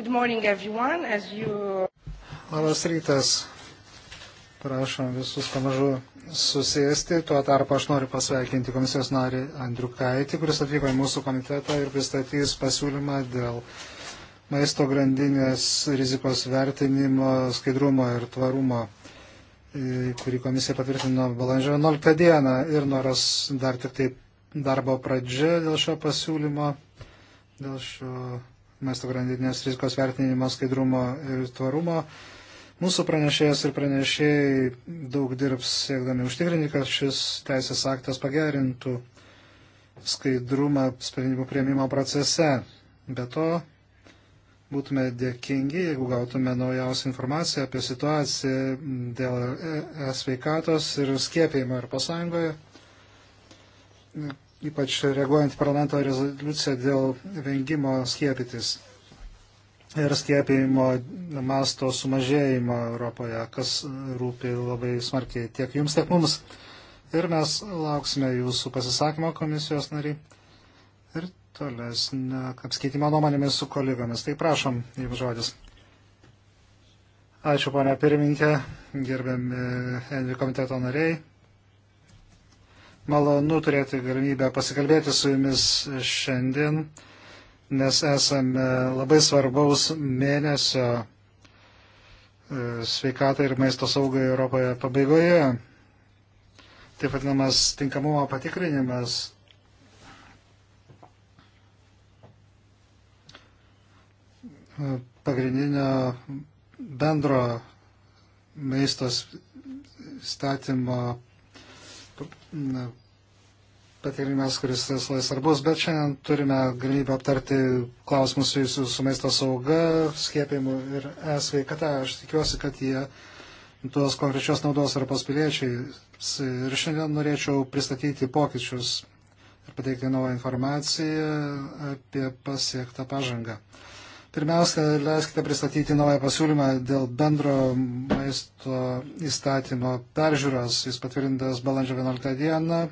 Good morning everyone, as you... Labas rytas. Prašom visus pamažu susėsti. Tuo tarpu aš noriu pasveikinti komisijos narį Andriu Kaitį, kuris atvyko į mūsų komitetą ir pristatys pasiūlymą dėl maisto grandinės rizikos vertinimo, skaidrumo ir tvarumo, kurį komisija patvirtino balandžio 11 dieną ir noras dar tik tai darbo pradžia dėl šio pasiūlymo, dėl šio maisto grandinės rizikos vertinimo skaidrumo ir tvarumo. Mūsų pranešėjas ir pranešėjai daug dirbs siekdami užtikrinti, kad šis teisės aktas pagerintų skaidrumą sprendimų prieimimo procese. Be to, būtume dėkingi, jeigu gautume naujausią informaciją apie situaciją dėl e- e- sveikatos ir skiepėjimo Europos Sąjungoje ypač reaguojant parlamento rezoliuciją dėl vengimo skiepytis ir skiepimo masto sumažėjimo Europoje, kas rūpi labai smarkiai tiek jums, tiek mums. Ir mes lauksime jūsų pasisakymo komisijos nariai ir tolesnio apskaitimo nuomonėmis su kolegomis. Tai prašom, jums žodis. Ačiū, ponia pirmininkė, gerbiami Envi komiteto nariai, Malonu turėti galimybę pasikalbėti su jumis šiandien, nes esame labai svarbaus mėnesio e, sveikatai ir maisto saugai Europoje pabaigoje. Taip vadinamas tinkamumo patikrinimas pagrindinio bendro maistos statymo patyrimimas, kuris labai svarbus, bet šiandien turime galimybę aptarti klausimus susijusius su maisto sauga, skiepimu ir e-sveikata. Aš tikiuosi, kad jie tuos konkrečios naudos Europos piliečiai. Ir šiandien norėčiau pristatyti pokyčius ir pateikti naują informaciją apie pasiektą pažangą. Pirmiausia, leiskite pristatyti naują pasiūlymą dėl bendro maisto įstatymo peržiūros. Jis patvirtintas balandžio 11 dieną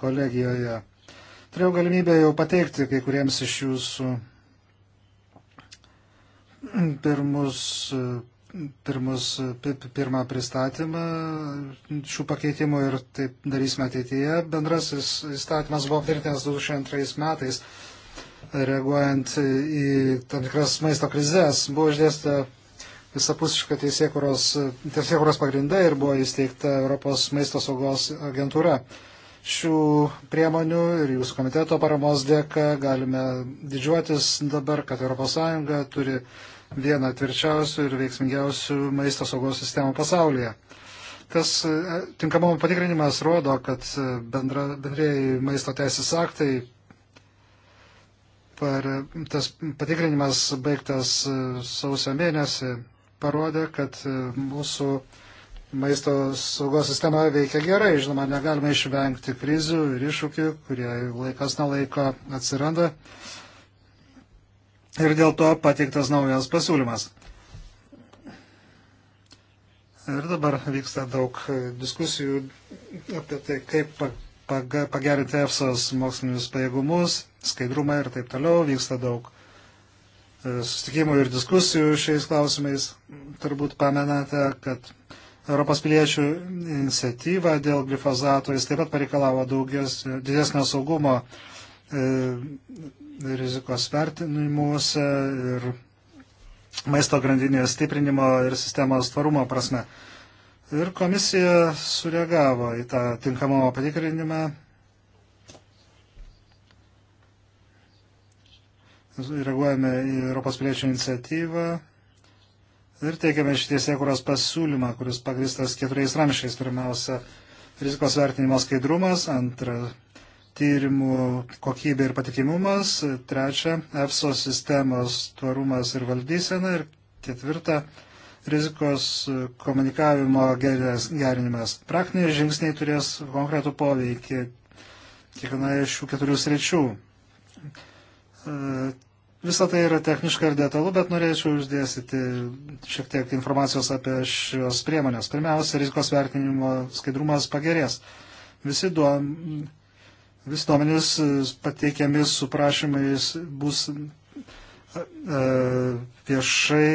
kolegijoje. Turėjau galimybę jau pateikti kai kuriems iš jūsų pirmus, pirmus, pirmą pristatymą šių pakeitimų ir taip darysime ateityje. Bendrasis įstatymas buvo tvirtintas 2002 metais, reaguojant į tam tikras maisto krizės. Buvo išdėsta visapusiška teisėkuros pagrindai ir buvo įsteigta Europos maisto saugos agentūra šių priemonių ir jūsų komiteto paramos dėka galime didžiuotis dabar, kad ES turi vieną tvirčiausių ir veiksmingiausių maisto saugos sistemų pasaulyje. Tas e, tinkamumo patikrinimas rodo, kad e, bendra, bendrėjai maisto teisės aktai per tas patikrinimas baigtas e, sausio mėnesį parodė, kad mūsų maisto saugos sistema veikia gerai. Žinoma, negalime išvengti krizių ir iššūkių, kurie laikas nelaiko atsiranda. Ir dėl to pateiktas naujas pasiūlymas. Ir dabar vyksta daug diskusijų apie tai, kaip pagerinti EFSOS mokslinius pajėgumus, skaidrumą ir taip toliau. Vyksta daug e, sustikimų ir diskusijų šiais klausimais. Turbūt pamenate, kad Europos piliečių iniciatyvą dėl glifozato. Jis taip pat pareikalavo daugies, didesnio saugumo e, rizikos vertinimuose ir maisto grandinės stiprinimo ir sistemos tvarumo prasme. Ir komisija sureagavo į tą tinkamumo patikrinimą. Reaguojame į Europos piliečių iniciatyvą ir teikiame šitės ekuros pasiūlymą, kuris pagristas keturiais ramšiais. Pirmiausia, rizikos vertinimo skaidrumas, antra, tyrimų kokybė ir patikimumas, trečia, EFSO sistemos tvarumas ir valdysena ir ketvirta, rizikos komunikavimo gerinimas. Praktiniai žingsniai turės konkretų poveikį kiekvienoje iš šių keturių sričių e, Visą tai yra techniška ir detalu, bet norėčiau išdėstyti šiek tiek informacijos apie šios priemonės. Pirmiausia, rizikos vertinimo skaidrumas pagerės. Visi, duom, visi duomenys pateikiami su prašymais bus e, viešai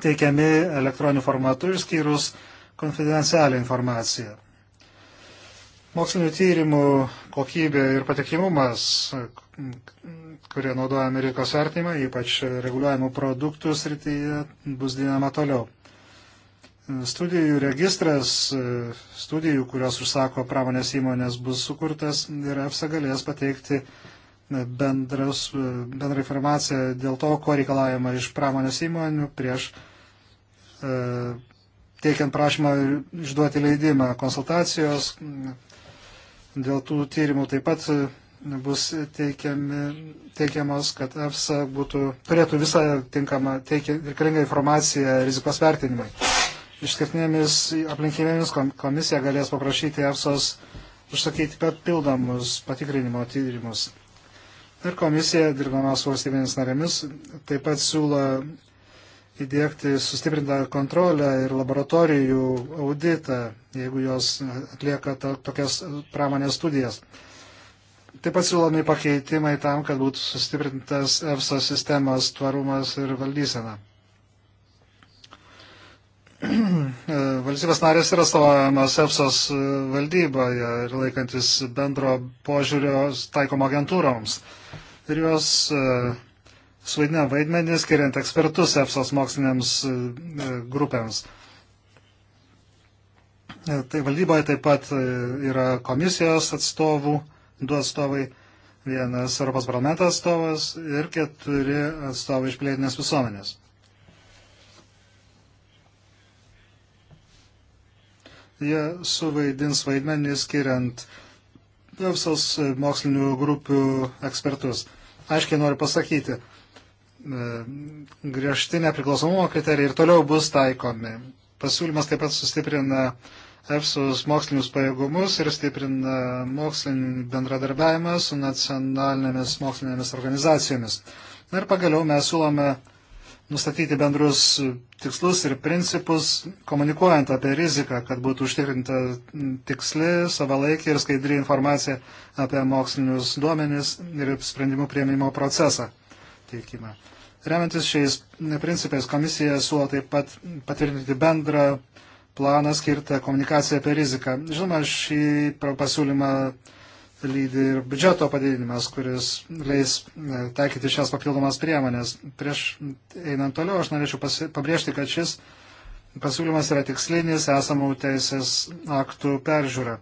teikiami elektroniniu formatu išskyrus konfidencialią informaciją. Mokslinių tyrimų kokybė ir patikimumas kurie naudojami rinkos vertinimą, ypač reguliuojamų produktų srityje, bus didinama toliau. Studijų registras, studijų, kurios užsako pramonės įmonės, bus sukurtas ir EFSA galės pateikti bendras, bendrą informaciją dėl to, ko reikalaujama iš pramonės įmonių prieš e, teikiant prašymą išduoti leidimą konsultacijos. Dėl tų tyrimų taip pat bus teikiami, teikiamos, kad EFSA būtų, turėtų visą tinkamą reikalingą informaciją rizikos vertinimai. Išskirtinėmis aplinkybėmis komisija galės paprašyti EFSOS užsakyti papildomus patikrinimo tyrimus. Ir komisija, dirbama su valstybėmis narėmis, taip pat siūlo įdėkti sustiprintą kontrolę ir laboratorijų auditą, jeigu jos atlieka tokias pramonės studijas. Taip pat siūlomi pakeitimai tam, kad būtų sustiprintas EFSA sistemos tvarumas ir valdysena. Valstybės narės yra stovojamos EFSOS valdyboje ir laikantis bendro požiūrio taikomo agentūroms. Ir jos e, suvaidina vaidmenį skiriant ekspertus EFSOS moksliniams e, grupėms. E, tai valdyboje taip pat yra komisijos atstovų du atstovai, vienas Europos parlamento atstovas ir keturi atstovai iš pilietinės visuomenės. Jie suvaidins vaidmenį skiriant visos mokslinių grupių ekspertus. Aiškiai noriu pasakyti, e, griežti nepriklausomumo kriterijai ir toliau bus taikomi. Pasiūlymas taip pat sustiprina EFSUS mokslinius pajėgumus ir stiprina mokslinį bendradarbiavimą su nacionalinėmis mokslinėmis organizacijomis. Na ir pagaliau mes siūlome nustatyti bendrus tikslus ir principus, komunikuojant apie riziką, kad būtų užtikrinta tiksli, savalaikė ir skaidri informacija apie mokslinius duomenis ir sprendimų prieimimo procesą teikimą. Remiantis šiais principais, komisija siūlo taip pat patvirtinti bendrą planą skirtą komunikaciją apie riziką. Žinoma, šį pasiūlymą lydi ir biudžeto padidinimas, kuris leis e, taikyti šias papildomas priemonės. Prieš einant toliau, aš norėčiau pasi... pabrėžti, kad šis pasiūlymas yra tikslinis esamų teisės aktų peržiūra.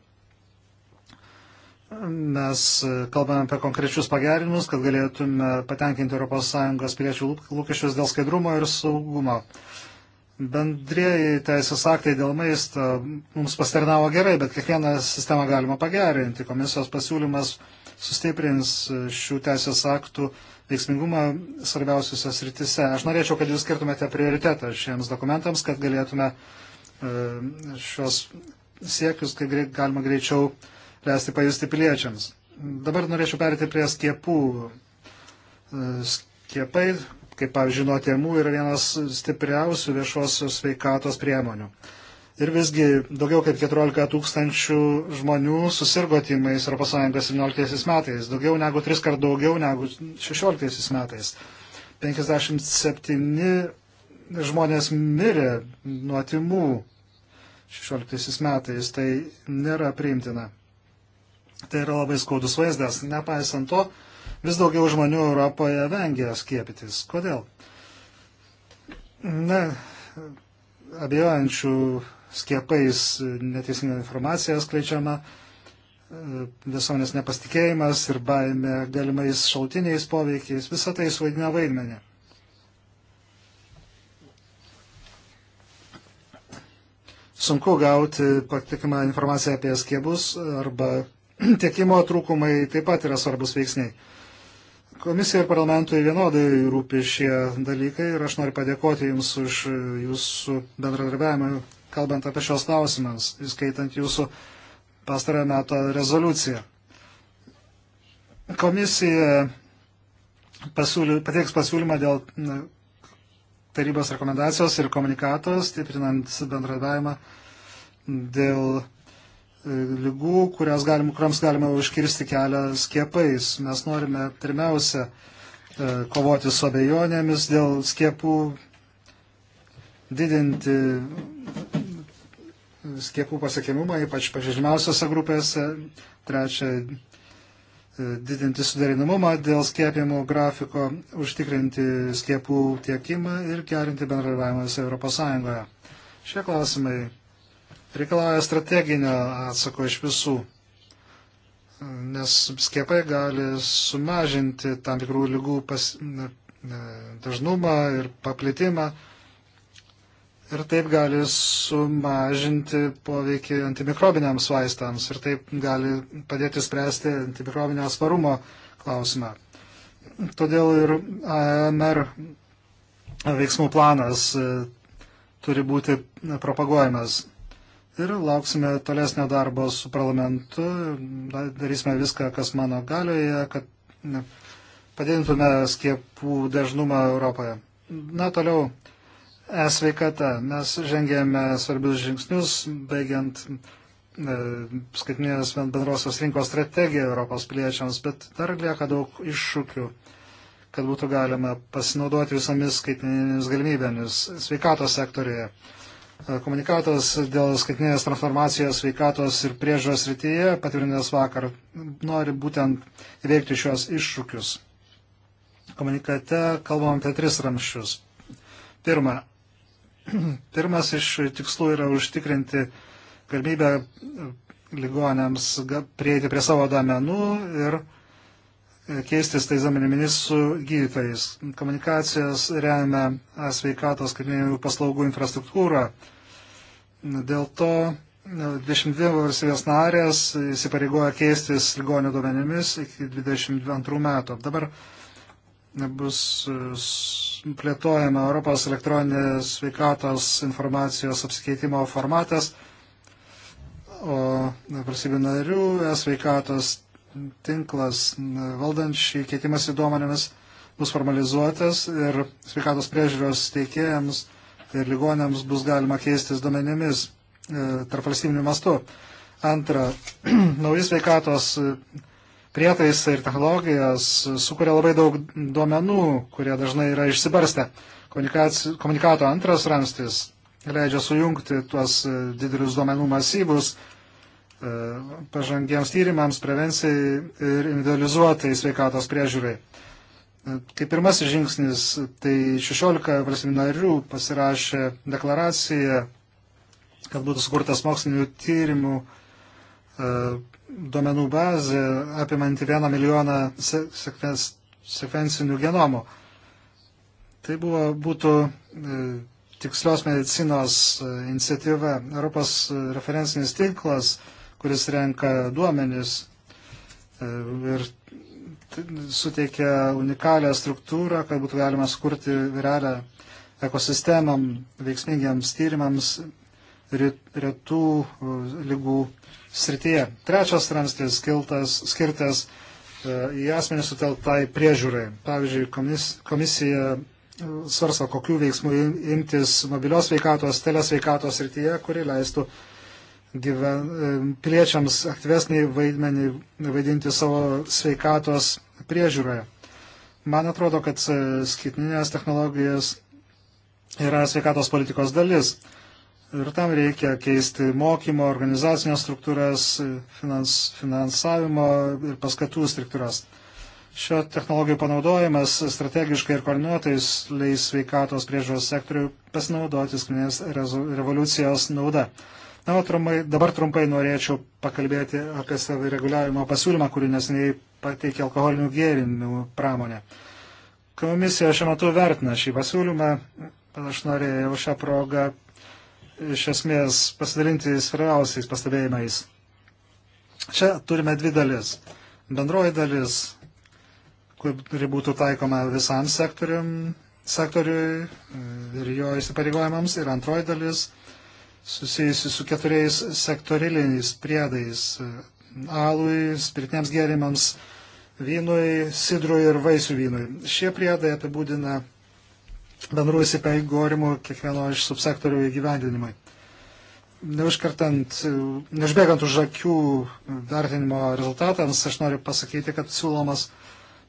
Mes e, kalbame apie konkrečius pagerinimus, kad galėtume patenkinti ES piliečių lūkesčius dėl skaidrumo ir saugumo. Bendrieji teisės aktai dėl maisto mums pasitarnavo gerai, bet kiekvieną sistemą galima pagerinti. Komisijos pasiūlymas sustiprins šių teisės aktų veiksmingumą svarbiausiuose sritise. Aš norėčiau, kad jūs skirtumėte prioritetą šiems dokumentams, kad galėtume e, šios siekius, kai galima greičiau leisti pajusti piliečiams. Dabar norėčiau perėti prie skiepų. E, skiepai, kaip pavyzdžiui, nuo tėmų yra vienas stipriausių viešosios sveikatos priemonių. Ir visgi daugiau kaip 14 tūkstančių žmonių susirgo tymais ES 17 metais, daugiau negu 3 kart daugiau negu 16 metais. 57 žmonės mirė nuo tymų 16 metais, tai nėra priimtina. Tai yra labai skaudus vaizdas. Nepaisant to, Vis daugiau žmonių Europoje vengia skiepytis. Kodėl? Na, abejojančių skiepais neteisinga informacija skleidžiama, visuomenės nepasitikėjimas ir baime galimais šaltiniais poveikiais, visą tai suvaidina vaidmenį. sunku gauti patikimą informaciją apie skiebus arba tiekimo trūkumai taip pat yra svarbus veiksniai. Komisija ir parlamentui vienodai rūpi šie dalykai ir aš noriu padėkoti Jums už Jūsų bendradarbiavimą, kalbant apie šios klausimus, įskaitant Jūsų pastarąją metą rezoliuciją. Komisija pasiūly, pateiks pasiūlymą dėl tarybos rekomendacijos ir komunikatos, stiprinant bendradarbiavimą dėl E, lygų, galim, kuriams galima užkirsti kelią skiepais. Mes norime pirmiausia e, kovoti su abejonėmis dėl skiepų, didinti skiepų pasiekimumą, ypač pažeidžiamiausiose grupėse. Trečia, e, didinti suderinamumą dėl skiepimo grafiko, užtikrinti skiepų tiekimą ir gerinti bendradarbiavimą visoje Europos Sąjungoje. Šie klausimai reikalauja strateginio atsako iš visų, nes skiepai gali sumažinti tam tikrų lygų pas, ne, ne, dažnumą ir paplitimą ir taip gali sumažinti poveikį antimikrobiniams vaistams ir taip gali padėti spręsti antimikrobinio atsparumo klausimą. Todėl ir AMR veiksmų planas e, turi būti propaguojamas ir lauksime tolesnio darbo su parlamentu. Darysime viską, kas mano galioje, kad padidintume skiepų dažnumą Europoje. Na, toliau e-sveikata. Mes žengėme svarbius žingsnius, baigiant e, skaitinės bendrosios rinkos strategiją Europos piliečiams, bet dar lieka daug iššūkių kad būtų galima pasinaudoti visomis skaitinėmis galimybėmis sveikatos sektorėje. E, komunikatas dėl skaitinės transformacijos sveikatos ir priežos rytyje, patvirtintas vakar, nori būtent įveikti šios iššūkius. Komunikate kalbam apie tris ramščius. Pirma, pirmas iš tikslų yra užtikrinti galimybę ligonėms prieiti prie savo domenų ir E, keistis tais duomenimis su gydytojais. Komunikacijas remia e, sveikatos skaitmeninių paslaugų infrastruktūrą. Dėl to 22 e, valstybės narės įsipareigoja keistis ligonių duomenimis iki 22 metų. Dabar bus plėtojama Europos elektroninės sveikatos informacijos apsikeitimo formatas, o valstybių narių sveikatos tinklas valdant šį keitimąsi duomenėmis bus formalizuotas ir sveikatos priežiūros teikėjams ir ligonėms bus galima keistis duomenimis e, tarp valstybinių mastų. Antra, nauji sveikatos e, prietaisai ir technologijas sukuria labai daug duomenų, kurie dažnai yra išsibarstę. Komunikato antras ramstis leidžia sujungti tuos e, didelius duomenų masyvus E, pažangiems tyrimams, prevencijai ir individualizuotai sveikatos priežiūrai. Kaip e, pirmasis žingsnis, tai 16 valstybių narių pasirašė deklaraciją, kad būtų sukurtas mokslinių tyrimų e, duomenų bazė apimanti vieną milijoną sekvencinių genomų. Tai buvo, būtų tikslios medicinos iniciatyva. Europos referencinis tinklas kuris renka duomenis e, ir suteikia unikalią struktūrą, kad būtų galima skurti realią ekosistemam, veiksmingiams tyrimams retų e, lygų srityje. Trečias ramstis skiltas, skirtas e, į asmenį suteltai priežiūrai. Pavyzdžiui, komis, komisija svarsto, kokių veiksmų imtis mobilios veikatos, telesveikatos srityje, kuri leistų uh, gyven, e, piliečiams aktyvesnį vaidmenį vaidinti savo sveikatos priežiūroje. Man atrodo, kad e, skaitminės technologijos yra sveikatos politikos dalis. Ir tam reikia keisti mokymo, organizacinės struktūras, e, finans, finansavimo ir paskatų struktūras. Šio technologijų panaudojimas strategiškai ir koordinuotais leis sveikatos priežiūros sektoriui pasinaudoti skaitminės revoliucijos nauda. Na, o trumpai, dabar trumpai norėčiau pakalbėti apie savireguliavimo pasiūlymą, kurį nesiniai pateikė alkoholinių gėrimų pramonė. Komisija šiuo metu vertina šį pasiūlymą, bet aš norėjau šią progą iš esmės pasidalinti svarbiausiais pastebėjimais. Čia turime dvi dalis. Bendroji dalis, kuri būtų taikoma visam sektoriui ir jo įsipareigojimams, ir antroji dalis susijusi su keturiais sektoriniais priedais - alui, spiritiniams gėrimams, vynui, sidrui ir vaisių vynui. Šie priedai apibūdina bendrų įsipareigojimų kiekvieno iš subsektorių įgyvendinimai. Neužkartant, neužbėgant už akių vertinimo rezultatams, aš noriu pasakyti, kad siūlomas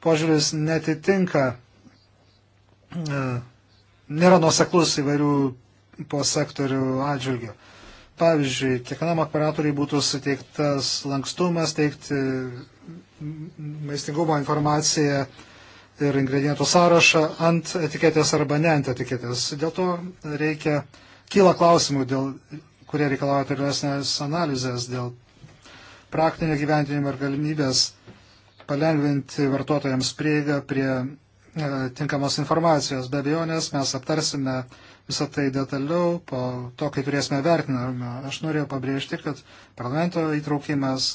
požiūris netitinka, e, nėra nuoseklus įvairių po sektorių atžvilgių. Pavyzdžiui, kiekvienam operatoriui būtų suteiktas lankstumas teikti maistingumo informaciją ir ingredientų sąrašą ant etiketės arba ne ant etiketės. Dėl to reikia, kyla klausimų, dėl, kurie reikalauja tolesnės analizės dėl praktinio gyventinimo ir galimybės palengvinti vartotojams prieigą prie e, tinkamos informacijos. Be abejonės mes aptarsime visą tai detaliau po to, kai turėsime vertinimą. Aš norėjau pabrėžti, kad parlamento įtraukimas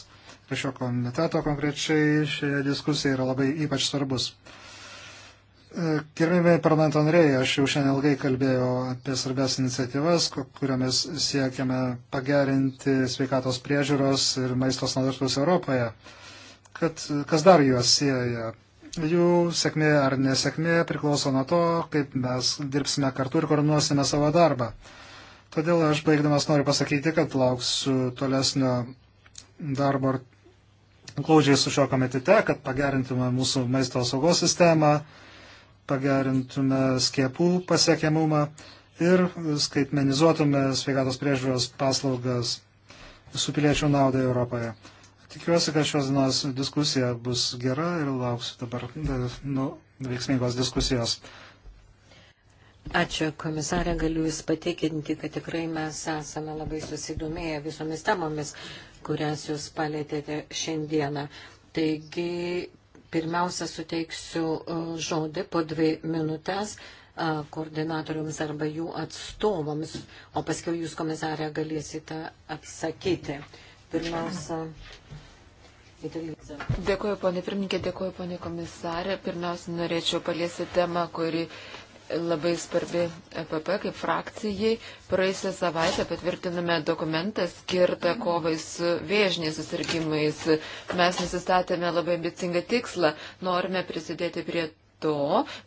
ir šio komiteto konkrečiai šioje diskusijoje yra labai ypač svarbus. E, Gerbėmiai parlamento nariai, aš jau šiandien ilgai kalbėjau apie svarbias iniciatyvas, kuriomis siekiame pagerinti sveikatos priežiūros ir maisto standartus Europoje. Kad, kas dar juos sieja? Jų sėkmė ar nesėkmė priklauso nuo to, kaip mes dirbsime kartu ir koordinuosime savo darbą. Todėl aš baigdamas noriu pasakyti, kad lauksiu tolesnio darbo glaudžiai su šio komitete, kad pagerintume mūsų maisto saugos sistemą, pagerintume skiepų pasiekiamumą ir skaitmenizuotume sveikatos priežiūros paslaugas visų piliečių naudai Europoje. Tikiuosi, kad šios dienos diskusija bus gera ir lauksiu dabar nu, veiksmingos diskusijos. Ačiū, komisarė, galiu Jūs patikinti, kad tikrai mes esame labai susidomėję visomis temomis, kurias Jūs palėtėte šiandieną. Taigi, pirmiausia, suteiksiu e, žodį po dvi minutės e, koordinatoriams arba jų atstovams, o paskui jūs, komisarė, galėsite atsakyti. Pirmiausia, Dėkuoju, ponė pirmininkė, dėkuoju, ponė komisarė. Pirmiausia, norėčiau paliesti temą, kuri labai svarbi EPP kaip frakcijai. Praėjusią savaitę patvirtiname dokumentą skirtą kovai su vėžiniais susirgymais. Mes nusistatėme labai ambicingą tikslą. Norime prisidėti prie to.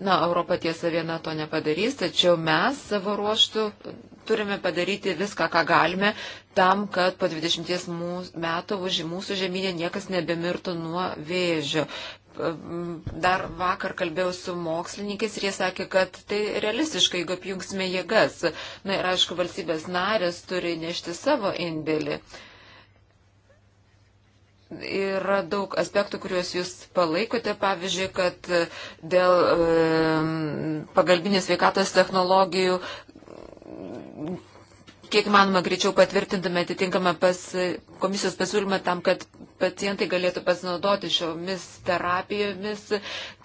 Na, Europa tiesa viena to nepadarys, tačiau mes savo ruoštų turime padaryti viską, ką galime, tam, kad po 20 metų už mūsų žemynę niekas nebemirtų nuo vėžio. Dar vakar kalbėjau su mokslininkais ir jie sakė, kad tai realistiškai, jeigu apjungsime jėgas. Na ir aišku, valstybės narės turi nešti savo indėlį. Yra daug aspektų, kuriuos jūs palaikote, pavyzdžiui, kad dėl e, pagalbinės veikatos technologijų kiek manoma greičiau patvirtintume atitinkamą pas, komisijos pasiūlymą tam, kad pacientai galėtų pasinaudoti šiomis terapijomis,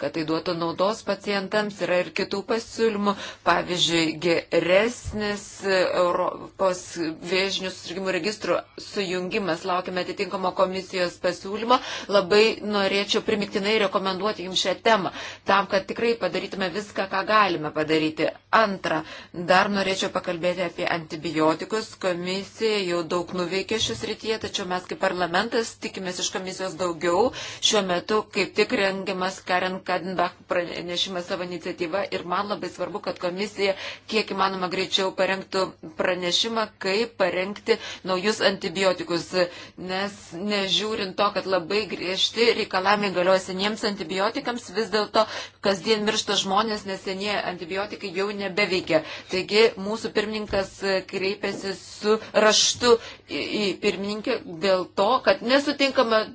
kad tai duotų naudos pacientams. Yra ir kitų pasiūlymų, pavyzdžiui, geresnis Europos vėžinių susirgymų registrų sujungimas. Laukime atitinkamo komisijos pasiūlymo. Labai norėčiau primiktinai rekomenduoti jums šią temą, tam, kad tikrai padarytume viską, ką galime padaryti. Antra, dar norėčiau pakalbėti apie antibiotikus. Komisija jau daug nuveikė šis rytyje, tačiau mes kaip parlamentas tikime tikimės iš komisijos daugiau. Šiuo metu kaip tik rengiamas Karen Kadenbach pranešimas savo iniciatyvą ir man labai svarbu, kad komisija kiek įmanoma greičiau parengtų pranešimą, kaip parengti naujus antibiotikus. Nes nežiūrint to, kad labai griežti reikalavimai galioja seniems antibiotikams, vis dėlto kasdien miršta žmonės, nes senie antibiotikai jau nebeveikia. Taigi mūsų pirmininkas kreipėsi su raštu į pirmininkę dėl to, kad nesutinka sutinkama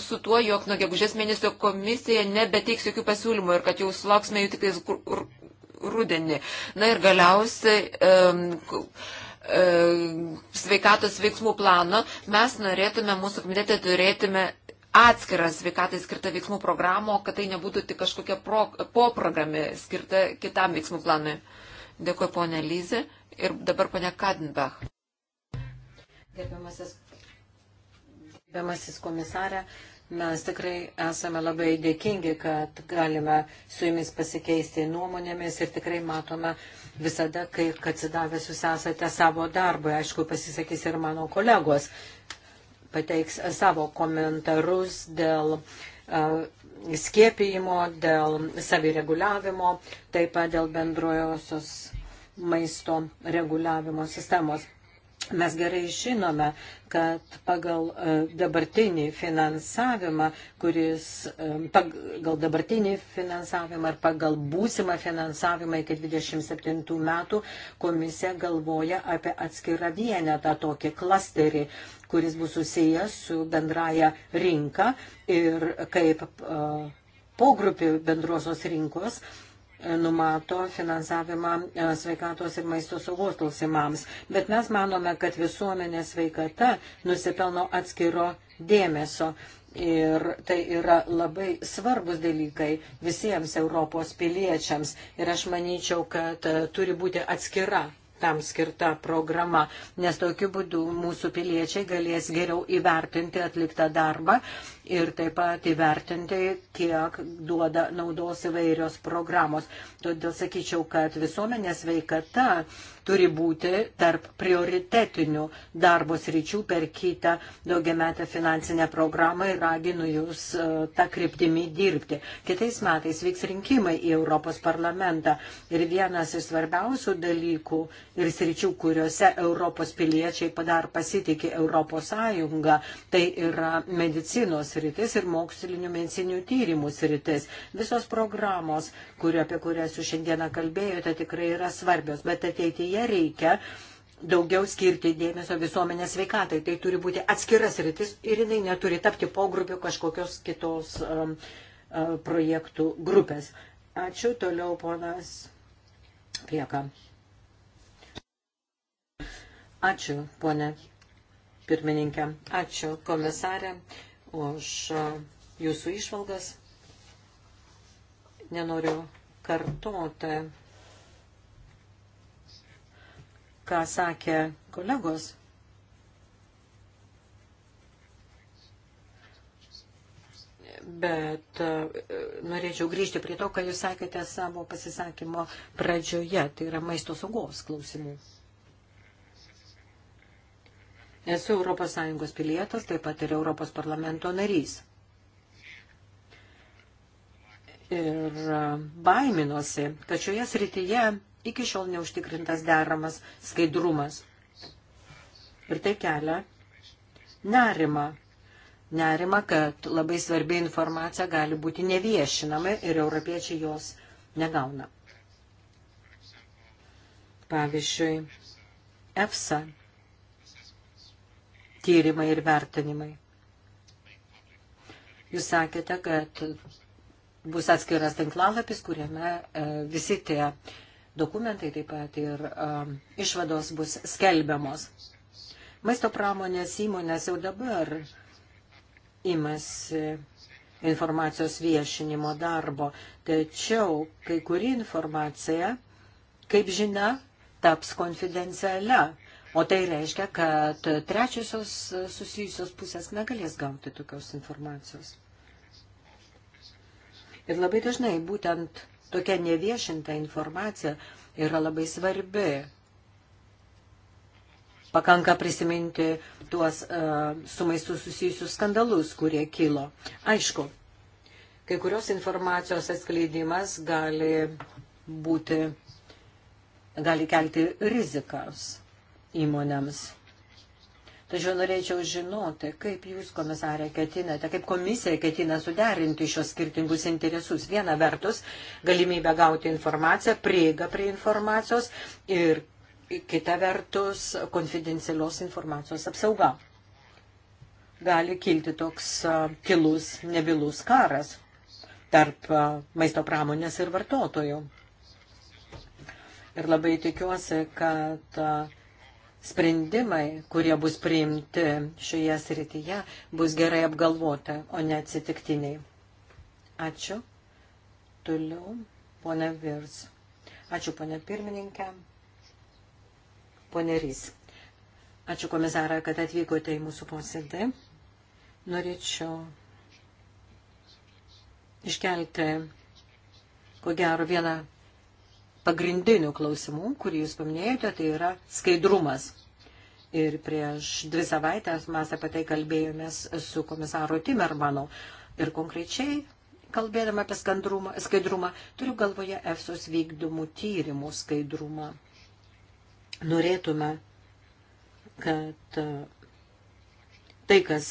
su tuo, jog nuo gegužės mėnesio komisija nebeteiks jokių pasiūlymų ir kad jau sulauksime jų tik tais rudenį. Na ir galiausiai. Um, sveikatos veiksmų plano, mes norėtume mūsų komitete turėtume atskirą sveikatai skirtą veiksmų programą, kad tai nebūtų tik kažkokia pro, poprogramė skirta kitam veiksmų planui. Dėkuoju, ponė Lyze. Ir dabar ponė Kadenbach. Gerbiamasis Gerbiamasis komisarė, mes tikrai esame labai dėkingi, kad galime su jumis pasikeisti nuomonėmis ir tikrai matome visada, kaip atsidavęs jūs esate savo darbui. Aišku, pasisakys ir mano kolegos, pateiks savo komentarus dėl uh, skiepijimo, dėl savireguliavimo, taip pat dėl bendrojosios maisto reguliavimo sistemos. Mes gerai žinome, kad pagal e, dabartinį finansavimą, kuris, e, pagal dabartinį finansavimą ir pagal būsimą finansavimą iki 27 metų komisija galvoja apie atskirą vienetą, tokį klasterį, kuris bus susijęs su bendraja rinka ir kaip e, pogrupį bendrosios rinkos numato finansavimą e, sveikatos ir maisto saugos klausimams. Bet mes manome, kad visuomenė sveikata nusipelno atskiro dėmesio. Ir tai yra labai svarbus dalykai visiems Europos piliečiams. Ir aš manyčiau, kad e, turi būti atskira tam skirta programa, nes tokiu būdu mūsų piliečiai galės geriau įvertinti atliktą darbą ir taip pat įvertinti, kiek duoda naudos įvairios programos. Todėl sakyčiau, kad visuomenės veikata turi būti tarp prioritetinių darbos ryčių per kitą daugiametę finansinę programą ir raginu jūs e, tą kryptimį dirbti. Kitais metais vyks rinkimai į Europos parlamentą ir vienas iš svarbiausių dalykų ir sričių, kuriuose Europos piliečiai padar pasitikė Europos Sąjungą, tai yra medicinos sritis ir mokslinių mensinių tyrimų sritis. Visos programos, kurio, apie kurias jūs šiandieną kalbėjote, tikrai yra svarbios, bet ateityje reikia daugiau skirti dėmesio visuomenės veikatai. Tai turi būti atskiras rytis ir jinai neturi tapti pogrupių kažkokios kitos um, uh, projektų grupės. Ačiū toliau, ponas Prieka. Ačiū, ponė pirmininkė. Ačiū, komisarė už jūsų išvalgas. Nenoriu kartoti, ką sakė kolegos. bet norėčiau grįžti prie to, ką jūs sakėte savo pasisakymo pradžioje, tai yra maisto saugos klausimų. Esu ES pilietas, taip pat ir Europos parlamento narys. Ir e, baiminosi, kad šioje srityje iki šiol neužtikrintas deramas skaidrumas. Ir tai kelia nerima. Nerima, kad labai svarbi informacija gali būti neviešinama ir europiečiai jos negauna. Pavyzdžiui, EFSA tyrimai ir vertinimai. Jūs sakėte, kad bus atskiras tinklalapis, kuriame e, visi tie dokumentai taip pat ir e, išvados bus skelbiamos. Maisto pramonės įmonės jau dabar imasi informacijos viešinimo darbo, tačiau kai kuri informacija, kaip žinia, taps konfidencialia O tai reiškia, kad trečiosios susijusios pusės negalės gauti tokios informacijos. Ir labai dažnai būtent tokia neviešinta informacija yra labai svarbi. Pakanka prisiminti tuos uh, su maistu susijusius skandalus, kurie kilo. Aišku, kai kurios informacijos atskleidimas gali būti, gali kelti rizikas įmonėms. Tačiau norėčiau žinoti, kaip jūs, komisarė, ketinate, kaip komisija ketina suderinti šios skirtingus interesus. Viena vertus, galimybę gauti informaciją, prieiga prie informacijos ir kita vertus, konfidencialios informacijos apsauga. Gali kilti toks kilus, nebilus karas tarp maisto pramonės ir vartotojų. Ir labai tikiuosi, kad sprendimai, kurie bus priimti šioje srityje, bus gerai apgalvota, o ne atsitiktiniai. Ačiū. Toliau, ponia Virs. Ačiū, ponia pirmininkė. Pone Rys. Ačiū komisarą, kad atvykote į mūsų posėdį. Norėčiau iškelti, ko gero, vieną pagrindinių klausimų, kurį jūs paminėjote, tai yra skaidrumas. Ir prieš dvi savaitės mes apie tai kalbėjomės su komisaru Timermanu. Ir konkrečiai, kalbėdama apie skandrumą, skaidrumą, turiu galvoje EFSOS vykdomų tyrimų skaidrumą. Norėtume, kad e, tai, kas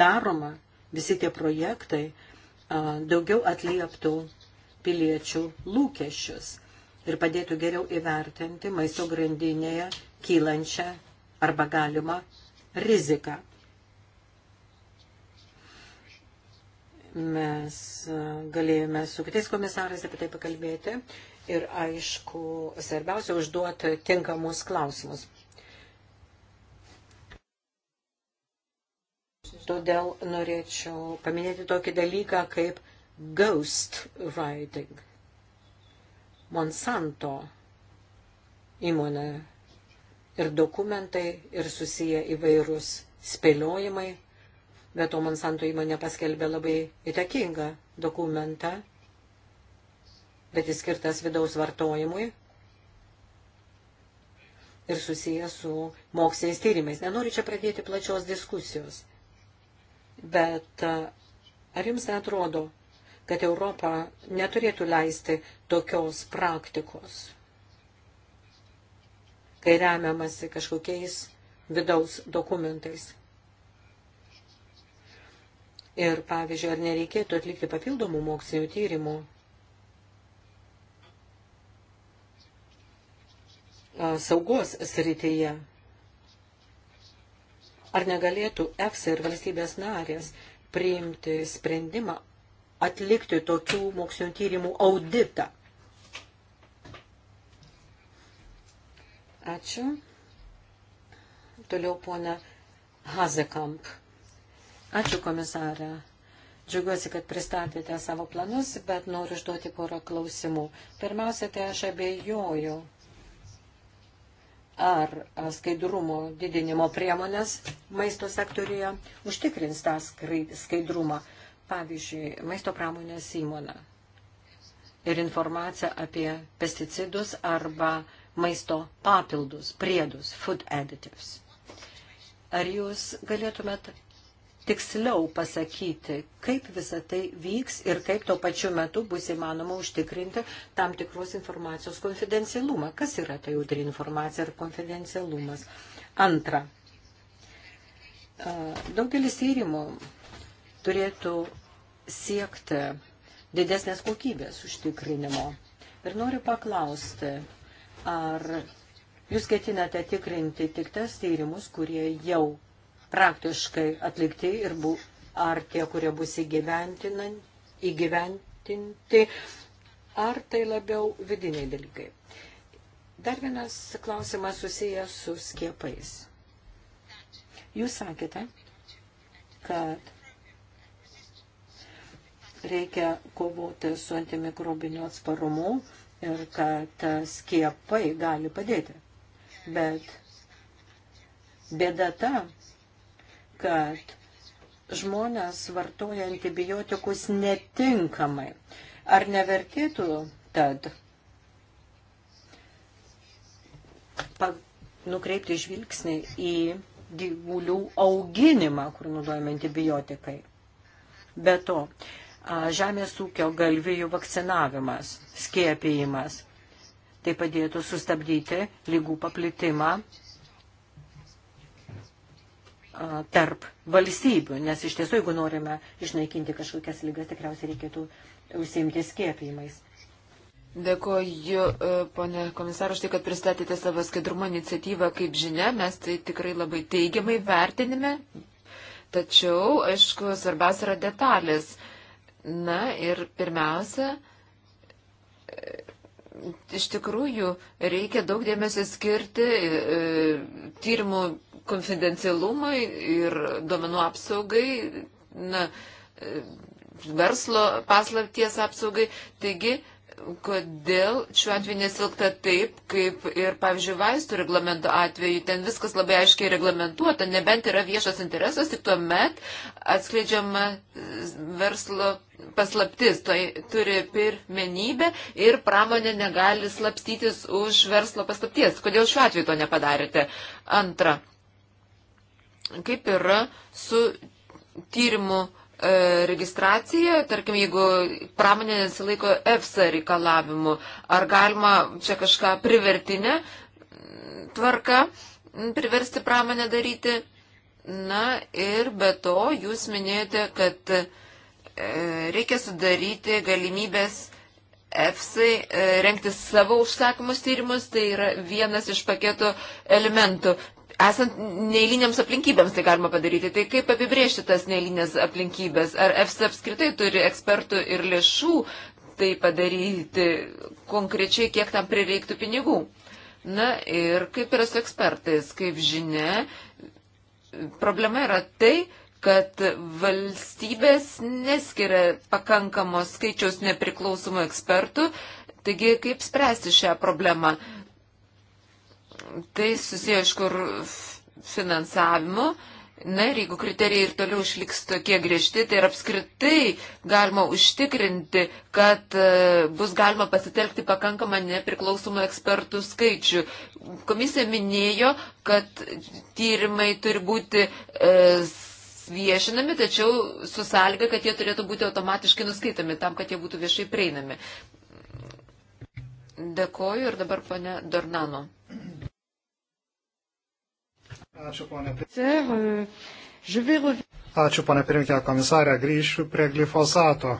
daroma, visi tie projektai e, daugiau atlieptų piliečių lūkesčius ir padėtų geriau įvertinti maisto grandinėje kylančią arba galimą riziką. Mes e, galėjome su kitais komisarais apie tai pakalbėti ir, aišku, svarbiausia užduoti tinkamus klausimus. Todėl norėčiau paminėti tokį dalyką kaip ghost riding. Monsanto įmonė ir dokumentai, ir susiję įvairūs spėliojimai. Bet to Monsanto įmonė paskelbė labai įtakingą dokumentą, bet jis skirtas vidaus vartojimui ir susijęs su moksliniais tyrimais. Nenoriu čia pradėti plačios diskusijos, bet ar jums netrodo, kad Europa neturėtų leisti tokios praktikos, kai remiamasi kažkokiais vidaus dokumentais. Ir, pavyzdžiui, ar nereikėtų atlikti papildomų mokslinių tyrimų saugos srityje. Ar negalėtų EFSA ir valstybės narės priimti sprendimą atlikti tokių mokslinio tyrimų auditą. Ačiū. Toliau pona Hazekamp. Ačiū komisarė. Džiaugiuosi, kad pristatėte savo planus, bet noriu užduoti porą klausimų. Pirmiausia, tai aš abejoju, ar skaidrumo didinimo priemonės maisto sektoriuje užtikrins tą skaidrumą pavyzdžiui, maisto pramonės įmona ir informacija apie pesticidus arba maisto papildus, priedus, food additives. Ar jūs galėtumėt tiksliau pasakyti, kaip visa tai vyks ir kaip tuo pačiu metu bus įmanoma užtikrinti tam tikros informacijos konfidencialumą. Kas yra ta jautri informacija ir konfidencialumas? Antra. Daugelis tyrimų turėtų siekti didesnės kokybės užtikrinimo. Ir noriu paklausti, ar jūs ketinate tikrinti tik tas tyrimus, kurie jau praktiškai atlikti ir bu, ar tie, kurie bus įgyventinti, ar tai labiau vidiniai dalykai. Dar vienas klausimas susijęs su skiepais. Jūs sakėte, kad reikia kovoti su antimikrobiniu atsparumu ir kad skiepai gali padėti. Bet bėda ta, kad žmonės vartoja antibiotikus netinkamai. Ar nevertėtų tad nukreipti žvilgsnį į gyvulių auginimą, kur naudojami antibiotikai? Be to, žemės ūkio galvijų vakcinavimas, skiepijimas. Tai padėtų sustabdyti lygų paplitimą tarp valstybių, nes iš tiesų, jeigu norime išnaikinti kažkokias lygas, tikriausiai reikėtų užsiimti skiepijimais. Dėkoju, e, ponė komisar, už tai, kad pristatėte savo skaidrumo iniciatyvą. Kaip žinia, mes tai tikrai labai teigiamai vertinime, tačiau, aišku, svarbiausia yra detalės. Na ir pirmiausia, iš tikrųjų reikia daug dėmesio skirti e, tyrimų konfidencialumui ir duomenų apsaugai, na, e, verslo paslapties apsaugai. Taigi, e, kodėl šiuo atveju nesilgta taip, kaip ir, pavyzdžiui, vaistų reglamento atveju. Ten viskas labai aiškiai reglamentuota, nebent yra viešas interesas, tik tuo met atskleidžiama verslo paslaptis, tai turi pirmenybę ir pramonė negali slapstytis už verslo paslapties. Kodėl šiuo atveju to nepadarėte? Antra, kaip yra su tyrimu E, registracija, tarkim, jeigu pramonė nesilaiko EFSA reikalavimu, ar galima čia kažką privertinę tvarką priversti pramonę daryti? Na ir be to jūs minėjote, kad e, reikia sudaryti galimybės EFSAI e, rengti savo užsakymus tyrimus, tai yra vienas iš paketo elementų esant neįliniams aplinkybėms tai galima padaryti. Tai kaip apibriežti tas neįlinės aplinkybės? Ar EFSA apskritai turi ekspertų ir lėšų tai padaryti konkrečiai, kiek tam prireiktų pinigų? Na ir kaip yra su ekspertais? Kaip žinia, problema yra tai, kad valstybės neskiria pakankamos skaičiaus nepriklausomų ekspertų, taigi kaip spręsti šią problemą? Tai susiję, aišku, ir finansavimu. Na ir jeigu kriterijai ir toliau išliks tokie griežti, tai ir apskritai galima užtikrinti, kad e, bus galima pasitelkti pakankamą nepriklausomų ekspertų skaičių. Komisija minėjo, kad tyrimai turi būti e, viešinami, tačiau su sąlyga, kad jie turėtų būti automatiškai nuskaitami, tam, kad jie būtų viešai prieinami. Dėkoju ir dabar pane Dornano. Ačiū, ponė pirmininkė. Uh, Ačiū, ponė pirmininkė komisarė. Grįšiu prie glifosato.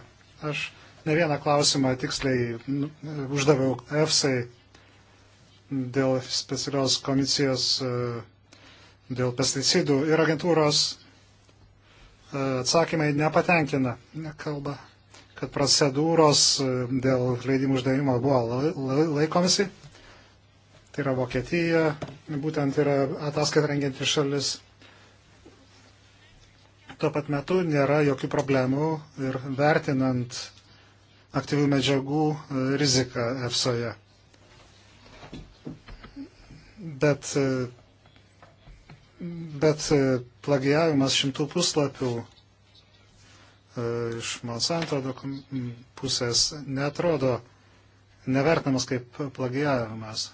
Aš ne vieną klausimą tiksliai uždaviau EFSAI dėl specialios komisijos uh, dėl pesticidų ir agentūros uh, atsakymai nepatenkina. Nekalba, kad procedūros dėl leidimų uždavimo buvo laikomisi tai yra Vokietija, būtent yra ataskaita rengianti šalis. Tuo pat metu nėra jokių problemų ir vertinant aktyvių medžiagų e, riziką EFSOje. Bet, e, bet e, plagijavimas šimtų puslapių iš Monsanto pusės netrodo nevertinamas kaip plagijavimas.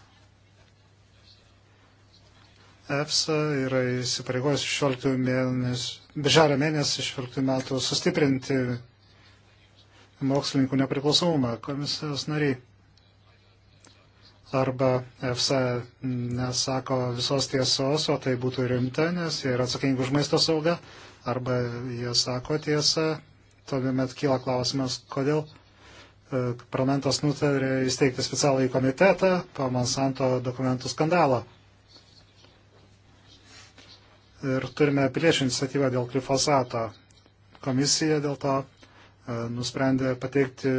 EFSA yra įsipareigojęs 16 mėnesių, birželio mėnesį 16 metų sustiprinti mokslininkų nepriklausomumą komisijos nariai. Arba EFSA nesako visos tiesos, o tai būtų rimta, nes jie yra atsakingi už maisto saugą, arba jie sako tiesą, tuomet kyla klausimas, kodėl e, parlamentas nutarė įsteigti specialą į komitetą po Monsanto dokumentų skandalo ir turime piliečių iniciatyvą dėl glifosato. Komisija dėl to e, nusprendė pateikti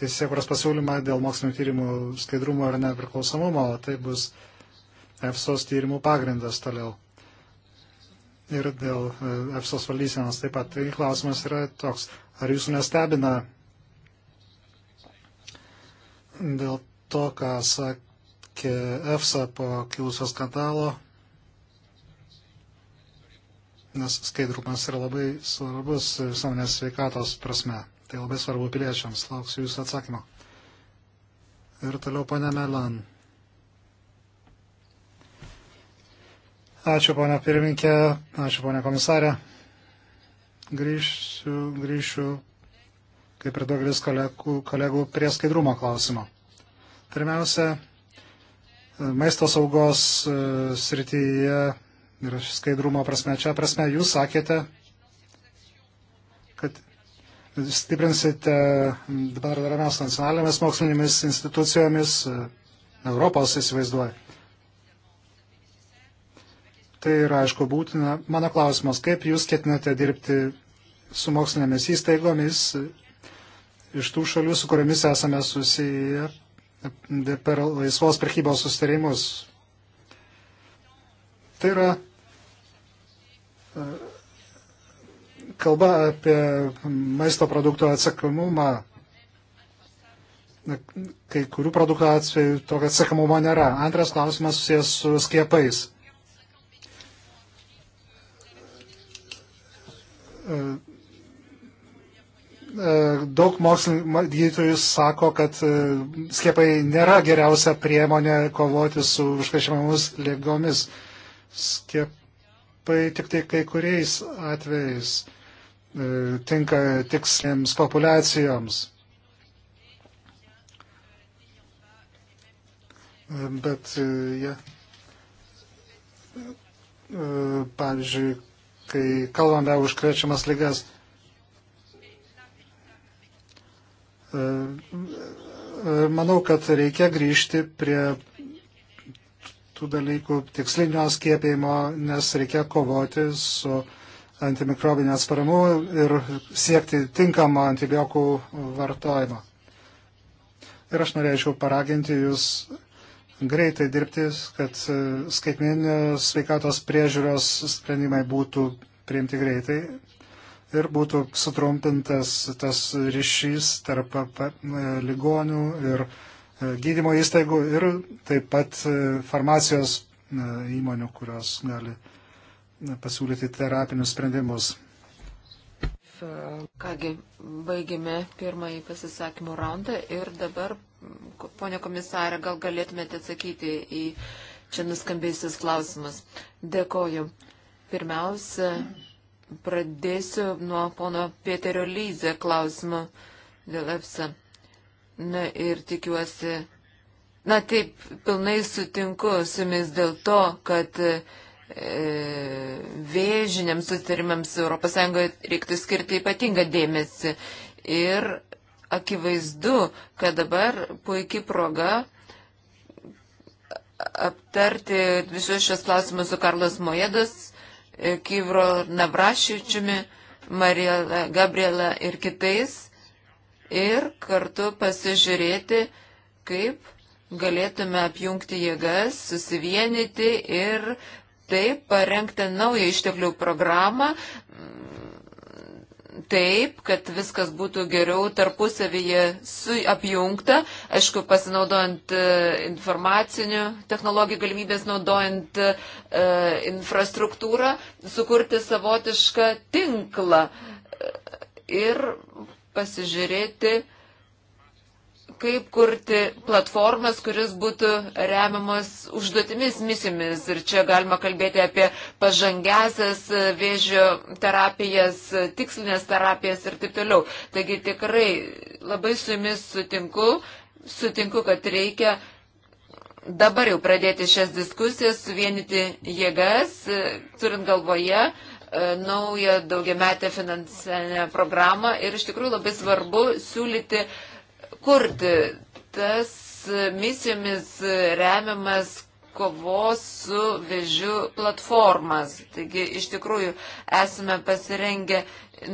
teisėkuros pasiūlymą dėl mokslinio tyrimų skaidrumo ir nepriklausomumo, o tai bus EFSOS tyrimų pagrindas toliau. Ir dėl e, EFSOS valdysenos taip pat. Tai klausimas yra toks, ar jūsų nestebina dėl to, ką sakė EFSA po kilusio skandalo nes skaidrumas yra labai svarbus visuomenės sveikatos prasme. Tai labai svarbu piliečiams. Lauksiu jūsų atsakymo. Ir toliau ponė Melan. Ačiū ponė pirminkė, ačiū ponė komisarė. Grįšiu, grįšiu, kaip ir daugelis kolegų, kolegų prie skaidrumo klausimo. Pirmiausia, maisto saugos e, srityje ir skaidrumo prasme. Čia prasme jūs sakėte, kad stiprinsite bendradarbiavimą su nacionalinėmis mokslinėmis institucijomis Europos įsivaizduoja. Tai yra, aišku, būtina. Mano klausimas, kaip jūs ketinate dirbti su mokslinėmis įstaigomis iš tų šalių, su kuriamis esame susiję per laisvos prekybos sustarimus? Tai yra kalba apie maisto produktų atsakomumą. Kai kurių produktų atveju tokio atsakomumo nėra. Antras klausimas susijęs su skiepais. Daug mokslininkų gydytojų sako, kad e, skiepai nėra geriausia priemonė kovoti su užkrečiamomis lygomis. Skiep, tik tai kai kuriais atvejais e, tinka tikslėms populiacijoms. E, bet e, jie, ja, pavyzdžiui, kai kalbame užkrečiamas lygas, manau, kad reikia grįžti prie tų dalykų, tikslinio skiepėjimo, nes reikia kovoti su antimikrobinė atsparamu ir siekti tinkamą antibiotikų vartojimą. Ir aš norėčiau paraginti jūs greitai dirbti, kad skaitmeninio sveikatos priežiūros sprendimai būtų priimti greitai ir būtų sutrumpintas tas ryšys tarp ligonių ir E, gydymo įstaigų ir taip pat e, farmacijos e, įmonių, kurios gali pasiūlyti terapinius sprendimus. Kągi, baigėme pirmąjį pasisakymų raundą ir dabar, ponė komisarė, gal galėtumėte atsakyti į čia nuskambėjusius klausimus. Dėkoju. Pirmiausia, pradėsiu nuo pono Pėterio Lyze klausimų dėl EFSA. Na ir tikiuosi, na taip, pilnai sutinku su jumis dėl to, kad e, vėžiniams susitarimams ES reiktų skirti ypatingą dėmesį. Ir akivaizdu, kad dabar puikiai proga aptarti visus šios klausimus su Karlos Mojedas, e, Kyvro Navrašičiumi, Marija Gabriela ir kitais ir kartu pasižiūrėti, kaip galėtume apjungti jėgas, susivienyti ir taip parengti naują išteklių programą, mm, taip, kad viskas būtų geriau tarpusavyje apjungta, aišku, pasinaudojant e, informacinių technologijų galimybės, naudojant e, infrastruktūrą, sukurti savotišką tinklą e, ir pasižiūrėti, kaip kurti platformas, kuris būtų remiamas užduotimis, misijomis. Ir čia galima kalbėti apie pažangesias vėžio terapijas, tikslinės terapijas ir taip toliau. Taigi tikrai labai su jumis sutinku, sutinku, kad reikia dabar jau pradėti šias diskusijas, suvienyti jėgas, turint galvoje, E, naują daugiametę finansinę programą ir iš tikrųjų labai svarbu siūlyti kurti tas misijomis remiamas kovos su vežiu platformas. Taigi iš tikrųjų esame pasirengę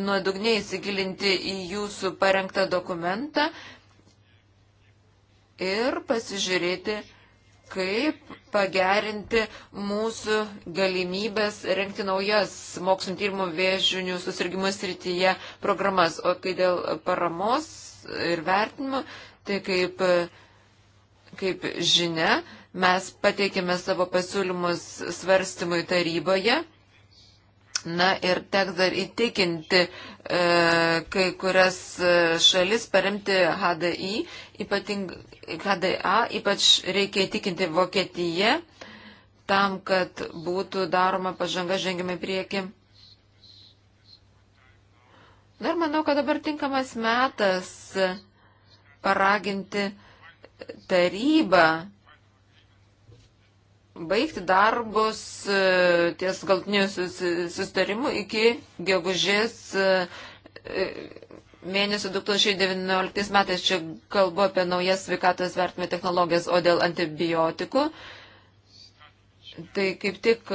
nuodugniai įsigilinti į jūsų parengtą dokumentą ir pasižiūrėti, kaip pagerinti mūsų galimybės renkti naujas mokslinio tyrimo vėžinių susirgymų srityje programas. O kai dėl paramos ir vertinimo, tai kaip, kaip žinia, mes pateikėme savo pasiūlymus svarstymui taryboje Na ir teks dar įtikinti e, kai kurias e, šalis paremti HDI, ypating, HDA, ypač reikia įtikinti Vokietiją tam, kad būtų daroma pažanga žengiami prieki. Dar manau, kad dabar tinkamas metas paraginti tarybą baigti darbus e, ties galtiniu sustarimu iki gegužės e, e, mėnesio 2019 metais. Čia kalbu apie naujas sveikatos vertimo technologijas, o dėl antibiotikų. Tai kaip tik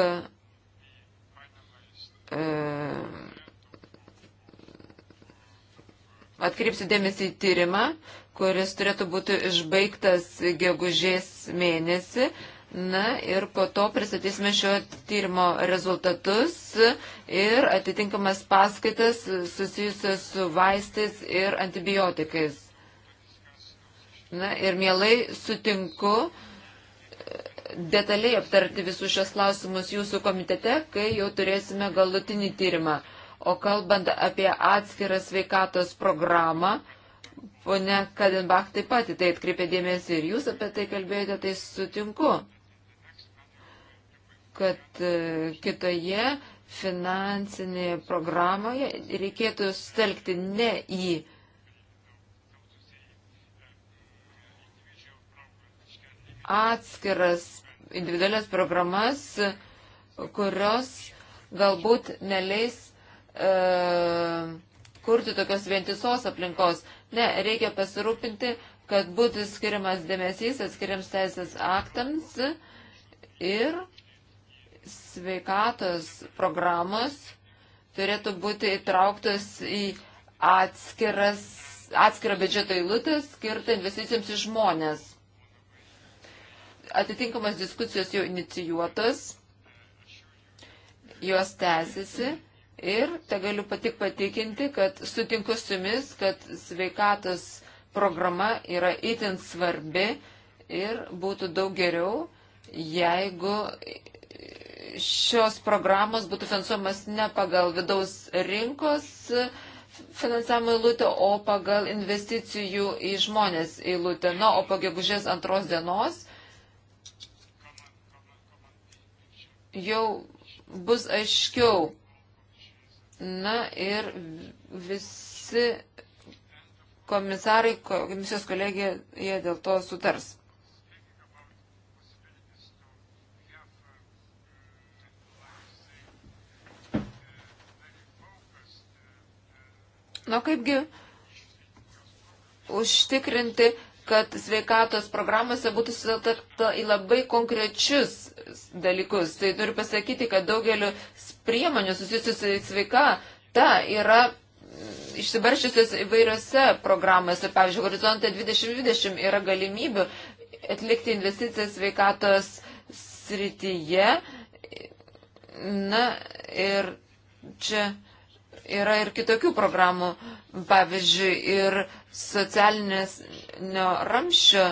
atkreipsiu dėmesį į tyrimą, kuris turėtų būti išbaigtas gegužės mėnesį. Na ir po to pristatysime šio tyrimo rezultatus ir atitinkamas paskaitas susijusias su vaistais ir antibiotikais. Na ir mielai sutinku e, detaliai aptarti visus šios klausimus jūsų komitete, kai jau turėsime galutinį tyrimą. O kalbant apie atskirą sveikatos programą, ponia Kadenbach taip pat į tai atkreipė dėmesį ir jūs apie tai kalbėjote, tai sutinku kad e, kitoje finansinėje programoje reikėtų stelkti ne į atskiras individualias programas, kurios galbūt neleis e, kurti tokios vientisos aplinkos. Ne, reikia pasirūpinti, kad būtų skiriamas dėmesys atskiriams teisės aktams ir sveikatos programos turėtų būti įtrauktos į atskiras, atskirą biudžeto eilutę skirtą investicijoms į žmonės. Atitinkamas diskusijos jau inicijuotos, jos tęsiasi ir te galiu patik patikinti, kad sutinku su jumis, kad sveikatos programa yra itin svarbi ir būtų daug geriau, jeigu šios programos būtų finansuojamas ne pagal vidaus rinkos finansavimo eilutę, o pagal investicijų į žmonės eilutę. Na, o po gegužės antros dienos jau bus aiškiau. Na ir visi komisarai, komisijos kolegija, jie dėl to sutars. Na nu, kaipgi užtikrinti, kad sveikatos programuose būtų sutelkta į labai konkrečius dalykus. Tai turiu pasakyti, kad daugeliu priemonių susijusių su sveikata yra išsibarščiusios įvairiose programuose. Pavyzdžiui, horizonte 2020 yra galimybių atlikti investicijas sveikatos srityje. Na ir čia yra ir kitokių programų, pavyzdžiui, ir socialinės ramščio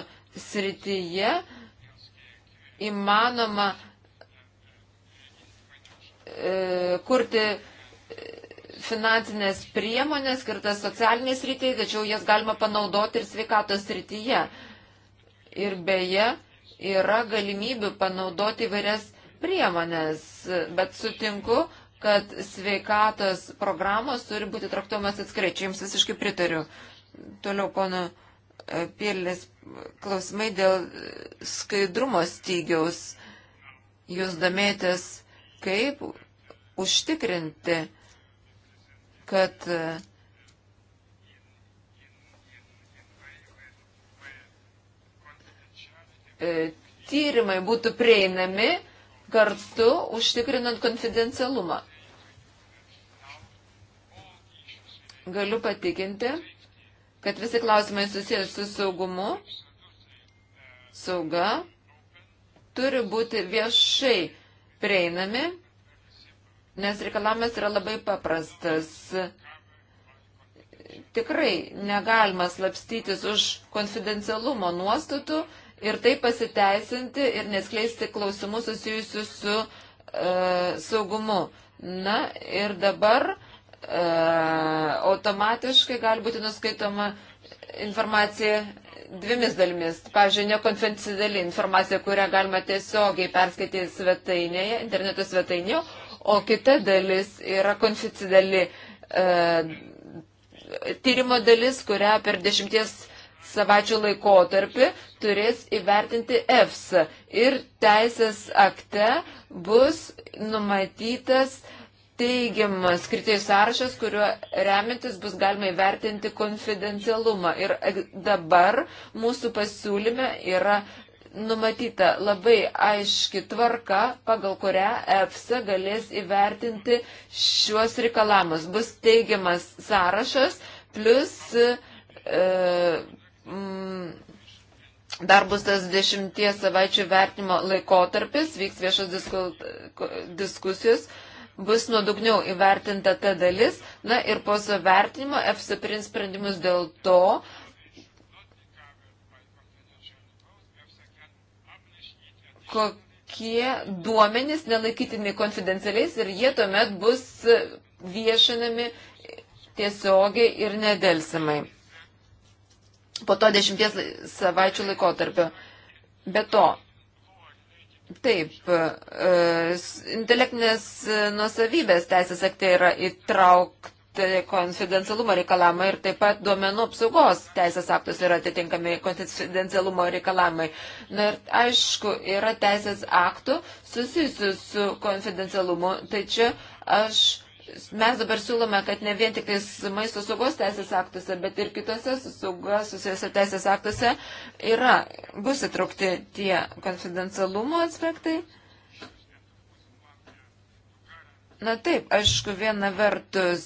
srityje įmanoma e, kurti e, finansinės priemonės skirtas socialinės rytyje, tačiau jas galima panaudoti ir sveikatos rytyje. Ir beje, yra galimybių panaudoti vairias priemonės, bet sutinku, kad sveikatos programos turi būti traktuojamas atskirai. Čia jums visiškai pritariu. Toliau, pono e, Pėlės, klausimai dėl skaidrumo stygiaus. Jūs domėtės, kaip užtikrinti, kad e, tyrimai būtų prieinami kartu užtikrinant konfidencialumą. galiu patikinti, kad visi klausimai susijęs su saugumu, sauga, turi būti viešai prieinami, nes reikalavimas yra labai paprastas. Tikrai negalima slapstytis už konfidencialumo nuostatų ir tai pasiteisinti ir neskleisti klausimų susijusių su e, saugumu. Na ir dabar e, E, automatiškai gali būti nuskaitoma informacija dvimis dalimis. Pavyzdžiui, nekonfidenciali informacija, kurią galima tiesiogiai perskaityti svetainėje, interneto svetainėje, o kita dalis yra konfidenciali e, tyrimo dalis, kurią per dešimties savaičių laikotarpį turės įvertinti EFSA ir teisės akte bus numatytas e, teigiamas kriterijų sąrašas, kuriuo remintis bus galima įvertinti konfidencialumą. Ir e, dabar mūsų pasiūlyme yra numatyta labai aiški tvarka, pagal kurią EFSA galės įvertinti šiuos reikalavimus. Bus teigiamas sąrašas plus. E, mm, Dar bus tas dešimties savaičių vertimo laikotarpis, vyks viešos disku, diskusijos, bus nuodugniau įvertinta ta dalis. Na ir po suvertinimo EFSA prins sprendimus dėl to, kokie duomenys nelaikytini konfidencialiais ir jie tuomet bus viešinami tiesiogiai ir nedelsimai. Po to dešimties savaičių laikotarpio. Be to, Taip, e, intelektinės e, nusavybės teisės akte yra įtraukti konfidencialumo reikalavimai ir taip pat duomenų apsaugos teisės aktus yra atitinkami konfidencialumo reikalavimai. Na ir aišku, yra teisės aktų susijusių su konfidencialumu, tai čia aš Mes dabar siūlome, kad ne vien tik maisto saugos teisės aktuose, bet ir kitose saugos susijęs teisės aktuose yra, bus įtraukti tie konfidencialumo aspektai. Na taip, aišku, viena vertus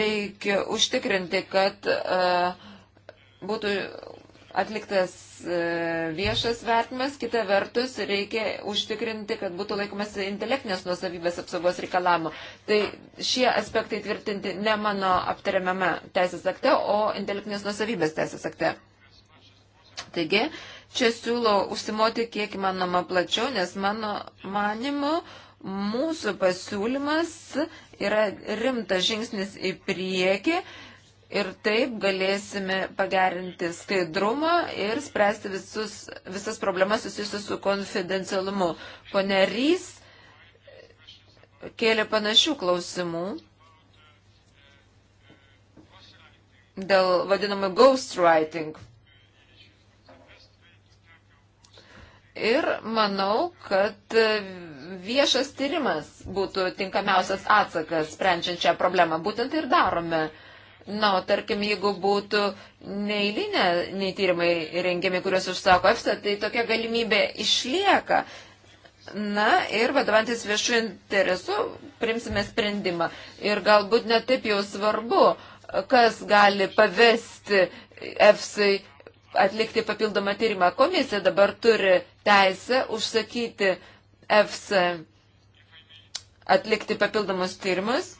reikia užtikrinti, kad uh, būtų atliktas E, viešas vertimas, kita vertus reikia užtikrinti, kad būtų laikomas intelektinės nuosavybės apsaugos reikalavimo. Tai šie aspektai tvirtinti ne mano aptariamame teisės akte, o intelektinės nuosavybės teisės akte. Taigi, čia siūlau užsimoti kiek įmanoma plačiau, nes mano manimu mūsų pasiūlymas yra rimtas žingsnis į priekį Ir taip galėsime pagerinti skaidrumą ir spręsti visus, visas problemas susijusius su konfidencialumu. Pone Rys kėlė panašių klausimų dėl vadinamų ghostwriting. Ir manau, kad viešas tyrimas būtų tinkamiausias atsakas sprendžiant šią problemą. Būtent ir darome. Uh, Na, o tarkim, jeigu būtų neįlinė tyrimai rengiami, kuriuos užsako EFSA, tai tokia galimybė išlieka. Na ir vadovantis viešų interesų primsime sprendimą. Ir galbūt netaip jau svarbu, kas gali pavesti EFSA atlikti papildomą tyrimą. Komisija dabar turi teisę užsakyti EFSA atlikti papildomus tyrimus.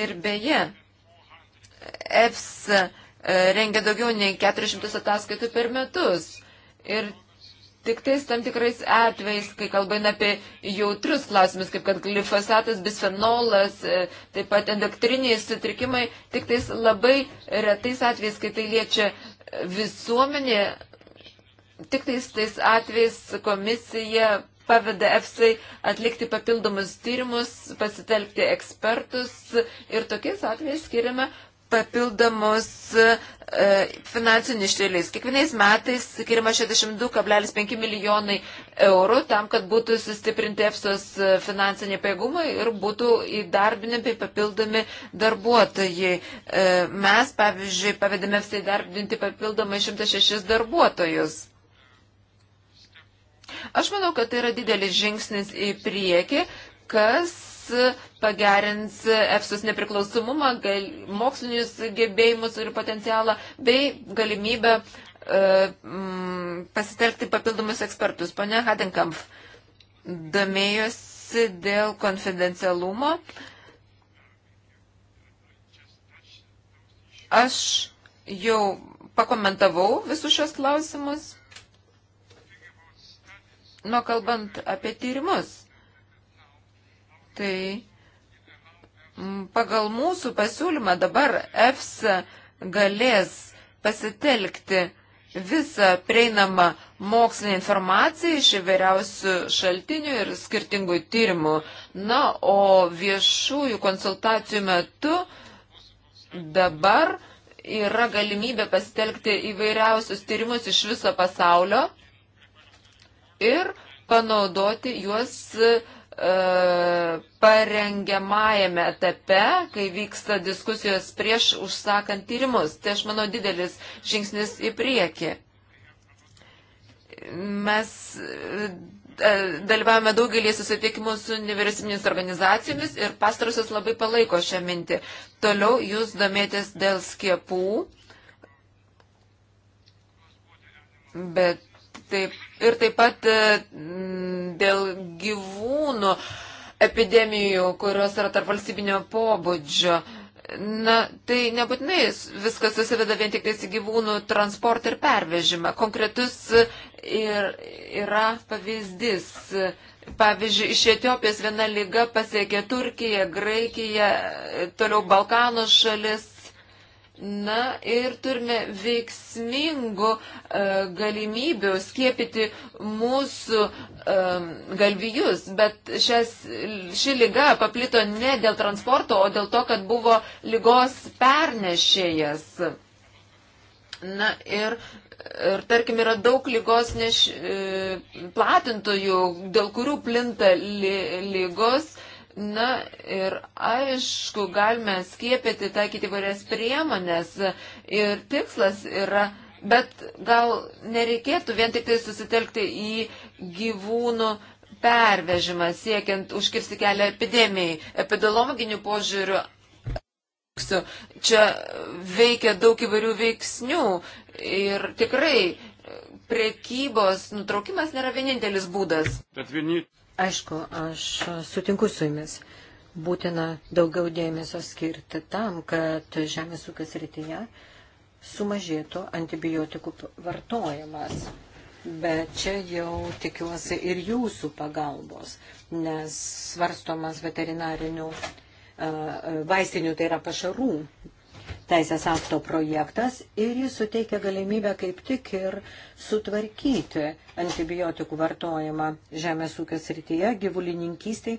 Ir beje, EFS e, rengia daugiau nei 400 ataskaitų per metus. Ir tik tais tam tikrais atvejais, kai kalbame apie jautrius klausimus, kaip kad glifosatas, bisfenolas, e, taip pat endoktriniai sutrikimai, tik tais labai retais atvejais, kai tai liečia visuomenė, tik tais tais atvejais komisija paveda EFSA atlikti papildomus tyrimus, pasitelkti ekspertus ir tokiais atvejais skiriame papildomos e, finansinių išėliais. Kiekvienais metais skiriama 62,5 milijonai eurų tam, kad būtų sustiprinti EFSOS finansiniai pajėgumai ir būtų įdarbinami papildomi darbuotojai. E, mes, pavyzdžiui, pavedėme EFSA įdarbinti papildomai 106 darbuotojus. Aš manau, kad tai yra didelis žingsnis į priekį, kas pagerins EFSUS nepriklausomumą, gal, mokslinius gebėjimus ir potencialą bei galimybę e, m, mm, pasitelkti papildomus ekspertus. Pane Hadenkamp domėjosi dėl konfidencialumo. Aš jau pakomentavau visus šios klausimus. Nu, kalbant apie tyrimus tai mm, pagal mūsų pasiūlymą dabar EFSA galės pasitelkti visą prieinamą mokslinę informaciją iš įvairiausių šaltinių ir skirtingų tyrimų. Na, o viešųjų konsultacijų metu dabar yra galimybė pasitelkti įvairiausius tyrimus iš viso pasaulio ir panaudoti juos E, parengiamajame etape, kai vyksta diskusijos prieš užsakant tyrimus. Tai aš manau didelis žingsnis į priekį. Mes e, dalyvavome daugelį susitikimų su nevyriausybinės organizacijomis ir pastarusios labai palaiko šią mintį. Toliau jūs domėtės dėl skiepų, bet taip ir taip pat e, dėl gyvūnų epidemijų, kurios yra tarp valstybinio pobūdžio. Na, tai nebūtinai viskas susiveda vien tik į gyvūnų transportą ir pervežimą. Konkretus ir, yra pavyzdys. Pavyzdžiui, iš Etiopijos viena lyga pasiekė Turkiją, Graikiją, toliau Balkanų šalis Na ir turime veiksmingų e, galimybių skiepyti mūsų e, galvijus, bet šias, ši lyga paplito ne dėl transporto, o dėl to, kad buvo lygos pernešėjas. Na ir, ir tarkim, yra daug lygos neš, e, platintojų, dėl kurių plinta li, lygos. Li, Na ir aišku, galime skiepyti, taikyti įvairias priemonės ir tikslas yra, bet gal nereikėtų vien tik tai susitelkti į gyvūnų pervežimą, siekiant užkirsti kelią epidemijai. Epidemiologinių požiūrių Čia veikia daug įvairių veiksnių ir tikrai priekybos nutraukimas nėra vienintelis būdas. Aišku, aš sutinku su jumis. Būtina daugiau dėmesio skirti tam, kad žemės ūkio srityje sumažėtų antibiotikų vartojimas. Bet čia jau tikiuosi ir jūsų pagalbos, nes svarstomas veterinarinių vaistinių, tai yra pašarų teisės akto projektas ir jis suteikia galimybę kaip tik ir sutvarkyti antibiotikų vartojimą žemės ūkio srityje, gyvulininkystai,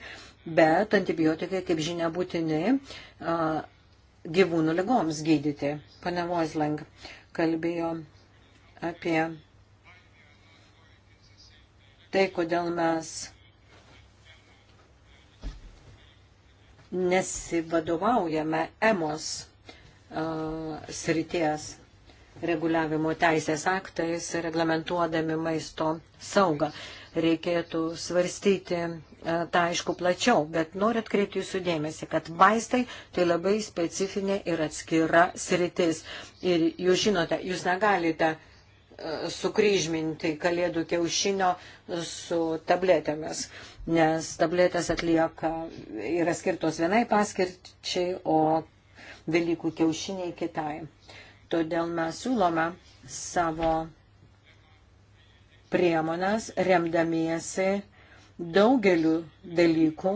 bet antibiotikai, kaip žinia, būtini gyvūnų ligoms gydyti. Pane Voisling kalbėjo apie tai, kodėl mes nesivadovaujame emos srities reguliavimo teisės aktais reglamentuodami maisto saugą. Reikėtų svarstyti tą aišku plačiau, bet noriu atkreipti jūsų dėmesį, kad vaistai tai labai specifinė ir atskira sritis. Ir jūs žinote, jūs negalite sukryžminti kalėdų kiaušinio su tabletėmis, nes tabletės atlieka, yra skirtos vienai paskirčiai, o velykų kiaušiniai kitai. Todėl mes siūlome savo priemonas, remdamiesi daugeliu dalykų,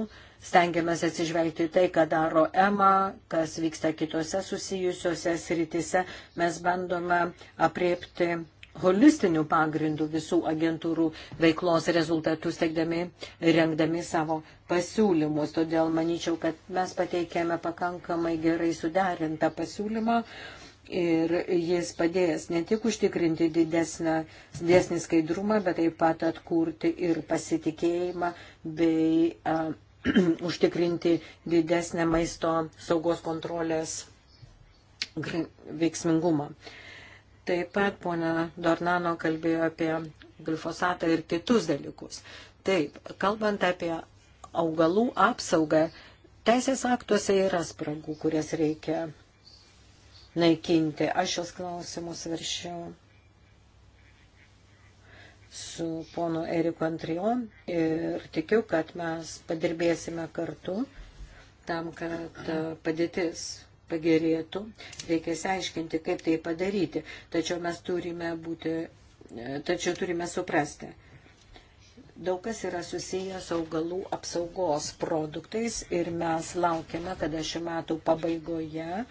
stengiamės atsižvelgti tai, ką daro EMA, kas vyksta kitose susijusiose sritise. Mes bandome apriepti holistinių pagrindų visų agentūrų veiklos rezultatus, teikdami, rengdami savo pasiūlymus. Todėl manyčiau, kad mes pateikėme pakankamai gerai suderintą pasiūlymą. Ir jis padės ne tik užtikrinti didesnę, didesnį skaidrumą, bet taip pat atkurti ir pasitikėjimą bei a, užtikrinti didesnę maisto saugos kontrolės veiksmingumą. Taip pat ponia Dornano kalbėjo apie glifosatą ir kitus dalykus. Taip, kalbant apie augalų apsaugą, teisės aktuose yra spragų, kurias reikia naikinti. Aš šios klausimus viršiau su ponu Eriku Antrion ir tikiu, kad mes padirbėsime kartu tam, kad padėtis pagerėtų, reikia seiškinti, kaip tai padaryti. Tačiau mes turime būti, e, tačiau turime suprasti. Daug kas yra susijęs augalų apsaugos produktais ir mes laukiame, kada šių metų pabaigoje e,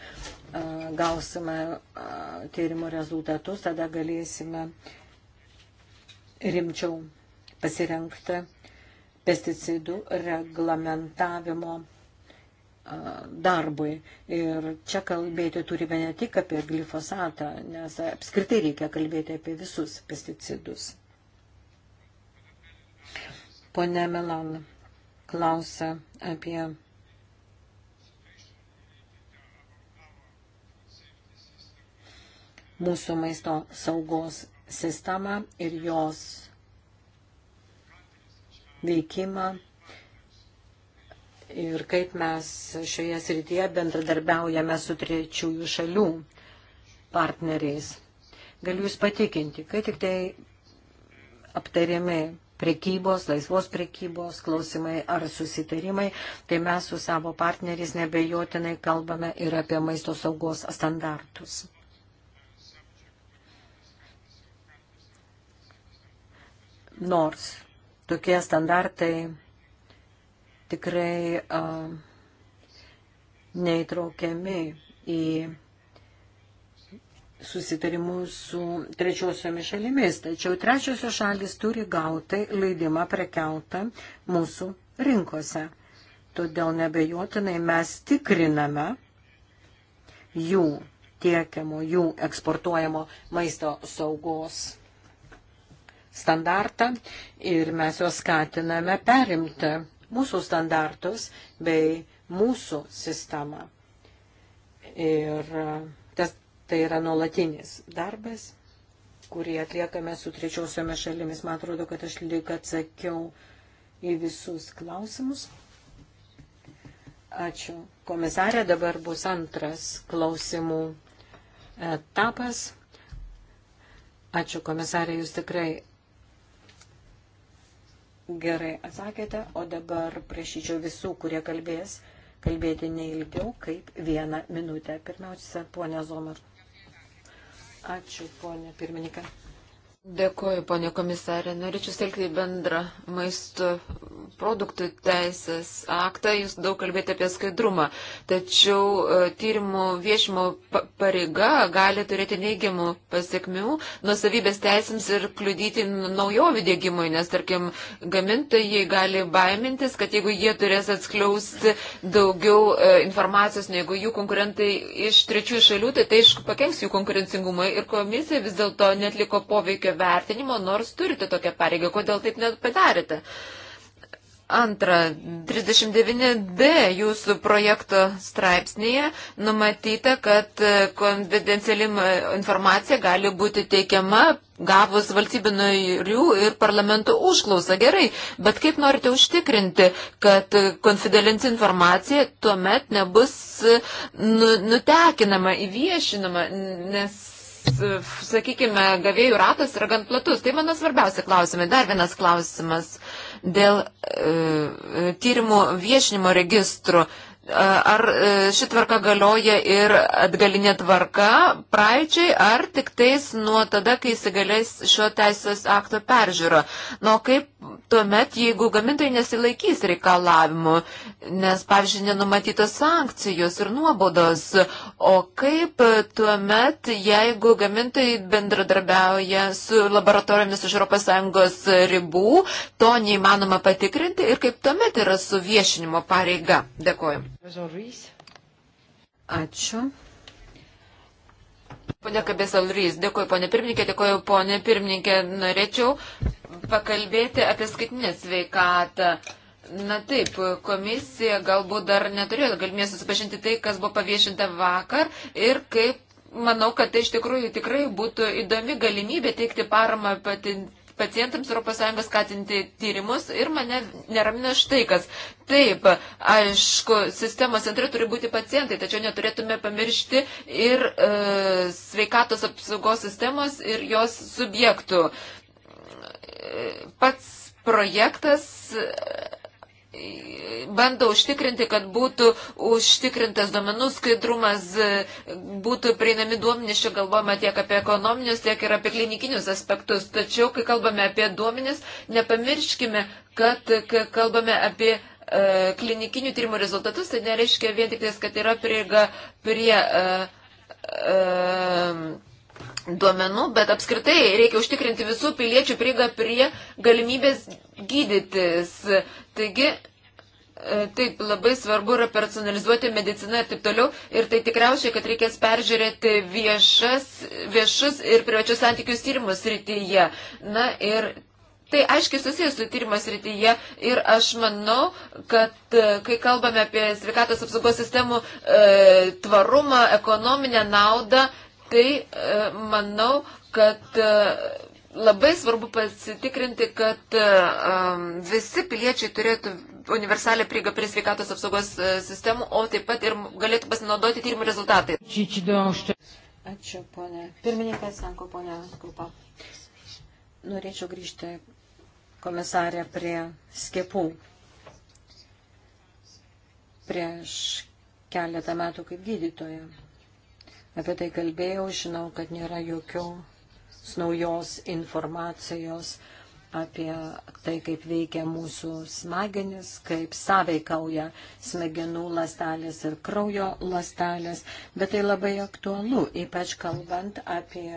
gausime e, tyrimo rezultatus, tada galėsime rimčiau pasirengti pesticidų reglamentavimo darbui. Ir čia kalbėti turime ne tik apie glifosatą, nes apskritai reikia kalbėti apie visus pesticidus. Pone Melan klausia apie mūsų maisto saugos sistemą ir jos veikimą ir kaip mes šioje srityje bendradarbiaujame su trečiųjų šalių partneriais. Galiu Jūs patikinti, kai tik tai aptariami prekybos, laisvos prekybos klausimai ar susitarimai, tai mes su savo partneriais nebejotinai kalbame ir apie maisto saugos standartus. Nors tokie standartai tikrai uh, neįtraukiami į susitarimus su trečiosiomis šalimis. Tačiau trečiosios šalis turi gauti leidimą prekiautą mūsų rinkose. Todėl nebejotinai mes tikriname jų tiekiamo, jų eksportuojamo maisto saugos standartą ir mes juos skatiname perimti mūsų standartus bei mūsų sistemą. Ir e, tas, tai yra nuolatinis darbas, kurį atliekame su trečiosiomis šalimis. Man atrodo, kad aš lyg atsakiau į visus klausimus. Ačiū. Komisarė, dabar bus antras klausimų etapas. Ačiū, komisarė, jūs tikrai gerai atsakėte, o dabar prašyčiau visų, kurie kalbės, kalbėti neilgiau kaip vieną minutę. Pirmiausia, ponė Zomar. Ačiū, ponė pirmininkė. Dėkuoju, ponė komisarė. Norėčiau stelkti bendrą maisto produktų teisės aktą. Jūs daug kalbėjote apie skaidrumą, tačiau e, tyrimų viešimo pareiga gali turėti neigiamų pasiekmių nusavybės teisėms ir kliudyti naujovių dėgymui, nes, tarkim, gamintojai gali baimintis, kad jeigu jie turės atskleisti daugiau e, informacijos negu jų konkurentai iš trečiųjų šalių, tai tai aišku pakenks jų konkurencingumui ir komisija vis dėlto netliko poveikio poveikio vertinimo, nors turite tokią pareigą. Kodėl taip nepadarėte? Antra, 39D jūsų projekto straipsnėje numatyta, kad e, konfidenciali informacija gali būti teikiama gavus valstybių narių ir parlamento užklausą. Gerai, bet kaip norite užtikrinti, kad konfidenciali informacija tuomet nebus e, nu-, nutekinama, įviešinama, nes sakykime, gavėjų ratas yra gan platus. Tai mano svarbiausia klausimai. Dar vienas klausimas dėl e, tyrimų viešinimo registrų. E, ar e, ši tvarka galioja ir atgalinė tvarka praeičiai, ar tik tais nuo tada, kai įsigalės šio teisės akto peržiūro? Nu, kaip tuomet, jeigu gamintojai nesilaikys reikalavimu, nes, pavyzdžiui, nenumatytos sankcijos ir nuobodos, o kaip tuomet, jeigu gamintojai bendradarbiauja su laboratorijomis iš ES ribų, to neįmanoma patikrinti ir kaip tuomet yra su viešinimo pareiga. Dėkuoju. Ačiū. Pone Kabesal Rys, dėkuoju ponė pirmininkė, dėkuoju ponė pirmininkė, norėčiau pakalbėti apie skaitinę sveikatą. Na taip, komisija galbūt dar neturėjo galimybės susipažinti tai, kas buvo paviešinta vakar ir kaip Manau, kad tai iš tikrųjų tikrai būtų įdomi galimybė teikti paramą patent pacientams ES skatinti tyrimus ir mane neramina štai kas. Taip, aišku, sistemos centrai turi būti pacientai, tačiau neturėtume pamiršti ir e, sveikatos apsaugos sistemos ir jos subjektų. E, pats projektas bando užtikrinti, kad būtų užtikrintas duomenų skaidrumas, būtų prieinami duomenys, čia galvojame tiek apie ekonominius, tiek ir apie klinikinius aspektus. Tačiau, kai kalbame apie duomenys, nepamirškime, kad kai kalbame apie uh, klinikinių tyrimų rezultatus, tai nereiškia vien tik, kad yra prieiga prie. Uh, uh, duomenų, bet apskritai reikia užtikrinti visų piliečių prieigą prie galimybės gydytis. Taigi E, taip, labai svarbu yra personalizuoti mediciną ir taip toliau. Ir tai tikriausiai, kad reikės peržiūrėti viešas, viešus ir privačius santykius tyrimus rytyje. Na ir tai aiškiai susijęs su tyrimas rytyje. Ir aš manau, kad e, kai kalbame apie sveikatos apsaugos sistemų e, tvarumą, ekonominę naudą, tai e, manau, kad. E, labai svarbu pasitikrinti, kad um, visi piliečiai turėtų universalę prieigą prie sveikatos apsaugos e, sistemų, o taip pat ir galėtų pasinaudoti tyrimų rezultatai. Ačiū, ponė. Pirmininkas sako, ponė Krupa. Norėčiau grįžti, komisarė, prie skiepų. Prieš keletą metų kaip gydytoja. Apie tai kalbėjau, žinau, kad nėra jokių naujos informacijos apie tai, kaip veikia mūsų smegenis, kaip sąveikauja smegenų lastelės ir kraujo lastelės, bet tai labai aktualu, ypač kalbant apie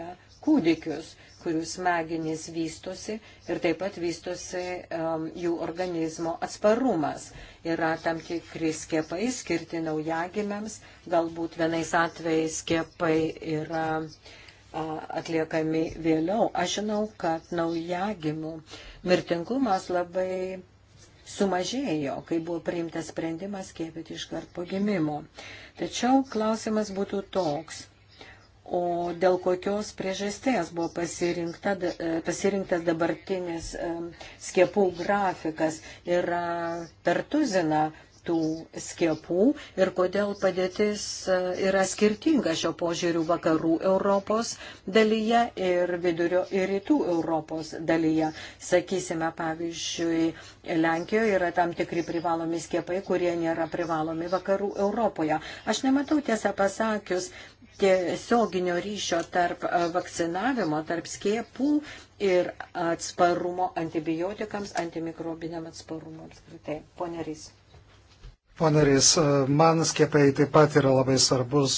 kūdikius, kurių smegenys vystosi ir taip pat vystosi um, jų organizmo atsparumas. Yra tam tikri skiepai skirti naujagimiams, galbūt vienais atvejais skiepai yra uh, atliekami vėliau. Aš žinau, kad naujagimų mirtingumas labai sumažėjo, kai buvo priimtas sprendimas skiepyti iškart po gimimo. Tačiau klausimas būtų toks. O dėl kokios priežasties buvo pasirinkta, e, pasirinktas dabartinis skiepų grafikas yra per tuziną tų skiepų ir kodėl padėtis e, yra skirtinga šio požiūrių vakarų Europos dalyje ir vidurio ir rytų Europos dalyje. Sakysime, pavyzdžiui, Lenkijoje yra tam tikri privalomi skiepai, kurie nėra privalomi vakarų Europoje. Aš nematau tiesą pasakius tiesioginio ryšio tarp e, vakcinavimo, tarp skiepų ir atsparumo antibiotikams, antimikrobiniam atsparumo apskritai. Pone Rys. Ponerys, e, man skiepai taip pat yra labai svarbus.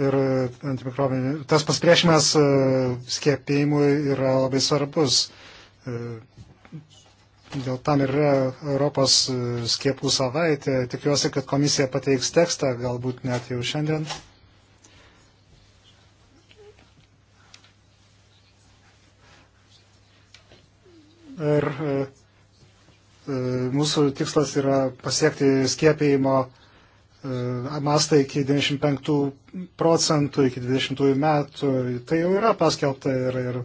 Ir tas paspriešimas e, skiepėjimui yra labai svarbus. E, dėl tam ir yra Europos skiepų savaitė. Tikiuosi, kad komisija pateiks tekstą, galbūt net jau šiandien. Ir E, mūsų tikslas yra pasiekti skiepėjimo e, mastą iki 95 procentų, iki 20 metų. Tai jau yra paskelbta ir, ir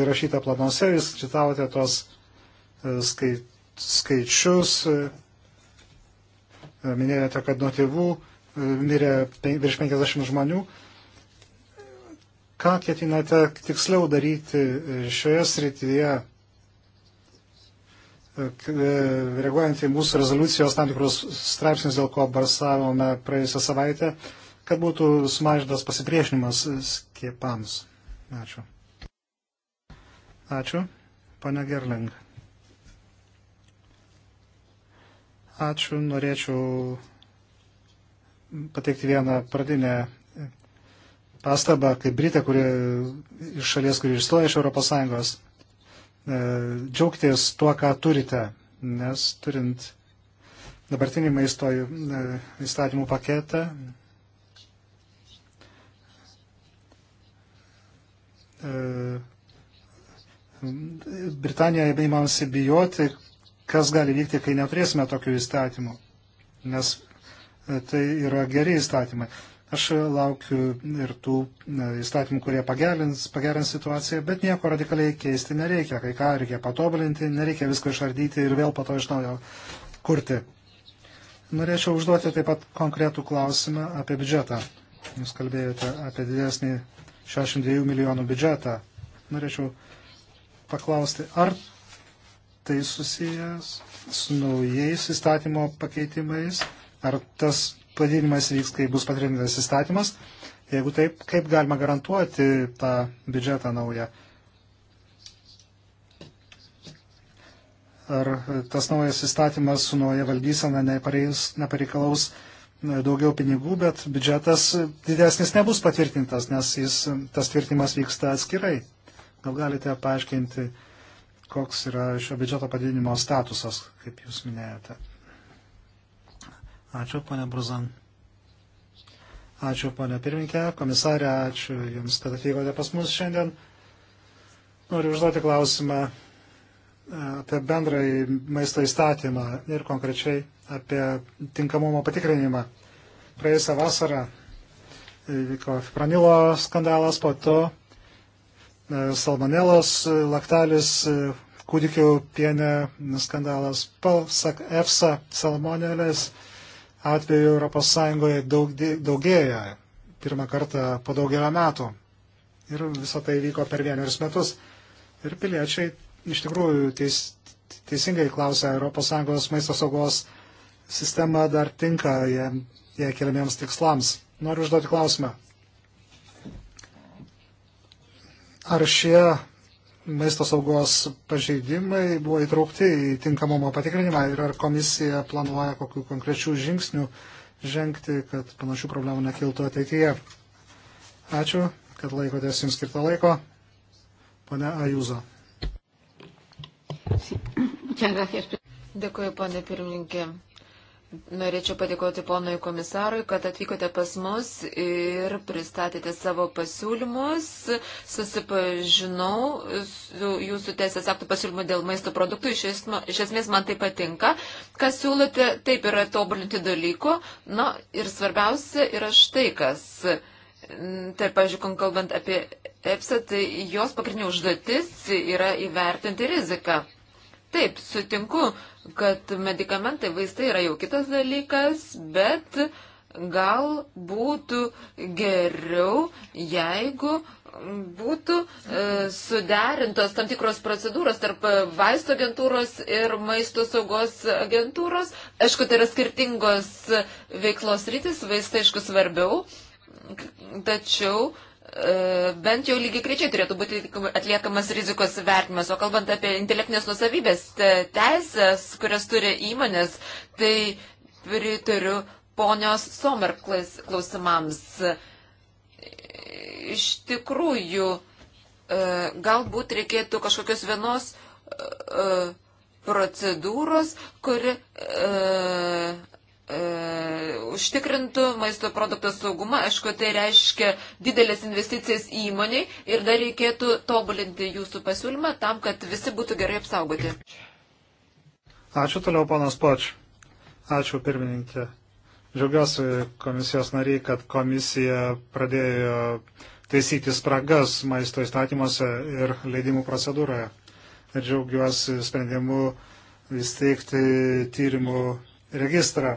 įrašyta planuose, jūs citavote tos e, skai, skaičius, minėjote, kad nuo tėvų mirė virš 50 žmonių. Ką ketinate tiksliau daryti šioje srityje? E, reaguojant į mūsų rezoliucijos tam tikrus straipsnius, dėl ko barsavome praėjusią savaitę, kad būtų sumažintas pasipriešinimas skiepams. Ačiū. Ačiū. Pane Gerling. Ačiū. Norėčiau pateikti vieną pradinę pastabą, kaip Britė, kuri iš šalies, kuri išstoja iš ES E, džiaugtis tuo, ką turite, nes turint dabartinį maisto e, įstatymų paketą, e, Britanija įmamasi bijoti, kas gali vykti, kai neturėsime tokių įstatymų, nes tai yra geri įstatymai. Aš laukiu ir tų e, įstatymų, kurie pagerins, pagerins situaciją, bet nieko radikaliai keisti nereikia. Kai ką reikia patobulinti, nereikia visko išardyti ir vėl po to iš naujo kurti. Norėčiau užduoti taip pat konkretų klausimą apie biudžetą. Jūs kalbėjote apie didesnį 62 milijonų biudžetą. Norėčiau paklausti, ar tai susijęs su naujais įstatymo pakeitimais, ar tas padidinimas vyks, kai bus patvirtintas įstatymas. Jeigu taip, kaip galima garantuoti tą biudžetą naują? Ar tas naujas įstatymas su nauja valdysena nepareikalaus daugiau pinigų, bet biudžetas didesnis nebus patvirtintas, nes jis, tas tvirtinimas vyksta atskirai. Gal galite paaiškinti, koks yra šio biudžeto padidinimo statusas, kaip jūs minėjote? Ačiū, ponia Bruzan. Ačiū, ponia pirminkė, komisarė, ačiū Jums, kad atvykote pas mus šiandien. Noriu užduoti klausimą e, apie bendrąjį maisto įstatymą ir konkrečiai apie tinkamumo patikrinimą. Praėjusią vasarą vyko fipronilo skandalas, po to e, salmonelos laktelis e, kūdikių pienė skandalas. Pasak EFSA salmonelės atveju ES daug, daugėja pirmą kartą po daugelio metų. Ir visą tai vyko per vienerius metus. Ir piliečiai iš tikrųjų teis, teisingai klausia, ES maisto saugos sistema dar tinka jie, jie keliamiems tikslams. Noriu užduoti klausimą. Ar šie maisto saugos pažeidimai buvo įtraukti į tinkamumo patikrinimą ir ar komisija planuoja kokiu konkrečių žingsnių žengti, kad panašių problemų nekiltų ateityje. Ačiū, kad laikotės jums skirtą laiko. Pane Ajuzo. Dėkuoju, pane pirmininkė. Norėčiau padėkoti ponui komisarui, kad atvykote pas mus ir pristatėte savo pasiūlymus. Susipažinau su jūsų teisės aktų pasiūlymu dėl maisto produktų. Iš, esma, iš esmės man tai patinka. Ką siūlote, taip yra tobulinti dalykų. Na ir svarbiausia yra štai kas. Taip, pažiūrėkam, kalbant apie EPSA, tai jos pagrindinė užduotis yra įvertinti riziką. Taip, sutinku, kad medikamentai, vaistai yra jau kitas dalykas, bet gal būtų geriau, jeigu būtų e, suderintos tam tikros procedūros tarp vaisto agentūros ir maisto saugos agentūros. Aišku, tai yra skirtingos veiklos rytis, vaistai, aišku, svarbiau, tačiau E, bent jau lygiai krečiai turėtų būti atliekamas rizikos vertinimas. O kalbant apie intelektinės nusavybės teisės, kurias turi įmonės, tai pritariu ponios Somer klausimams. Iš tikrųjų, e, galbūt reikėtų kažkokios vienos e, procedūros, kuri E, užtikrintų maisto produktų saugumą. Aišku, tai reiškia didelės investicijas įmoniai ir dar reikėtų tobulinti jūsų pasiūlymą tam, kad visi būtų gerai apsaugoti. Ačiū toliau, panas Poč. Ačiū, pirmininkė. Džiaugiuosi komisijos nariai, kad komisija pradėjo taisyti spragas maisto įstatymuose ir leidimų procedūroje. Ir džiaugiuosi sprendimu įsteigti tyrimų registrą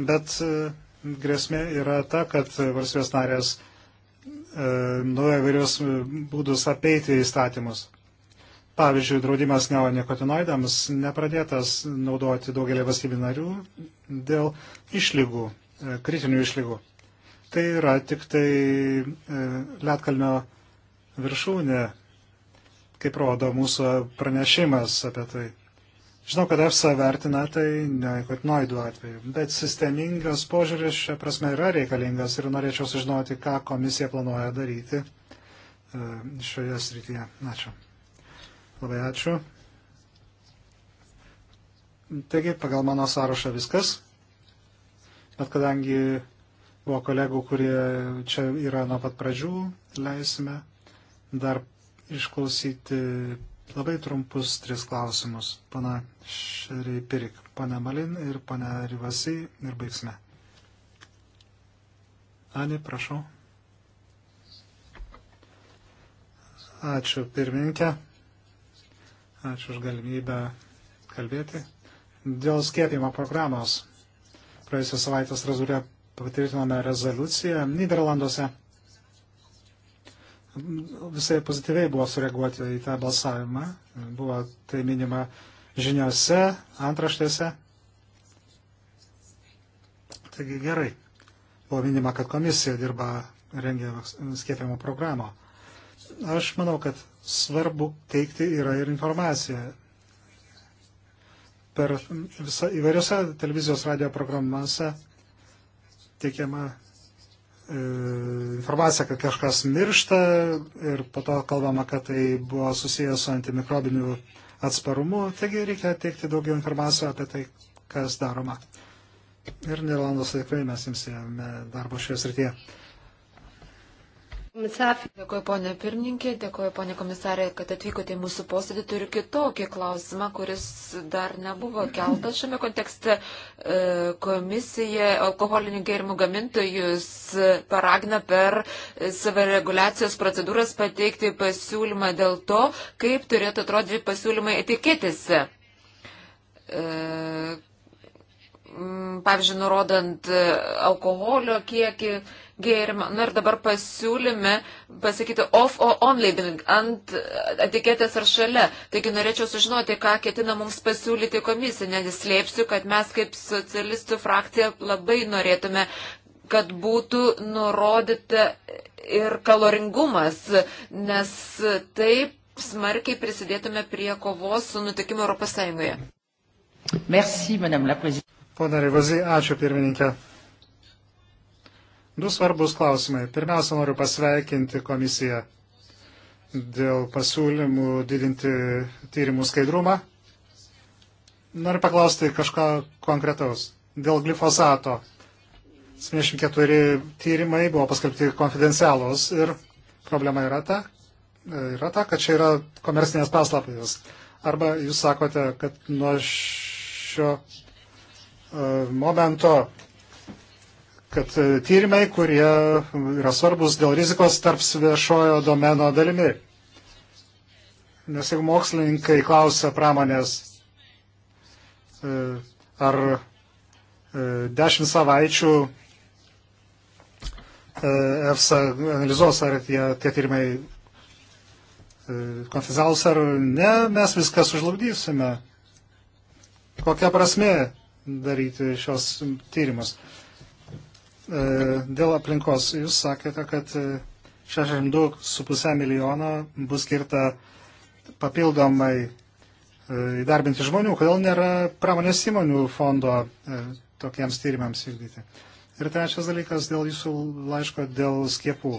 bet e, grėsmė yra ta, kad valstybės narės e, naudoja įvairius e, būdus apeiti įstatymus. Pavyzdžiui, draudimas neonikotinoidams nepradėtas naudoti daugelį valstybių narių dėl išlygų, kritinių išlygų. Tai yra tik tai Lietkalnio viršūnė, kaip rodo mūsų pranešimas apie tai. Žinau, kad EFSA vertina tai neikotinoidų atveju, bet sistemingas požiūris šią prasme yra reikalingas ir norėčiau sužinoti, ką komisija planuoja daryti e, šioje srityje. Ačiū. Labai ačiū. Taigi, pagal mano sąrašą viskas, bet kadangi buvo kolegų, kurie čia yra nuo pat pradžių, leisime dar išklausyti Labai trumpus tris klausimus. Pana Šeriai Pirik, pana Malin ir pana Rivasi ir baigsime. Ani, prašau. Ačiū pirmininkė. Ačiū už galimybę kalbėti. Dėl skiepimo programos praėjusią savaitę Strasbūrė patvirtinome rezoliuciją Niderlanduose visai pozityviai buvo sureaguoti į tą balsavimą. Buvo tai minima žiniuose, antraštėse. Taigi gerai. Buvo minima, kad komisija dirba rengė skiepimo programą. Aš manau, kad svarbu teikti yra ir informaciją. Per visą, įvairiose televizijos radio programuose teikiama E, informacija, kad kažkas miršta ir po to kalbama, kad tai buvo susijęs su antimikrobiniu atsparumu, taigi reikia teikti daugiau informacijos apie tai, kas daroma. Ir Nirlandos tikrai mes imsime darbo šioje srityje. Dėkuoju, ponė pirmininkė, dėkuoju, ponė komisarė, kad atvykote į mūsų posėdį. Turiu kitokį klausimą, kuris dar nebuvo keltas šiame kontekste. E, komisija alkoholinių gėrimų gamintojus paragina per savireguliacijos procedūras pateikti pasiūlymą dėl to, kaip turėtų atrodyti pasiūlymai etiketėse e, pavyzdžiui, nurodant alkoholio kiekį gėrimą. Na ir dabar pasiūlyme pasakyti off or on labeling ant etiketės ar šalia. Taigi norėčiau sužinoti, ką ketina mums pasiūlyti komisija. Nesislėpsiu, kad mes kaip socialistų frakcija labai norėtume kad būtų nurodyta ir kaloringumas, nes taip smarkiai prisidėtume prie kovos su nutikimu Europos Sąjungoje. Merci, madame la prezidente. Pone Rivazai, ačiū pirmininkė. Du svarbus klausimai. Pirmiausia, noriu pasveikinti komisiją dėl pasiūlymų didinti tyrimų skaidrumą. Noriu paklausti kažką konkretaus. Dėl glifosato. 74 tyrimai buvo paskelbti konfidencialus ir problema yra ta, yra ta kad čia yra komersinės paslaptis. Arba jūs sakote, kad nuo šio e, momento kad e, tyrimai, kurie yra svarbus dėl rizikos, tarps viešojo domeno dalimi. Nes jeigu mokslininkai klausia pramonės, e, ar e, dešimt savaičių EFSA analizuos, ar tie, tie tyrimai konfizaus ar ne, mes viską sužlugdysime. Kokia prasme daryti šios tyrimus? E, dėl aplinkos, jūs sakėte, kad 62,5 e, milijono bus skirta papildomai e, įdarbinti žmonių. Kodėl nėra pramonės įmonių fondo tokiems tyrimams vykdyti? Ir trečias dalykas dėl jūsų laiško dėl skiepų.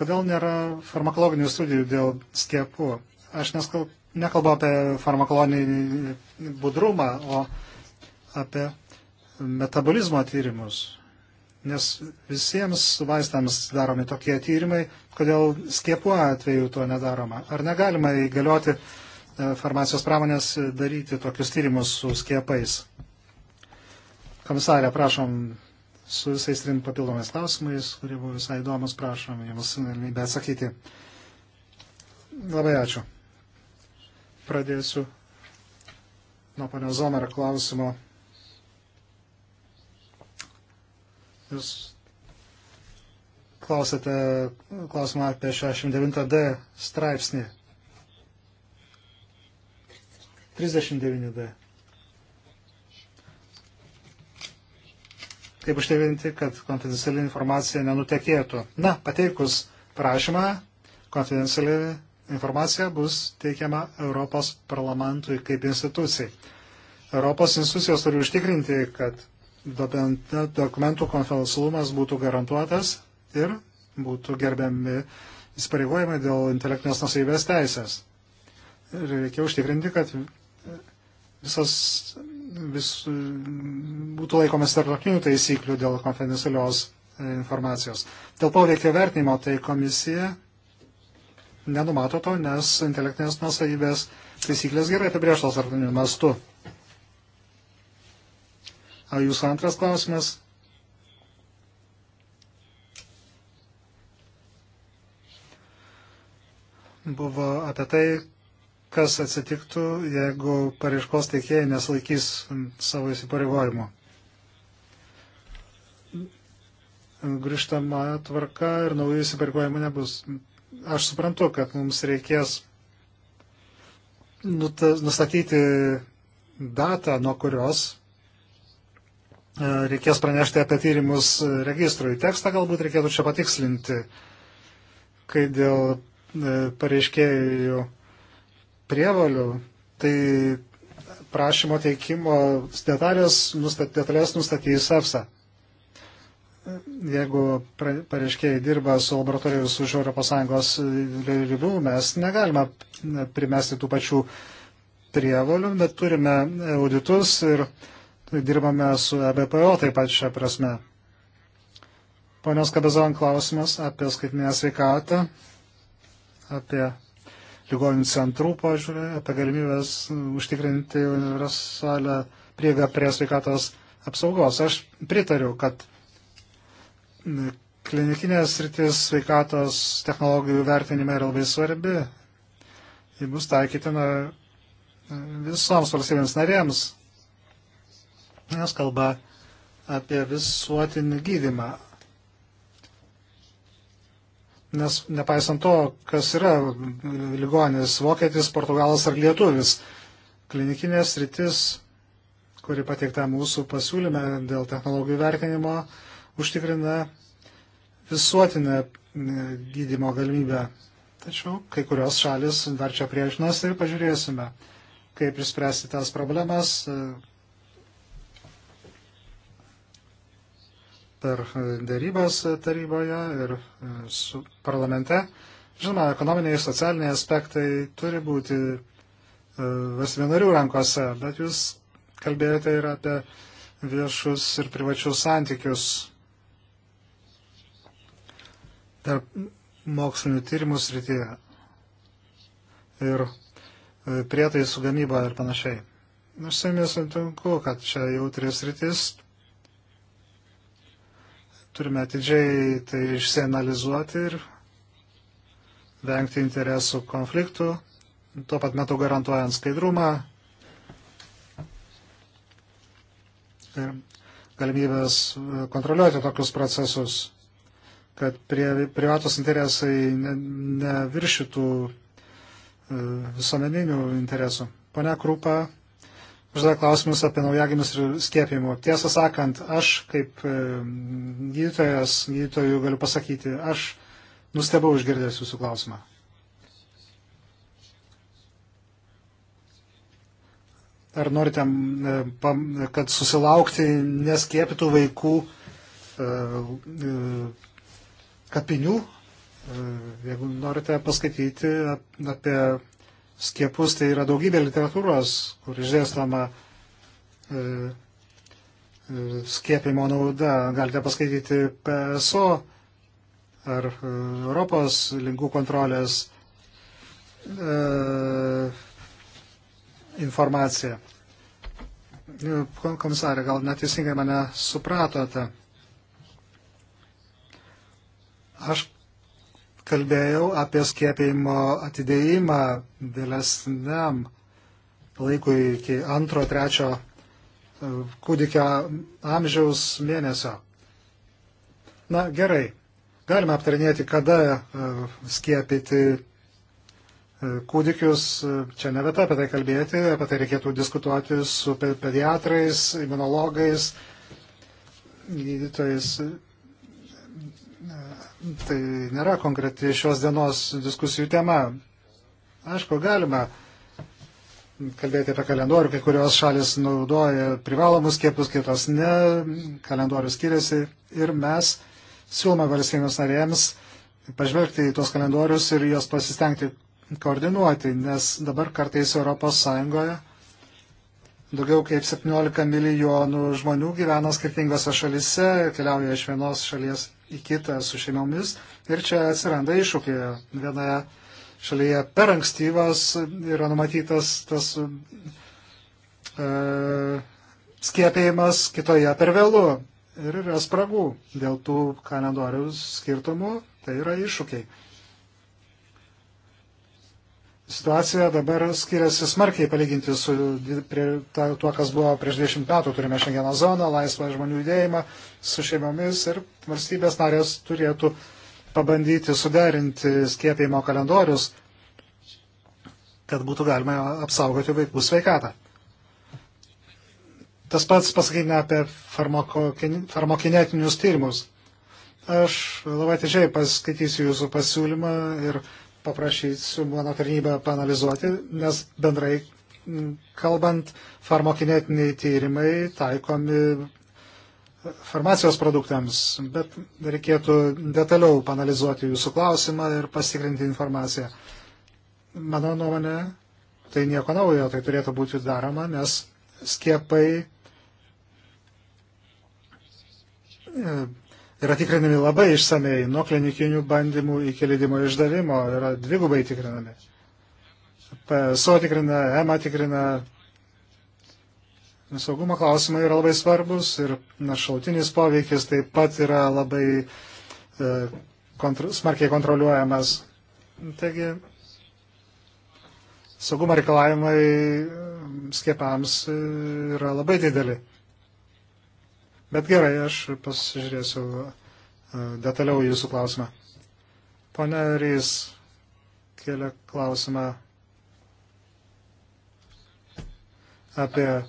Kodėl nėra farmakologinių studijų dėl skiepų? Aš neskal, nekalbu apie farmakologinį budrumą, o apie metabolizmo tyrimus, nes visiems vaistams daromi tokie tyrimai, kodėl skiepų atveju to nedaroma. Ar negalima įgalioti e, farmacijos pramonės daryti tokius tyrimus su skiepais? Komisarė, prašom su visais trim papildomais klausimais, kurie buvo visai įdomus, prašom jums galimybę atsakyti. Labai ačiū. Pradėsiu nuo panio Zomero klausimo Jūs klausėte klausimą apie 69D straipsnį. 39D. Kaip užtikrinti, kad konfidenciali informacija nenutekėtų? Na, pateikus prašymą, konfidenciali informacija bus teikiama Europos parlamentui kaip institucijai. Europos institucijos turi užtikrinti, kad dokumentų konfidencialumas būtų garantuotas ir būtų gerbiami įsipareigojimai dėl intelektinės nusavybės teisės. Ir reikia užtikrinti, kad visas vis, būtų laikomas tarptautinių taisyklių dėl konfidencialios informacijos. Dėl poveikio vertinimo tai komisija nenumato to, nes intelektinės nusavybės taisyklės gerai apibrieštos tarptautiniu mastu. Ar jūsų antras klausimas? Buvo apie tai, kas atsitiktų, jeigu pareiškos teikėjai nesilaikys savo įsipareigojimo. Grįžtama tvarka ir naujų įsipareigojimų nebus. Aš suprantu, kad mums reikės nustatyti datą, nuo kurios reikės pranešti apie tyrimus registrui. Tekstą galbūt reikėtų čia patikslinti, kai dėl e, pareiškėjų prievalių, tai prašymo teikimo detalės, nustat, detalės nustatys EFSA. Jeigu pareiškėjai dirba su laboratorijos už ES ribų, mes negalime primesti tų pačių prievalių, bet turime auditus ir uh, dirbame su EBPO taip pat šią prasme. Ponios Kabezon klausimas apie skaitinę sveikatą, apie ligoninių centrų požiūrį, apie galimybės užtikrinti universalę prieigą prie sveikatos apsaugos. Aš pritariu, kad klinikinės rytis sveikatos technologijų vertinime yra labai svarbi. Ji bus taikytina visoms valstybėms narėms, Jos kalba apie visuotinį gydimą. Nes nepaisant to, kas yra ligonis, vokietis, portugalas ar lietuvis, klinikinės rytis, kuri pateikta mūsų pasiūlyme dėl technologijų vertinimo, užtikrina visuotinę e, gydimo galimybę. Tačiau kai kurios šalis dar čia priešinasi ir pažiūrėsime, kaip išspręsti tas problemas, e, per dėrybas taryboje ir e, su parlamente. Žinoma, ekonominiai ir socialiniai aspektai turi būti e, valstybinarių rankose, bet jūs kalbėjote ir apie viešus ir privačius santykius tarp mokslinių tyrimų srityje ir e, prietaisų gamyba ir panašiai. Aš su jumis sutinku, kad čia jautris rytis, turime atidžiai tai išsianalizuoti ir vengti interesų konfliktų, tuo pat metu garantuojant skaidrumą ir galimybės e, kontroliuoti tokius procesus, kad prie, privatus interesai neviršytų ne visuomeninių interesų. Pone Krupa uždavė klausimus apie naujagimus ir skiepimų. Tiesą sakant, aš kaip e, gydytojas, gydytojų galiu pasakyti, aš nustebau išgirdęs jūsų klausimą. Ar norite, e, kad susilaukti neskėpytų vaikų e, kapinių? Jeigu norite paskaityti apie skiepus, tai yra daugybė literatūros, kur išdėstama e, e, skiepimo nauda. Galite paskaityti PSO ar e, Europos lygų kontrolės e, informaciją. E, komisarė, gal neteisingai mane supratote. Aš kalbėjau apie skiepėjimo atidėjimą vėlesniam laikui iki antro, trečio e, kūdikio amžiaus mėnesio. Na gerai, galime aptarinėti, kada e, skiepyti e, kūdikius. Čia ne vieta apie tai kalbėti, apie tai reikėtų diskutuoti su pediatrais, imunologais, gydytojais tai nėra konkreti šios dienos diskusijų tema. Aišku, galima kalbėti apie kalendorių, kai kurios šalis naudoja privalomus skiepus, kitos ne, kalendorius skiriasi ir mes siūlome valstybėms narėms pažvelgti į tuos kalendorius ir juos pasistengti koordinuoti, nes dabar kartais Europos Sąjungoje Daugiau kaip 17 milijonų žmonių gyvena skirtingose šalise, keliauja iš vienos šalies į kitą su šeimomis ir čia atsiranda iššūkiai. Vienoje šalyje per ankstyvas yra numatytas tas e, skiepėjimas, kitoje per vėlų ir yra spragų dėl tų kalendorių skirtumų, tai yra iššūkiai situacija dabar skiriasi smarkiai palyginti su prie, ta, tuo, kas buvo prieš 20 metų. Turime šiandieną zoną, laisvą žmonių judėjimą su šeimomis ir valstybės narės turėtų pabandyti suderinti skiepimo kalendorius, kad būtų galima apsaugoti vaikų sveikatą. Tas pats pasakyme apie farmakokinetinius tyrimus. Aš labai atidžiai paskaitysiu jūsų pasiūlymą ir paprašyti su mano tarnyba panalizuoti, nes bendrai kalbant, farmakinetiniai tyrimai taikomi farmacijos produktams, bet reikėtų detaliau panalizuoti jūsų klausimą ir pasikrinti informaciją. Mano nuomonė, tai nieko naujo, tai turėtų būti daroma, nes skiepai e, yra tikrinami labai išsamei, nuo klinikinių bandymų iki leidimo išdavimo yra dvigubai tikrinami. PSO tikrina, EMA tikrina. Saugumo klausimai yra labai svarbus ir šautinis poveikis taip pat yra labai e, kontr smarkiai kontroliuojamas. Taigi, saugumo reikalavimai skiepams e, yra labai dideli. Bet gerai, aš pasižiūrėsiu e, detaliau jūsų klausimą. Pone Rys kėlė klausimą apie e,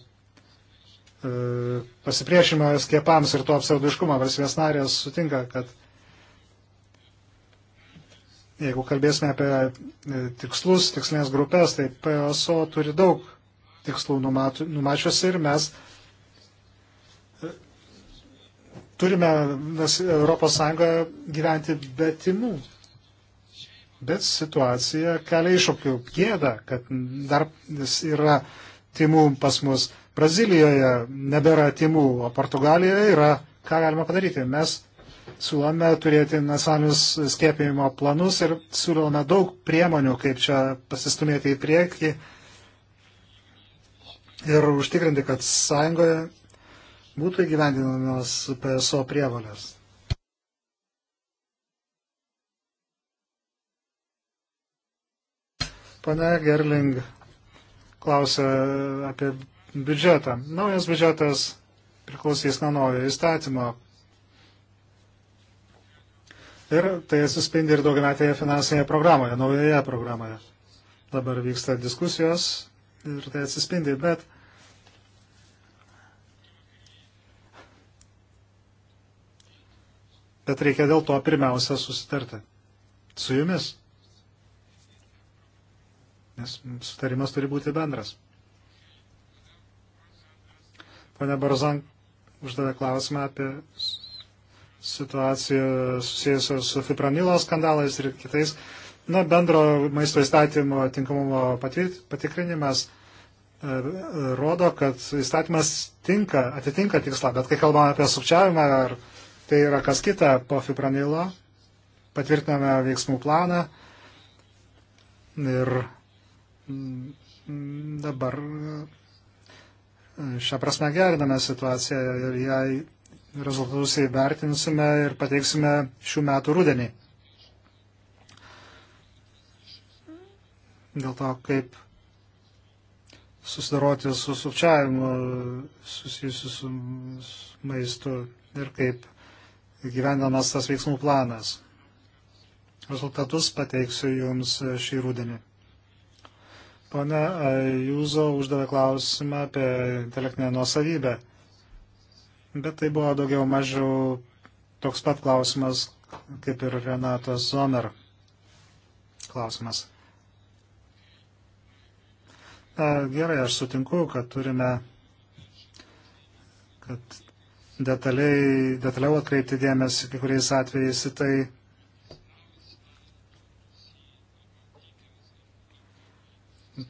pasipriešinimą skiepams ir to apsaudiškumą. Valstybės narės sutinka, kad jeigu kalbėsime apie e, tikslus, tikslinės grupės, tai PSO turi daug tikslų numačiusi ir mes turime Europos Sąjungoje gyventi be timų. Bet situacija kelia iššūkių gėda, kad dar yra timų pas mus. Brazilijoje nebėra timų, o Portugalijoje yra. Ką galima padaryti? Mes siūlome turėti nacionalinius skiepijimo planus ir siūlome daug priemonių, kaip čia pasistumėti į priekį ir užtikrinti, kad sąjungoje būtų įgyvendinamos PSO prievalės. Pane Gerling klausė apie biudžetą. Naujas biudžetas priklausys nuo naujo įstatymo. Ir tai atsispindi ir daugiametėje finansinėje programoje, naujoje programoje. Dabar vyksta diskusijos ir tai atsispindi, bet Bet reikia dėl to pirmiausia susitarti. Su jumis. Nes sutarimas turi būti bendras. Pane Barzan uždavė klausimą apie situaciją susijusią su fipronilo skandalais ir kitais. Na, bendro maisto įstatymo tinkamumo patikrinimas e, rodo, kad įstatymas tinka, atitinka tikslą, bet kai kalbame apie sukčiavimą ar Tai yra kas kita po fipranilo. Patvirtiname veiksmų planą ir mm, dabar šią prasme geriname situaciją ir jai rezultatus įvertinsime ir pateiksime šių metų rudenį. Dėl to, kaip susidaroti su sukčiavimu susijusiu su maistu ir kaip gyvendamas tas veiksmų planas. Rezultatus pateiksiu Jums šį rūdienį. Pone Jūzo uždavė klausimą apie intelektinę nuosavybę, bet tai buvo daugiau mažiau toks pat klausimas kaip ir Renatos Zomer klausimas. Na, gerai, aš sutinku, kad turime, kad detaliai, detaliau atkreipti dėmesį kai kuriais atvejais į tai,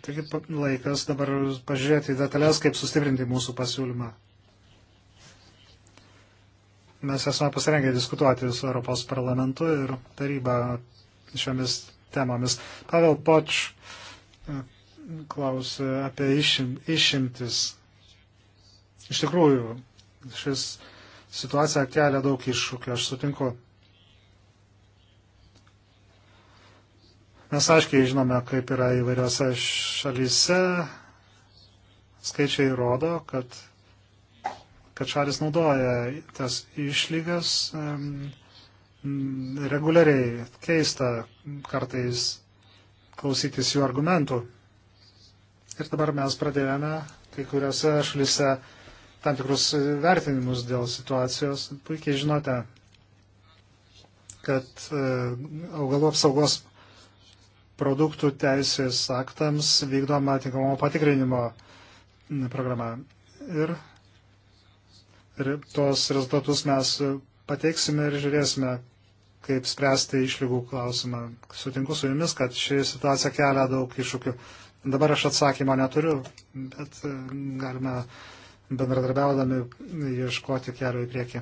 Taigi laikas dabar pažiūrėti į detalės, kaip sustiprinti mūsų pasiūlymą. Mes esame pasirengę diskutuoti su Europos parlamentu ir taryba šiomis temomis. Pavel Poč e, klausė apie išim, išimtis. Iš tikrųjų, šis situacija kelia daug iššūkių, aš sutinku. Mes aiškiai žinome, kaip yra įvairiose šalyse. Skaičiai rodo, kad, kad šalis naudoja tas išlygas um, reguliariai. Keista kartais klausytis jų argumentų. Ir dabar mes pradėjome kai kuriuose šalyse uh, tam tikrus vertinimus dėl situacijos. Puikiai žinote, kad e, augalų apsaugos produktų teisės aktams vykdoma tinkamumo patikrinimo programa. Ir, ir tuos rezultatus mes pateiksime ir žiūrėsime, kaip spręsti išlygų klausimą. Sutinku su jumis, kad ši situacija kelia daug iššūkių. Dabar aš atsakymo neturiu, bet e, galime bendradarbiaudami ieškoti kelio į priekį.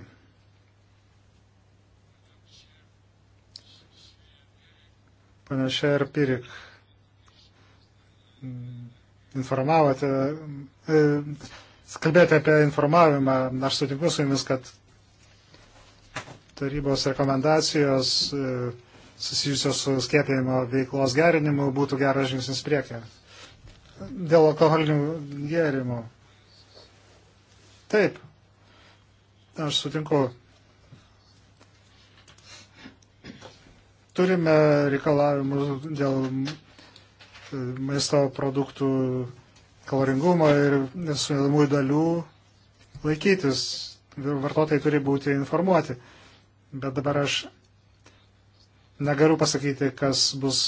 Panašiai ir Pirik informavote, e, kalbėjote apie informavimą, aš sutinku su jumis, kad tarybos rekomendacijos e, susijusios su skėpėjimo veiklos gerinimu būtų geras žingsnis priekia. Dėl alkoholinių gėrimų Taip, aš sutinku. Turime reikalavimus dėl e, maisto produktų kaloringumo ir sudėdamųjų dalių laikytis. Vartotojai turi būti informuoti. Bet dabar aš negaliu pasakyti, kas bus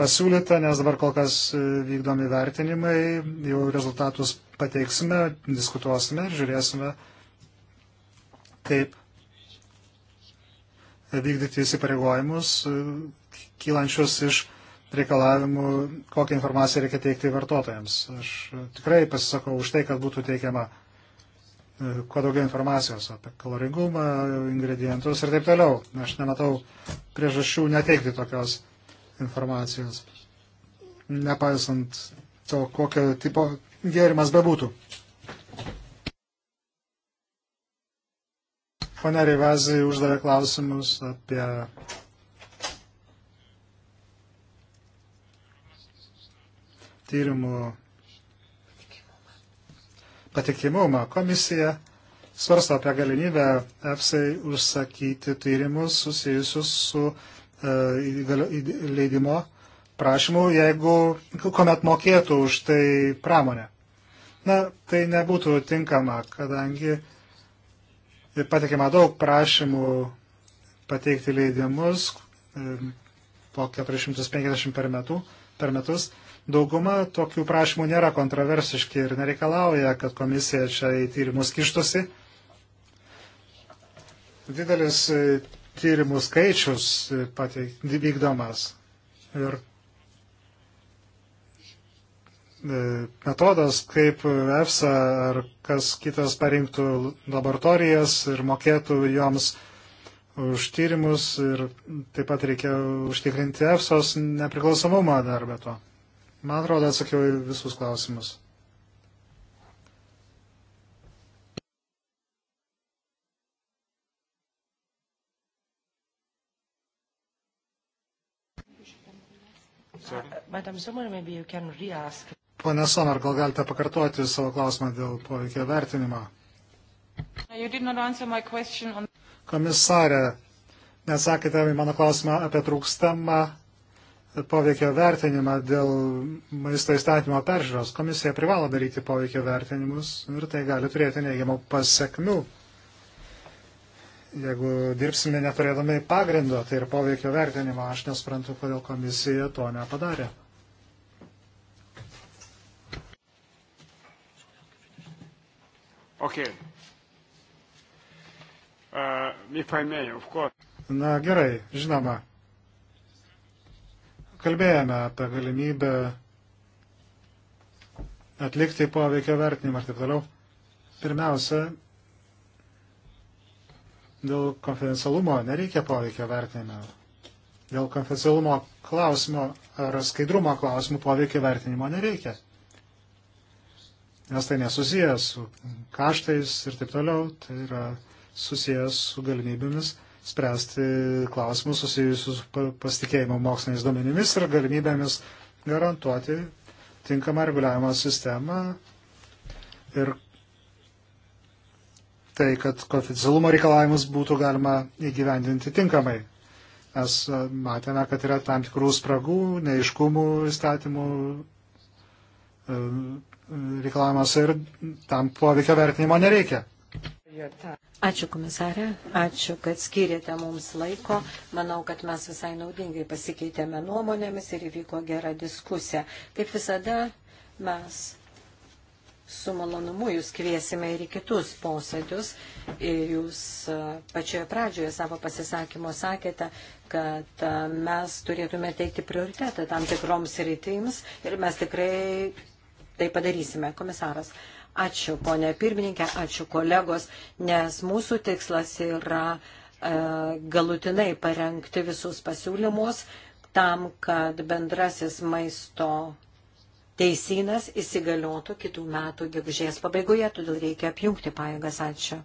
pasiūlyta, nes dabar kol kas e, vykdomi vertinimai, jau rezultatus pateiksime, diskutuosime ir žiūrėsime, kaip vykdyti įsipareigojimus, e, kylančius iš reikalavimų, kokią informaciją reikia teikti vartotojams. Aš e, tikrai pasisakau už tai, kad būtų teikiama kuo daugiau informacijos apie kaloringumą, ingredientus ir taip toliau. Aš nematau priežasčių neteikti tokios informacijos, nepaisant to, kokio tipo gėrimas bebūtų. Pane Reivazai uždavė klausimus apie tyrimų patikimumą. Komisija svarsto apie galimybę EFSA užsakyti tyrimus susijusius su leidimo prašymų, jeigu kuomet mokėtų už tai pramonę. Na, tai nebūtų tinkama, kadangi patikima daug prašymų pateikti leidimus po 450 per, metų, per metus. Dauguma tokių prašymų nėra kontroversiški ir nereikalauja, kad komisija čia į tyrimus kištusi. Didelis tyrimų skaičius pateik, vykdomas ir e, metodas, kaip EFSA ar kas kitas parinktų laboratorijas ir mokėtų joms už tyrimus ir taip pat reikia užtikrinti EFSOS nepriklausomumą darbę to. Man atrodo, atsakiau į visus klausimus. Uh, Pone Sonar, gal galite pakartoti savo klausimą dėl poveikio vertinimo? On... Komisarė, nesakėte į mano klausimą apie trūkstamą poveikio vertinimą dėl maisto įstatymo peržiūros. Komisija privalo daryti poveikio vertinimus ir tai gali turėti neigiamų pasiekmių jeigu dirbsime neturėdami pagrindo, tai ir poveikio vertinimo, aš nesprantu, kodėl komisija to nepadarė. Okay. Uh, may, Na gerai, žinoma. Kalbėjome apie galimybę atlikti poveikio vertinimą ir taip toliau. Pirmiausia, Dėl konfidencialumo nereikia poveikio vertinimo. Dėl konfidencialumo klausimo ar skaidrumo klausimų poveikio vertinimo nereikia. Nes tai nesusijęs su kaštais ir taip toliau, tai yra susijęs su galimybėmis spręsti klausimus susijusius su pasitikėjimo moksliniais duomenimis ir galimybėmis garantuoti tinkamą reguliavimo sistemą ir tai, kad konfidencialumo reikalavimus būtų galima įgyvendinti tinkamai. Mes e, matėme, kad yra tam tikrų spragų, neiškumų įstatymų e, reikalavimas ir tam poveikio vertinimo nereikia. Ačiū komisarė, ačiū, kad skirėte mums laiko. Manau, kad mes visai naudingai pasikeitėme nuomonėmis ir įvyko gera diskusija. Kaip visada, mes su malonumu jūs kviesime ir į kitus posėdžius. Ir jūs pačioje pradžioje savo pasisakymo sakėte, kad mes turėtume teikti prioritetą tam tikroms rytims ir mes tikrai tai padarysime, komisaras. Ačiū, ponė pirmininkė, ačiū kolegos, nes mūsų tikslas yra e, galutinai parengti visus pasiūlymus tam, kad bendrasis maisto teisinas įsigaliotų kitų metų gegužės pabaigoje, todėl reikia apjungti pajėgas. Ačiū.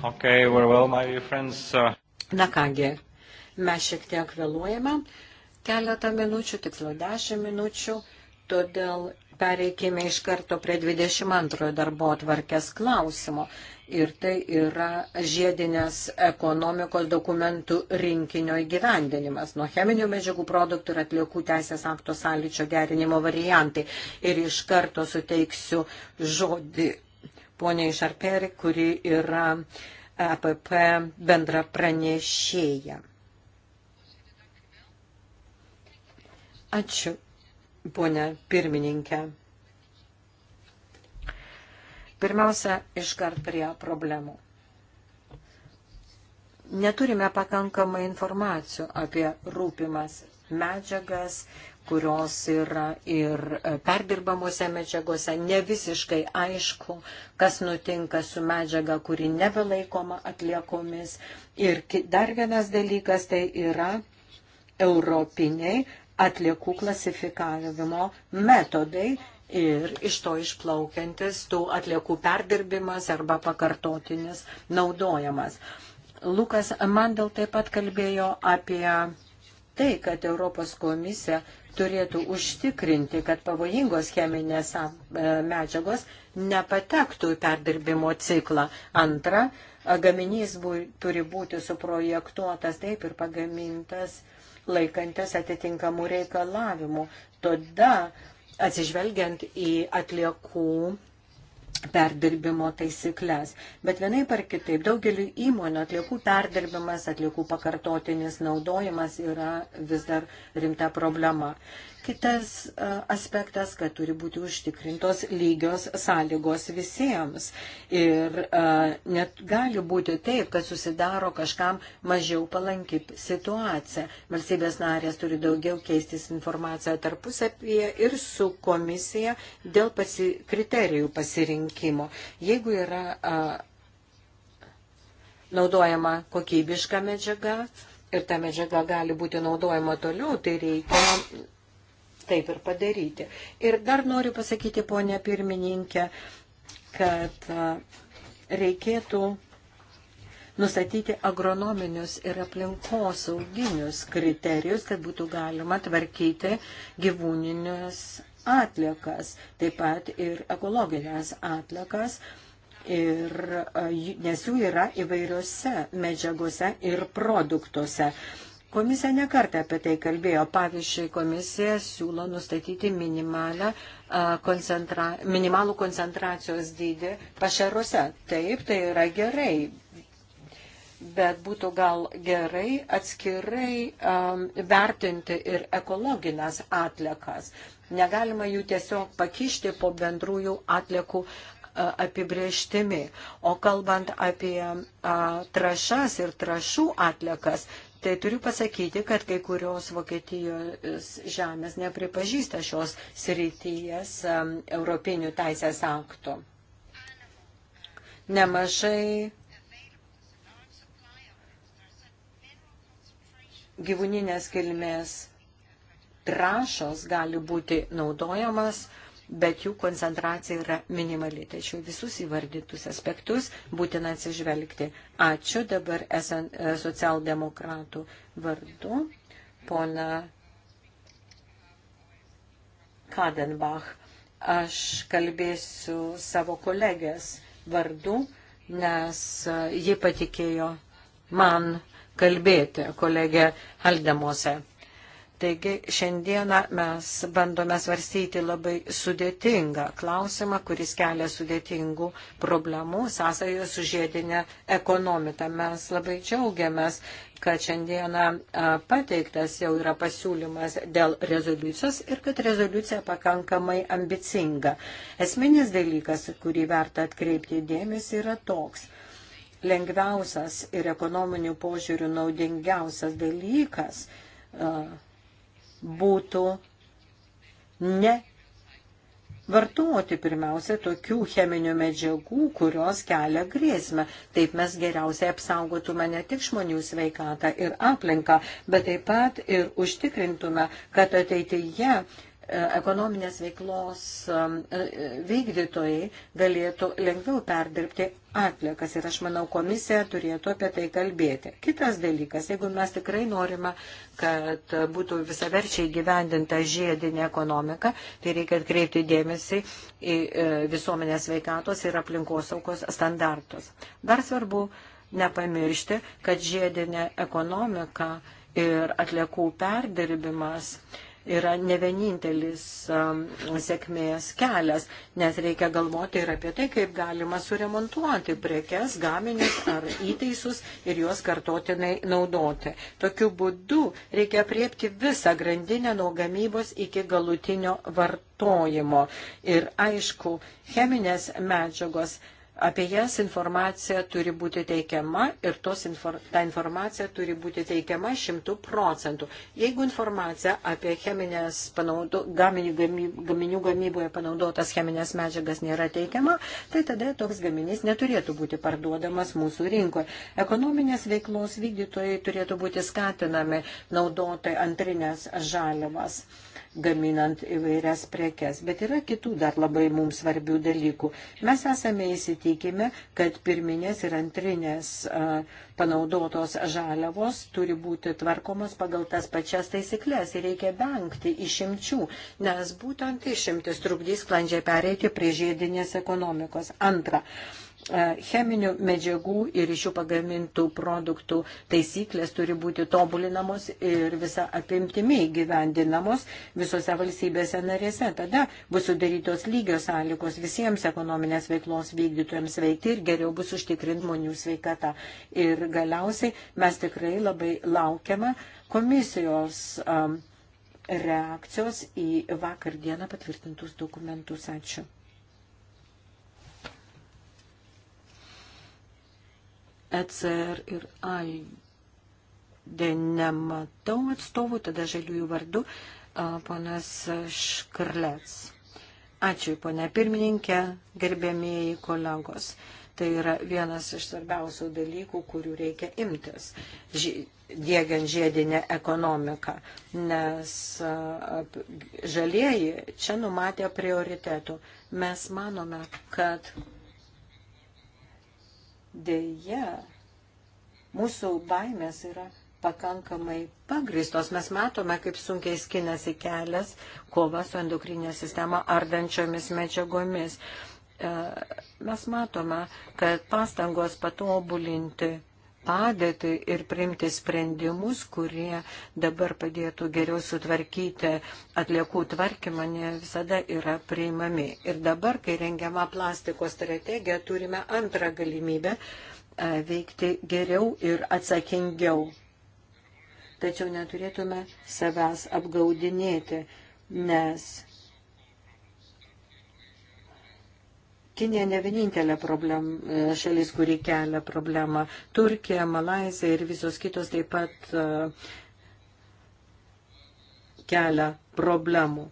Okay, well, my friends. Uh, Na kągi, mes šiek tiek vėluojame, keletą minučių, tiksliau 10 minučių, todėl pereikime iš karto prie 22 darbo atvarkės klausimo. Ir tai yra žiedinės ekonomikos dokumentų rinkinio įgyvendinimas. Nuo cheminių medžiagų produktų ir atliekų teisės akto sąlyčio gerinimo variantai. Ir iš karto suteiksiu žodį poniai Šarperi, kuri yra APP e bendra pranešėja. Ačiū, ponia pirmininkė. Pirmiausia, iškart prie problemų. Neturime pakankamai informacijų apie rūpimas medžiagas, kurios yra ir e, perdirbamuose medžiagose, ne visiškai aišku, kas nutinka su medžiaga, kuri nebelaikoma atliekomis. Ir dar vienas dalykas tai yra europiniai atliekų klasifikavimo metodai ir iš to išplaukiantis tų atliekų perdirbimas arba pakartotinis naudojamas. Lukas Mandel taip pat kalbėjo apie tai, kad Europos komisija turėtų užtikrinti, kad pavojingos cheminės e, medžiagos nepatektų į perdirbimo ciklą. Antra, gaminys bū, turi būti suprojektuotas taip ir pagamintas laikantis atitinkamų reikalavimų. Tada, atsižvelgiant į atliekų perdirbimo taisyklės. Bet vienai par kitaip, daugeliu įmonių atliekų perdirbimas, atliekų pakartotinis naudojimas yra vis dar rimta problema. Kitas e, aspektas, kad turi būti užtikrintos lygios sąlygos visiems. Ir e, net gali būti taip, kad susidaro kažkam mažiau palanki situacija. Valstybės narės turi daugiau keistis informaciją tarpusapyje ir su komisija dėl pasi kriterijų pasirinkimo rinkimo. Jeigu yra a, naudojama kokybiška medžiaga ir ta medžiaga gali būti naudojama toliau, tai reikia taip ir padaryti. Ir dar noriu pasakyti, ponė pirmininkė, kad a, reikėtų nustatyti agronominius ir aplinkosauginius kriterijus, kad būtų galima tvarkyti gyvūninius atliekas, taip pat ir ekologinės atliekas, ir, nes jų yra įvairiose medžiagose ir produktuose. Komisija nekartą apie tai kalbėjo. Pavyzdžiui, komisija siūlo nustatyti minimalę, koncentra, minimalų koncentracijos dydį pašaruose. Taip, tai yra gerai. Bet būtų gal gerai atskirai um, vertinti ir ekologinės atlikas, Negalima jų tiesiog pakišti po bendrųjų atliekų apibrieštimi. O kalbant apie a, trašas ir trašų atlikas, tai turiu pasakyti, kad kai kurios Vokietijos žemės nepripažįsta šios srityjas a, europinių teisės aktų. Nemažai gyvūninės kilmės trašos gali būti naudojamas, bet jų koncentracija yra minimali. Tačiau visus įvardytus aspektus būtina atsižvelgti. Ačiū dabar esant e, socialdemokratų vardu. Pona Kadenbach, aš kalbėsiu savo kolegės vardu, nes e, ji patikėjo man kalbėti, kolegė Haldemose. Taigi šiandieną mes bandome svarstyti labai sudėtingą klausimą, kuris kelia sudėtingų problemų sąsajoje su žiedinė ekonomika. Mes labai džiaugiamės, kad šiandieną pateiktas jau yra pasiūlymas dėl rezoliucijos ir kad rezoliucija pakankamai ambicinga. Esminis dalykas, kurį verta atkreipti dėmesį, yra toks. Lengviausias ir ekonominių požiūrių naudingiausias dalykas būtų ne vartoti pirmiausia tokių cheminių medžiagų, kurios kelia grėsmę. Taip mes geriausiai apsaugotume ne tik žmonių sveikatą ir aplinką, bet taip pat ir užtikrintume, kad ateityje E, ekonominės veiklos e, vykdytojai galėtų lengviau perdirbti atliekas ir aš manau komisija turėtų apie tai kalbėti. Kitas dalykas, jeigu mes tikrai norime, kad būtų visaverčiai gyvendinta žiedinė ekonomika, tai reikia atkreipti dėmesį į e, visuomenės veikatos ir aplinkosaukos standartus. Dar svarbu nepamiršti, kad žiedinė ekonomika ir atliekų perdirbimas uh, yra ne vienintelis sėkmės kelias, nes reikia galvoti ir apie tai, kaip galima suremontuoti prekes, gaminius ar įtaisus ir juos kartotinai naudoti. Tokiu būdu reikia priepti visą grandinę nuo gamybos iki galutinio vartojimo. Ir aišku, cheminės medžiagos apie jas informacija turi būti teikiama ir tos, ta informacija turi būti teikiama šimtų procentų. Jeigu informacija apie cheminės panaudo, gaminių, gaminių gamyboje panaudotas cheminės medžiagas nėra teikiama, tai tada toks gaminys neturėtų būti parduodamas mūsų rinkoje. Ekonominės veiklos vykdytojai turėtų būti skatinami naudoti antrinės žaliavas gaminant įvairias prekes. Bet yra kitų dar labai mums svarbių dalykų. Mes esame įsitikime, kad pirminės ir antrinės panaudotos žaliavos turi būti tvarkomos pagal tas pačias taisyklės ir reikia vengti išimčių, nes būtent išimtis trukdys sklandžiai pereiti prie žiedinės ekonomikos. Antra, E, cheminių medžiagų ir iš jų pagamintų produktų taisyklės turi būti tobulinamos ir visa apimtimiai gyvendinamos visose valstybėse narėse. Tada bus sudarytos lygios sąlygos visiems ekonominės veiklos vykdytojams veikti ir geriau bus užtikrint žmonių sveikata. Ir galiausiai mes tikrai labai laukiame komisijos um, reakcijos į vakar dieną patvirtintus dokumentus. Ačiū. ECR ir ALDE nematau atstovų, tada žaliųjų vardu ponas Škrlets. Ačiū, ponia pirmininkė, gerbėmėjai kolegos. Tai yra vienas iš svarbiausių dalykų, kurių reikia imtis dėgiant žiedinę ekonomiką, nes žalieji čia numatė prioritetų. Mes manome, kad Deja, mūsų baimės yra pakankamai pagristos. Mes matome, kaip sunkiai skinasi kelias kova su endokrinė sistema ardančiomis medžiagomis. E, mes matome, kad pastangos patobulinti padėtį ir priimti sprendimus, kurie dabar padėtų geriau sutvarkyti atliekų tvarkymą, ne visada yra priimami. Ir dabar, kai rengiama plastiko strategija, turime antrą galimybę e, veikti geriau ir atsakingiau. Tačiau neturėtume savęs apgaudinėti, nes Kinė ne vienintelė problem, e, šalis, kuri kelia problemą. Turkija, Malazija ir visos kitos taip pat e, kelia problemų.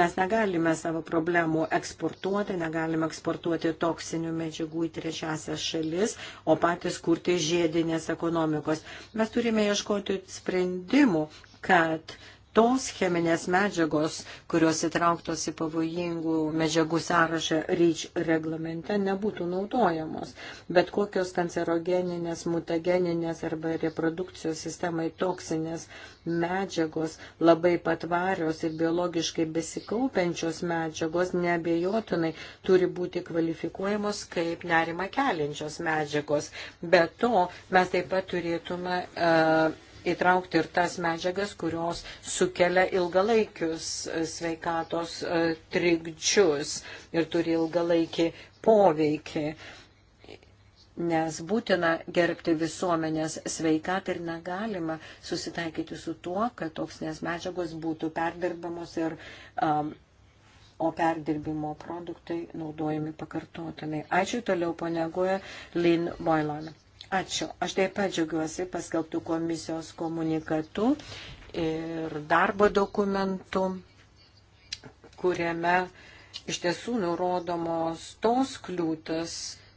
Mes negalime savo problemų eksportuoti, negalime eksportuoti toksinių medžiagų į trečiasias šalis, o patys kurti žiedinės ekonomikos. Mes turime ieškoti sprendimų, kad tos cheminės medžiagos, kurios įtrauktos į pavojingų medžiagų sąrašą REACH reglamente, nebūtų naudojamos. Bet kokios kancerogeninės, mutageninės arba reprodukcijos sistemai toksinės medžiagos, labai patvarios ir biologiškai besikaupiančios medžiagos neabejotinai turi būti kvalifikuojamos kaip nerima keliančios medžiagos. Be to, mes taip pat turėtume. Uh, įtraukti ir tas medžiagas, kurios sukelia ilgalaikius e, sveikatos e, trikdžius ir turi ilgalaikį poveikį. Nes būtina gerbti visuomenės sveikatą ir negalima susitaikyti su tuo, kad toksinės medžiagos būtų perdirbamos ir, um, o perdirbimo produktai naudojami pakartotinai. Ačiū toliau, ponegoja Lin Boilan. Ačiū. Aš taip pat džiaugiuosi paskelbtų komisijos komunikatų ir darbo dokumentų, kuriame iš tiesų nurodomos tos kliūtas,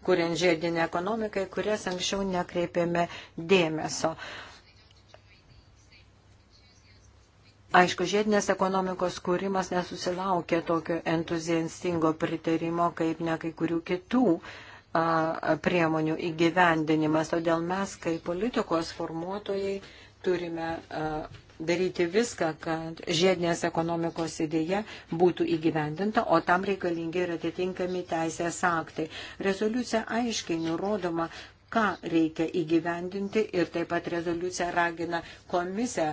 kuriant žiedinę ekonomiką, kurias anksčiau nekreipėme dėmesio. Aišku, žiedinės ekonomikos kūrimas nesusilaukė tokio entuziastingo pritarimo kaip ne kai kurių kitų uh, priemonių įgyvendinimas. Todėl mes, kaip politikos formuotojai, turime daryti viską, kad žiedinės ekonomikos idėja būtų įgyvendinta, o tam reikalingi ir atitinkami teisės aktai. Rezoliucija aiškiai nurodoma, ką reikia įgyvendinti ir taip pat rezoliucija ragina komisiją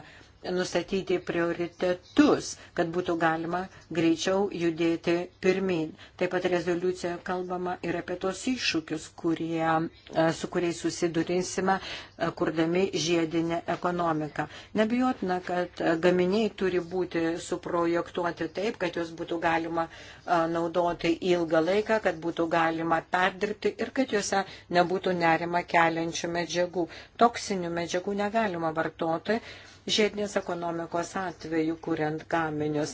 nustatyti prioritetus, kad būtų galima greičiau judėti pirmin. Taip pat rezoliucijoje kalbama ir apie tos iššūkius, kurie, e, su kuriais susidurinsime, e, kurdami žiedinę ekonomiką. Nebijotina, kad e, gaminiai turi būti suprojektuoti taip, kad juos būtų galima naudoti ilgą laiką, kad būtų galima perdirbti ir kad juose nebūtų nerima keliančių medžiagų. Toksinių medžiagų negalima vartoti žiedinės ekonomikos atveju, kuriant gaminius.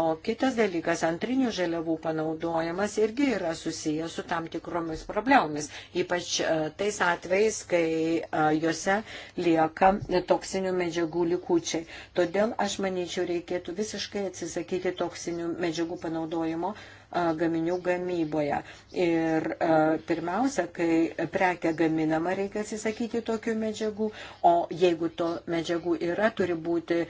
O kitas dalykas, antrinių žaliavų panaudojimas irgi yra susijęs su tam tikromis problemomis, ypač e, tais atvejais, kai e, juose lieka toksinių medžiagų likučiai. Todėl aš manyčiau, reikėtų visiškai atsisakyti toksinių medžiagų panaudojimo gaminių gamyboje. Ir pirmiausia, kai prekia gaminama, reikia atsisakyti tokių medžiagų, o jeigu to medžiagų yra, turi būti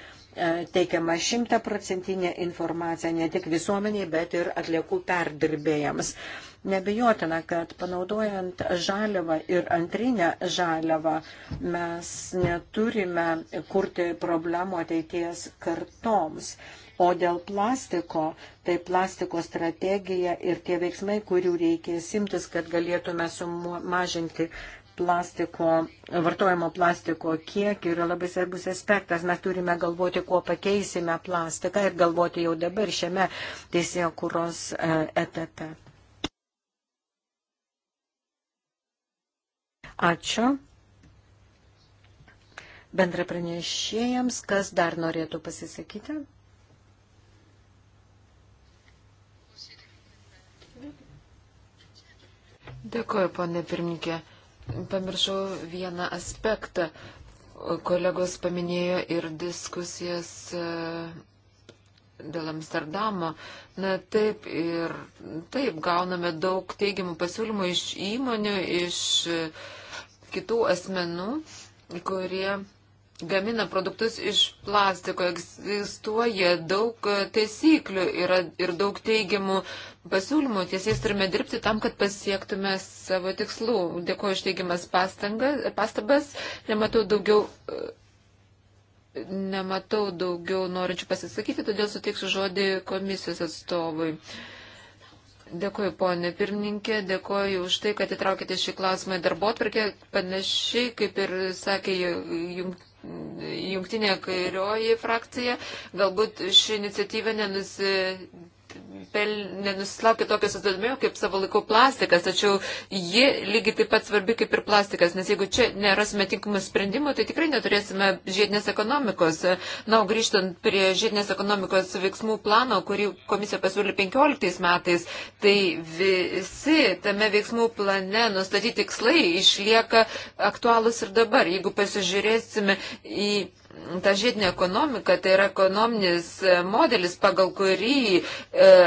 teikiama šimtaprocentinė informacija ne tik visuomeniai, bet ir atliekų perdirbėjams. Nebejotina, kad panaudojant žaliavą ir antrinę žaliavą mes neturime kurti problemų ateities kartoms. O dėl plastiko, tai plastiko strategija ir tie veiksmai, kurių reikės imtis, kad galėtume sumažinti plastiko, vartojimo plastiko kiekį yra labai svarbus aspektas. Mes turime galvoti, kuo pakeisime plastiką ir galvoti jau dabar šiame teisėjo kūros e, etape. Ačiū. Bendra pranešėjams, kas dar norėtų pasisakyti? Dėkuoju, ponė pirmininkė. Pamiršau vieną aspektą. Kolegos paminėjo ir diskusijas e, dėl Amsterdamo. Na taip ir taip gauname daug teigiamų pasiūlymų iš įmonių, iš e, kitų asmenų, kurie gamina produktus iš plastiko. Egzistuoja daug e, taisyklių yra ir daug teigiamų pasiūlymų. Tiesiais turime dirbti tam, kad pasiektume savo tikslų. Dėkuoju iš teigiamas pastabas. Nematau daugiau. E, nematau daugiau norinčių pasisakyti, todėl suteiksiu žodį komisijos atstovui. Dėkuoju, ponė pirmininkė, dėkuoju už tai, kad įtraukėte šį klausimą į darbo atvarkę, panašiai kaip ir sakė jung, jungtinė kairioji frakcija. Galbūt ši iniciatyva nenusi pel, nenusilaukė tokio susidomėjimo kaip savo laiku plastikas, tačiau ji lygiai taip pat svarbi kaip ir plastikas, nes jeigu čia nerasime tinkamų sprendimų, tai tikrai neturėsime žiedinės ekonomikos. Na, o grįžtant prie žiedinės ekonomikos veiksmų plano, kurį komisija pasiūlė 15 metais, tai visi tame veiksmų plane nustatyti tikslai išlieka aktualus ir dabar. Jeigu pasižiūrėsime į Ta žiedinė ekonomika tai yra ekonominis e, modelis, pagal kurį e,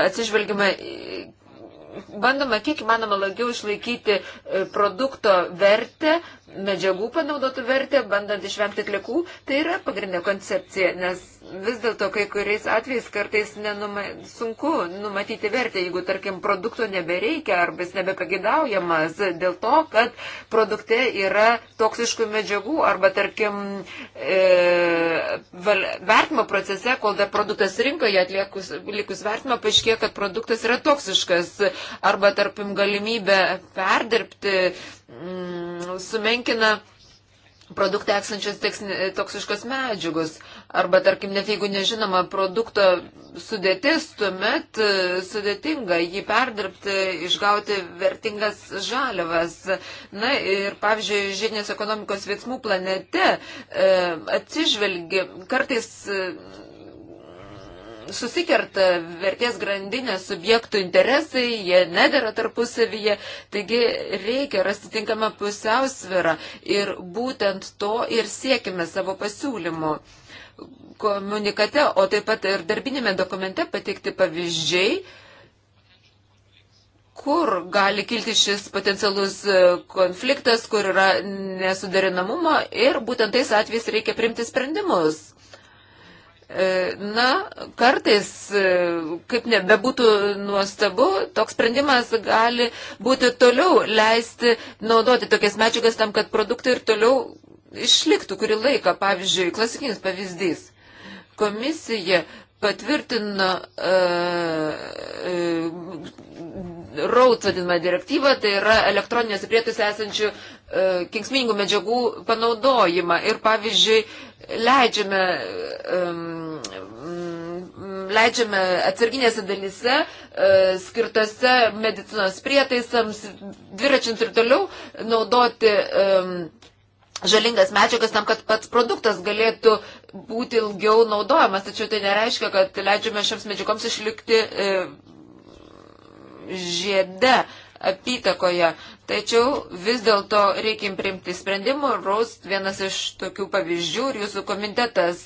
atsižvelgiama bandoma kiek įmanoma labiau išlaikyti e, produkto vertę, medžiagų panaudotų vertę, bandant išvengti atlikų, tai yra pagrindinė koncepcija, nes vis dėlto kai kuriais atvejais kartais nenuma, sunku numatyti vertę, jeigu, tarkim, produkto nebereikia arba jis nebepagidaujamas dėl to, kad produkte yra toksiškų medžiagų arba, tarkim, e, vertimo procese, kol dar produktas rinkoje atliekus likus vertimo, paaiškėjo, kad produktas yra toksiškas arba, tarkim, galimybę perdirbti mm, sumenkina produkte eksančios toksiškos medžiagos arba tarkim net jeigu nežinoma produkto sudėtis, tuomet e, sudėtinga jį perdirbti, išgauti vertingas žaliavas. Na ir pavyzdžiui, žinės ekonomikos veiksmų planete e, atsižvelgi kartais e, susikerta vertės grandinė subjektų interesai, jie nedėra tarpusavyje, taigi reikia rasti tinkamą pusiausvyrą ir būtent to ir siekime savo pasiūlymu komunikate, o taip pat ir darbinėme dokumente pateikti pavyzdžiai, kur gali kilti šis potencialus e, konfliktas, kur yra nesuderinamumo ir būtent tais atvejais reikia primti sprendimus. E, na, kartais, e, kaip nebebūtų nuostabu, toks sprendimas gali būti toliau leisti naudoti tokias medžiagas tam, kad produktai ir toliau išliktų kurį laiką. Pavyzdžiui, klasikinis pavyzdys. Komisija patvirtino uh, uh, RAUT vadinamą direktyvą, tai yra elektroninėse prietuose esančių uh, kenksmingų medžiagų panaudojimą. Ir pavyzdžiui, leidžiame, um, leidžiame atsarginėse dalyse, uh, skirtose medicinos prietaisams, dviračiams ir toliau naudoti um, žalingas medžiagas tam, kad pats produktas galėtų būti ilgiau naudojamas, tačiau tai nereiškia, kad leidžiame šiams medžiagoms išlikti e, žiede apytakoje. Tačiau vis dėlto reikim priimti sprendimų. Rost vienas iš tokių pavyzdžių ir jūsų komitetas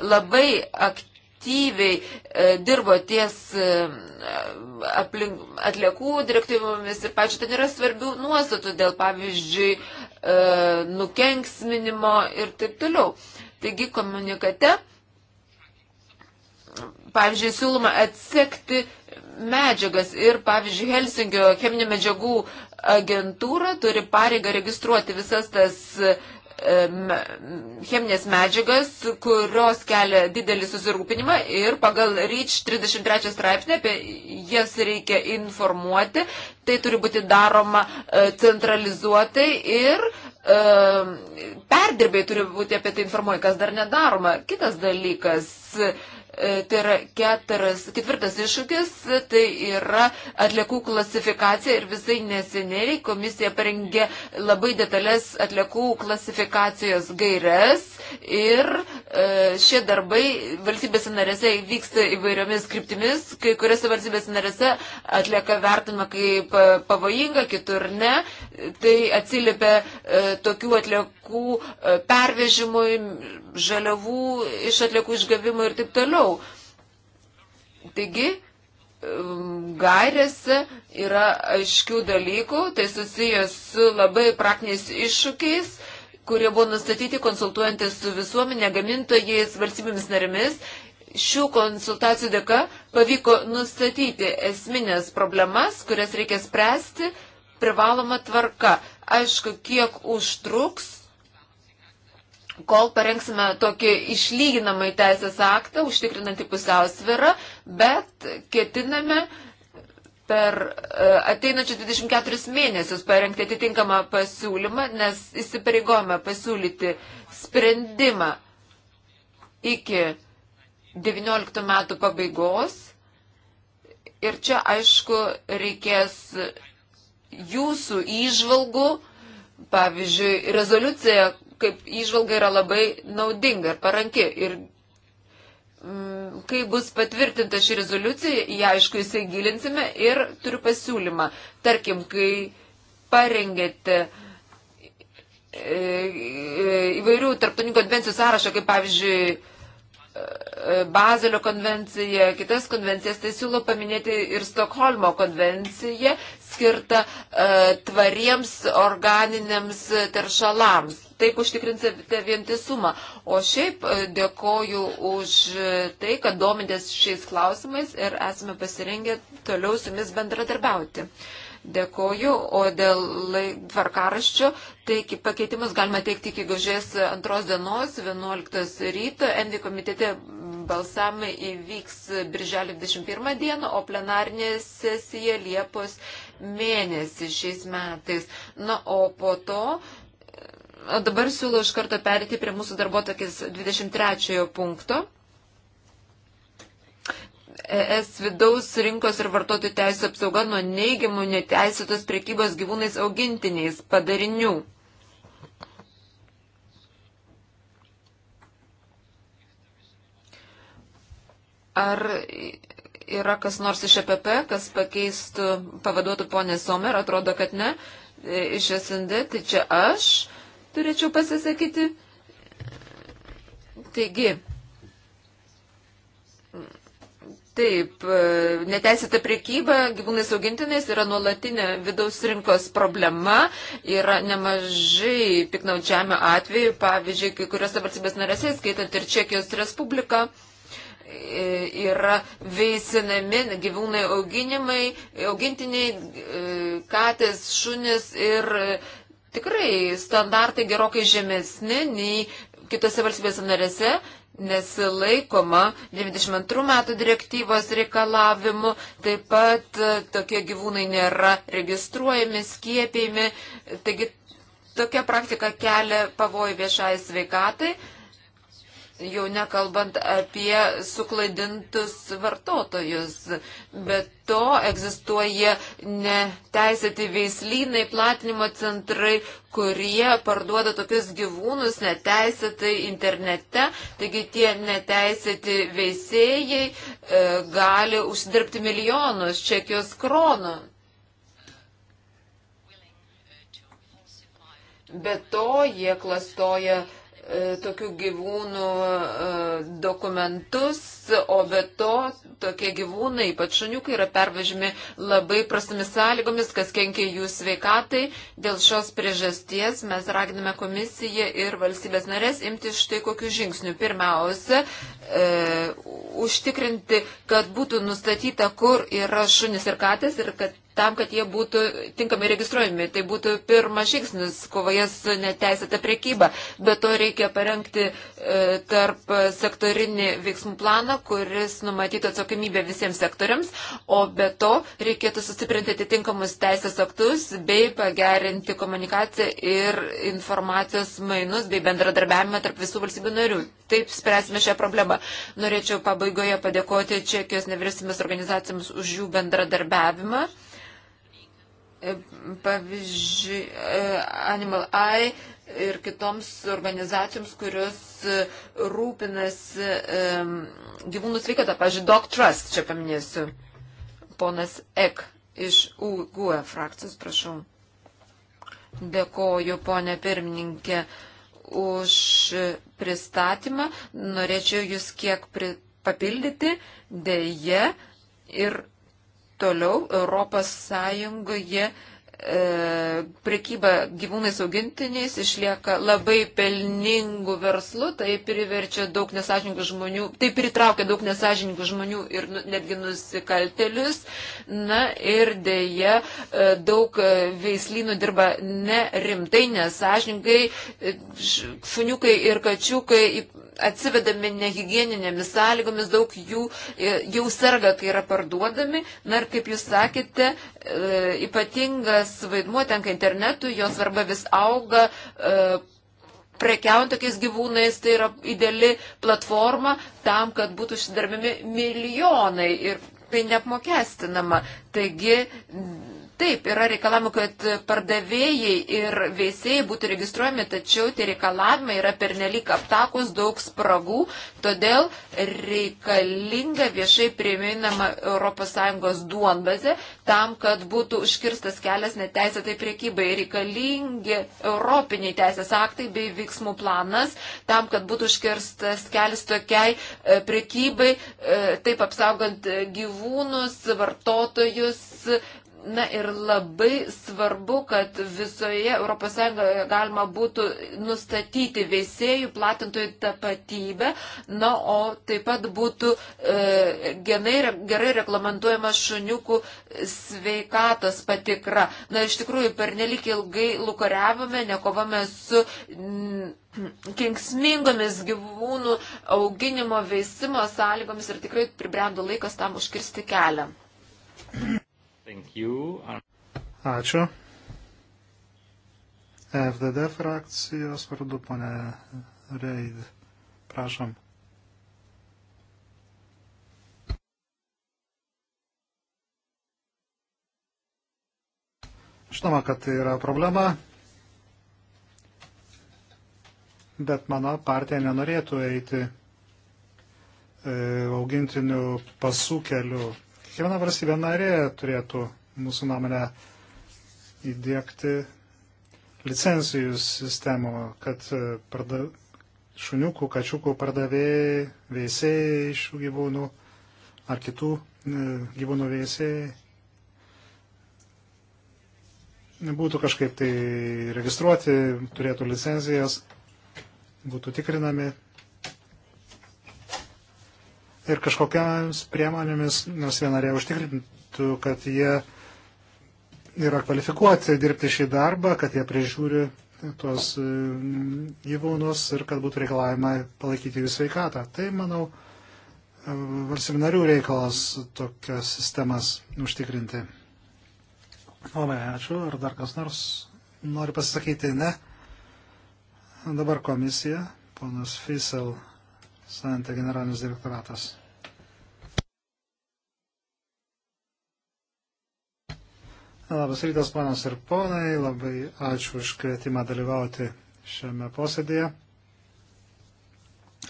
labai aktyviai e, dirbo ties e, aplink, atliekų direktyvomis ir pačiu ten yra svarbių nuostatų dėl pavyzdžiui E, nukenksminimo ir taip toliau. Taigi komunikate, pavyzdžiui, siūloma atsekti medžiagas ir, pavyzdžiui, Helsingio cheminių medžiagų agentūra turi pareigą registruoti visas tas uh, cheminės medžiagas, kurios kelia didelį susirūpinimą ir pagal REACH 33 straipsnį apie jas reikia informuoti, tai turi būti daroma e, centralizuotai ir perdirbėjai turi būti apie tai informuoji, kas dar nedaroma. Kitas dalykas E, tai yra ketras, ketvirtas iššūkis, tai yra atliekų klasifikacija ir visai neseniai komisija parengė labai detalės atliekų klasifikacijos gairias ir e, šie darbai valstybėse narėse vyksta įvairiomis kryptimis, kai kuriuose valstybėse narėse atlieka vertinimą kaip pavojinga, kitur ne, tai atsiliepia e, tokių atliekų atliekų e, pervežimui, žaliavų iš atliekų išgavimui ir taip toliau. Taigi, gairėse yra aiškių dalykų, tai susijęs su labai praktiniais iššūkiais, kurie buvo nustatyti konsultuojantis su visuomenė, gamintojais, valstybėmis narimis šių konsultacijų dėka pavyko nustatyti esminės problemas, kurias reikia spręsti privaloma tvarka. Aišku, kiek užtruks kol parengsime tokį išlyginamą į teisės aktą, užtikrinantį pusiausvirą, bet ketiname per e, ateinančius 24 mėnesius parengti atitinkamą pasiūlymą, nes įsipareigojame pasiūlyti sprendimą iki 19 metų pabaigos. Ir čia, aišku, reikės jūsų įžvalgų, pavyzdžiui, rezoliucija, kaip išvalga yra labai naudinga ir paranki. Ir mm, kai bus patvirtinta ši rezoliucija, ją aišku įsigilinsime ir turiu pasiūlymą. Tarkim, kai parengėte e, e, įvairių tarptautinių konvencijų sąrašą, kaip pavyzdžiui, e, Bazelio konvencija, kitas konvencijas, tai siūlau paminėti ir Stokholmo konvenciją skirtą uh, tvariems organiniams teršalams taip užtikrinsite vientisumą. O šiaip e, dėkoju už e, tai, kad domintės šiais klausimais ir esame pasirengę toliau su jumis bendradarbiauti. Dėkoju, o dėl tvarkaraščio, tai pakeitimus galima teikti iki gegužės antros dienos, 11 ryto. Envi komitete balsamai įvyks birželio 21 dieną, o plenarinė sesija Liepos mėnesį šiais metais. Na, o po to Dabar siūlau iš karto perėti prie mūsų darbotokės 23 punkto. ES vidaus rinkos ir vartotojų teisų apsauga nuo neigiamų neteisėtos prekybos gyvūnais augintiniais padarinių. Ar yra kas nors iš EPP, kas pakeistų, pavaduotų ponę Somer, atrodo, kad ne, e, iš SND, tai čia aš turėčiau pasisakyti. Taigi, taip, neteisėta priekyba gyvūnais augintinais yra nuolatinė vidaus rinkos problema, yra nemažai piknaudžiamio atveju, pavyzdžiui, kai kuriuose valstybės narėse, skaitant ir Čekijos Respubliką yra veisinami gyvūnai auginimai, augintiniai, katės, šunis ir tikrai standartai gerokai žemesni nei kitose valstybėse narėse, nesilaikoma 92 metų direktyvos reikalavimų, taip pat e, tokie gyvūnai nėra registruojami, skiepėjami, taigi tokia praktika kelia pavojų viešai sveikatai jau nekalbant apie suklaidintus vartotojus. Bet to egzistuoja neteisėti veislynai, platinimo centrai, kurie parduoda tokius gyvūnus neteisėtai internete. Taigi tie neteisėti veisėjai e, gali užsidirbti milijonus čekijos kronų. Be to jie klastoja uh, E, tokių gyvūnų e, dokumentus, o be to tokie gyvūnai, ypač šuniukai, yra pervežimi labai prastomis sąlygomis, kas kenkia jų sveikatai. Dėl šios priežasties mes raginame komisiją ir valstybės narės imti štai kokių žingsnių. Pirmiausia, e, užtikrinti, kad būtų nustatyta, kur yra šunis ir katės ir kad tam, kad jie būtų tinkamai registruojami. Tai būtų pirmas žingsnis kovoje su neteisėta priekyba. Be to reikia parengti e, tarp sektorinį veiksmų planą, kuris numatytų atsakomybę visiems sektoriams, o be to reikėtų sustiprinti atitinkamus teisės aktus bei pagerinti komunikaciją ir informacijos mainus bei bendradarbiavimą tarp visų valstybių narių. Taip spręsime šią problemą. Norėčiau pabaigoje padėkoti Čekijos nevyriausybės organizacijoms už jų bendradarbiavimą. E, pavyzdžiui, e, Animal Eye ir kitoms organizacijoms, kurios e, rūpinasi gyvūnų sveikatą. Pavyzdžiui, Dog Trust čia paminėsiu. Ponas Ek iš UGUE frakcijos, prašau. Dėkoju, ponė pirmininkė, už pristatymą. Norėčiau jūs kiek papildyti. Deja, ir Toliau Europos Sąjungoje e, prekyba gyvūnais augintiniais išlieka labai pelningų verslų, tai priverčia daug nesažininkų žmonių, tai pritraukia daug nesažininkų žmonių ir nu, netgi nusikaltelius. Na ir dėja, e, daug veislynų dirba nerimtai, nesažininkai, šuniukai e, ir kačiukai atsivedami nehigieninėmis sąlygomis, daug jų e, jau serga, kai yra parduodami. Na ir kaip jūs sakėte, e, ypatingas vaidmuo tenka internetu, jos svarba vis auga. E, prekiaujant tokiais gyvūnais tai yra ideali platforma tam, kad būtų išsidarbimi milijonai ir tai neapmokestinama. Taigi Taip, yra reikalavimų, kad pardavėjai ir veisėjai būtų registruojami, tačiau tie reikalavimai yra pernelyg aptakus, daug spragų, todėl reikalinga viešai prieiminama ES duonbazė tam, kad būtų užkirstas kelias neteisėtai priekybai. Reikalingi europiniai teisės aktai bei veiksmų planas tam, kad būtų užkirstas kelias tokiai e, priekybai, e, taip apsaugant gyvūnus, vartotojus Na ir labai svarbu, kad visoje ES galima būtų nustatyti veisėjų platintojų tapatybę, na, o taip pat būtų e, genai, gerai reglamentuojama šuniukų sveikatos patikra. Na, iš tikrųjų, per nelik ilgai lukariavome, nekovame su. N, mm, kenksmingomis gyvūnų auginimo veisimo sąlygomis ir tikrai pribrendo laikas tam užkirsti kelią. Um, Ačiū. FDD frakcijos vardu, ponė Reid. Prašom. Žinoma, kad tai yra problema, bet mano partija nenorėtų eiti e, augintinių pasų keliu Kiekviena valstybė narė turėtų mūsų nuomonę įdėkti licencijų sistemų, kad e, parda... šuniukų, kačiukų pardavėjai, veisėjai šių gyvūnų ar kitų e, gyvūnų veisėjai būtų kažkaip tai registruoti, turėtų licencijas, būtų tikrinami ir kažkokiams priemonėmis nors vienarė užtikrintų, kad jie yra kvalifikuoti dirbti šį darbą, kad jie prižiūri tuos mm, gyvūnus ir kad būtų reikalavimai palaikyti jų sveikatą. Tai, manau, valstybinarių reikalas tokias sistemas užtikrinti. Labai ačiū. Ar dar kas nors nori pasisakyti? Ne. Dabar komisija, ponas Fisel, Santė generalinis direktoratas. Labas rytas, panas ir ponai. Labai ačiū už kvietimą dalyvauti šiame posėdėje.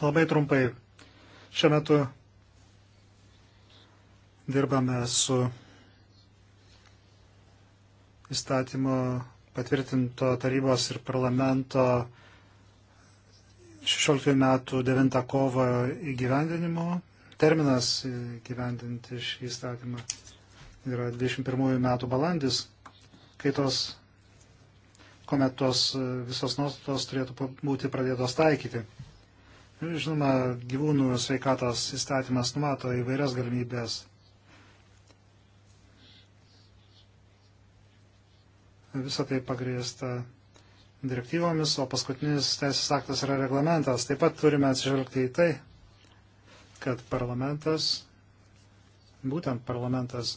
Labai trumpai. Šiuo metu dirbame su įstatymo patvirtinto tarybos ir parlamento 16 metų 9 kovo įgyvendinimo. Terminas įgyvendinti šį įstatymą yra 21 metų balandis, kai tos, kuomet tos e, visos nuostatos turėtų būti pradėtos taikyti. Ir, žinoma, gyvūnų sveikatos įstatymas numato įvairias galimybės. Visą tai pagrįsta direktyvomis, o paskutinis teisės aktas yra reglamentas. Taip pat turime atsižvelgti į tai, kad parlamentas, būtent parlamentas,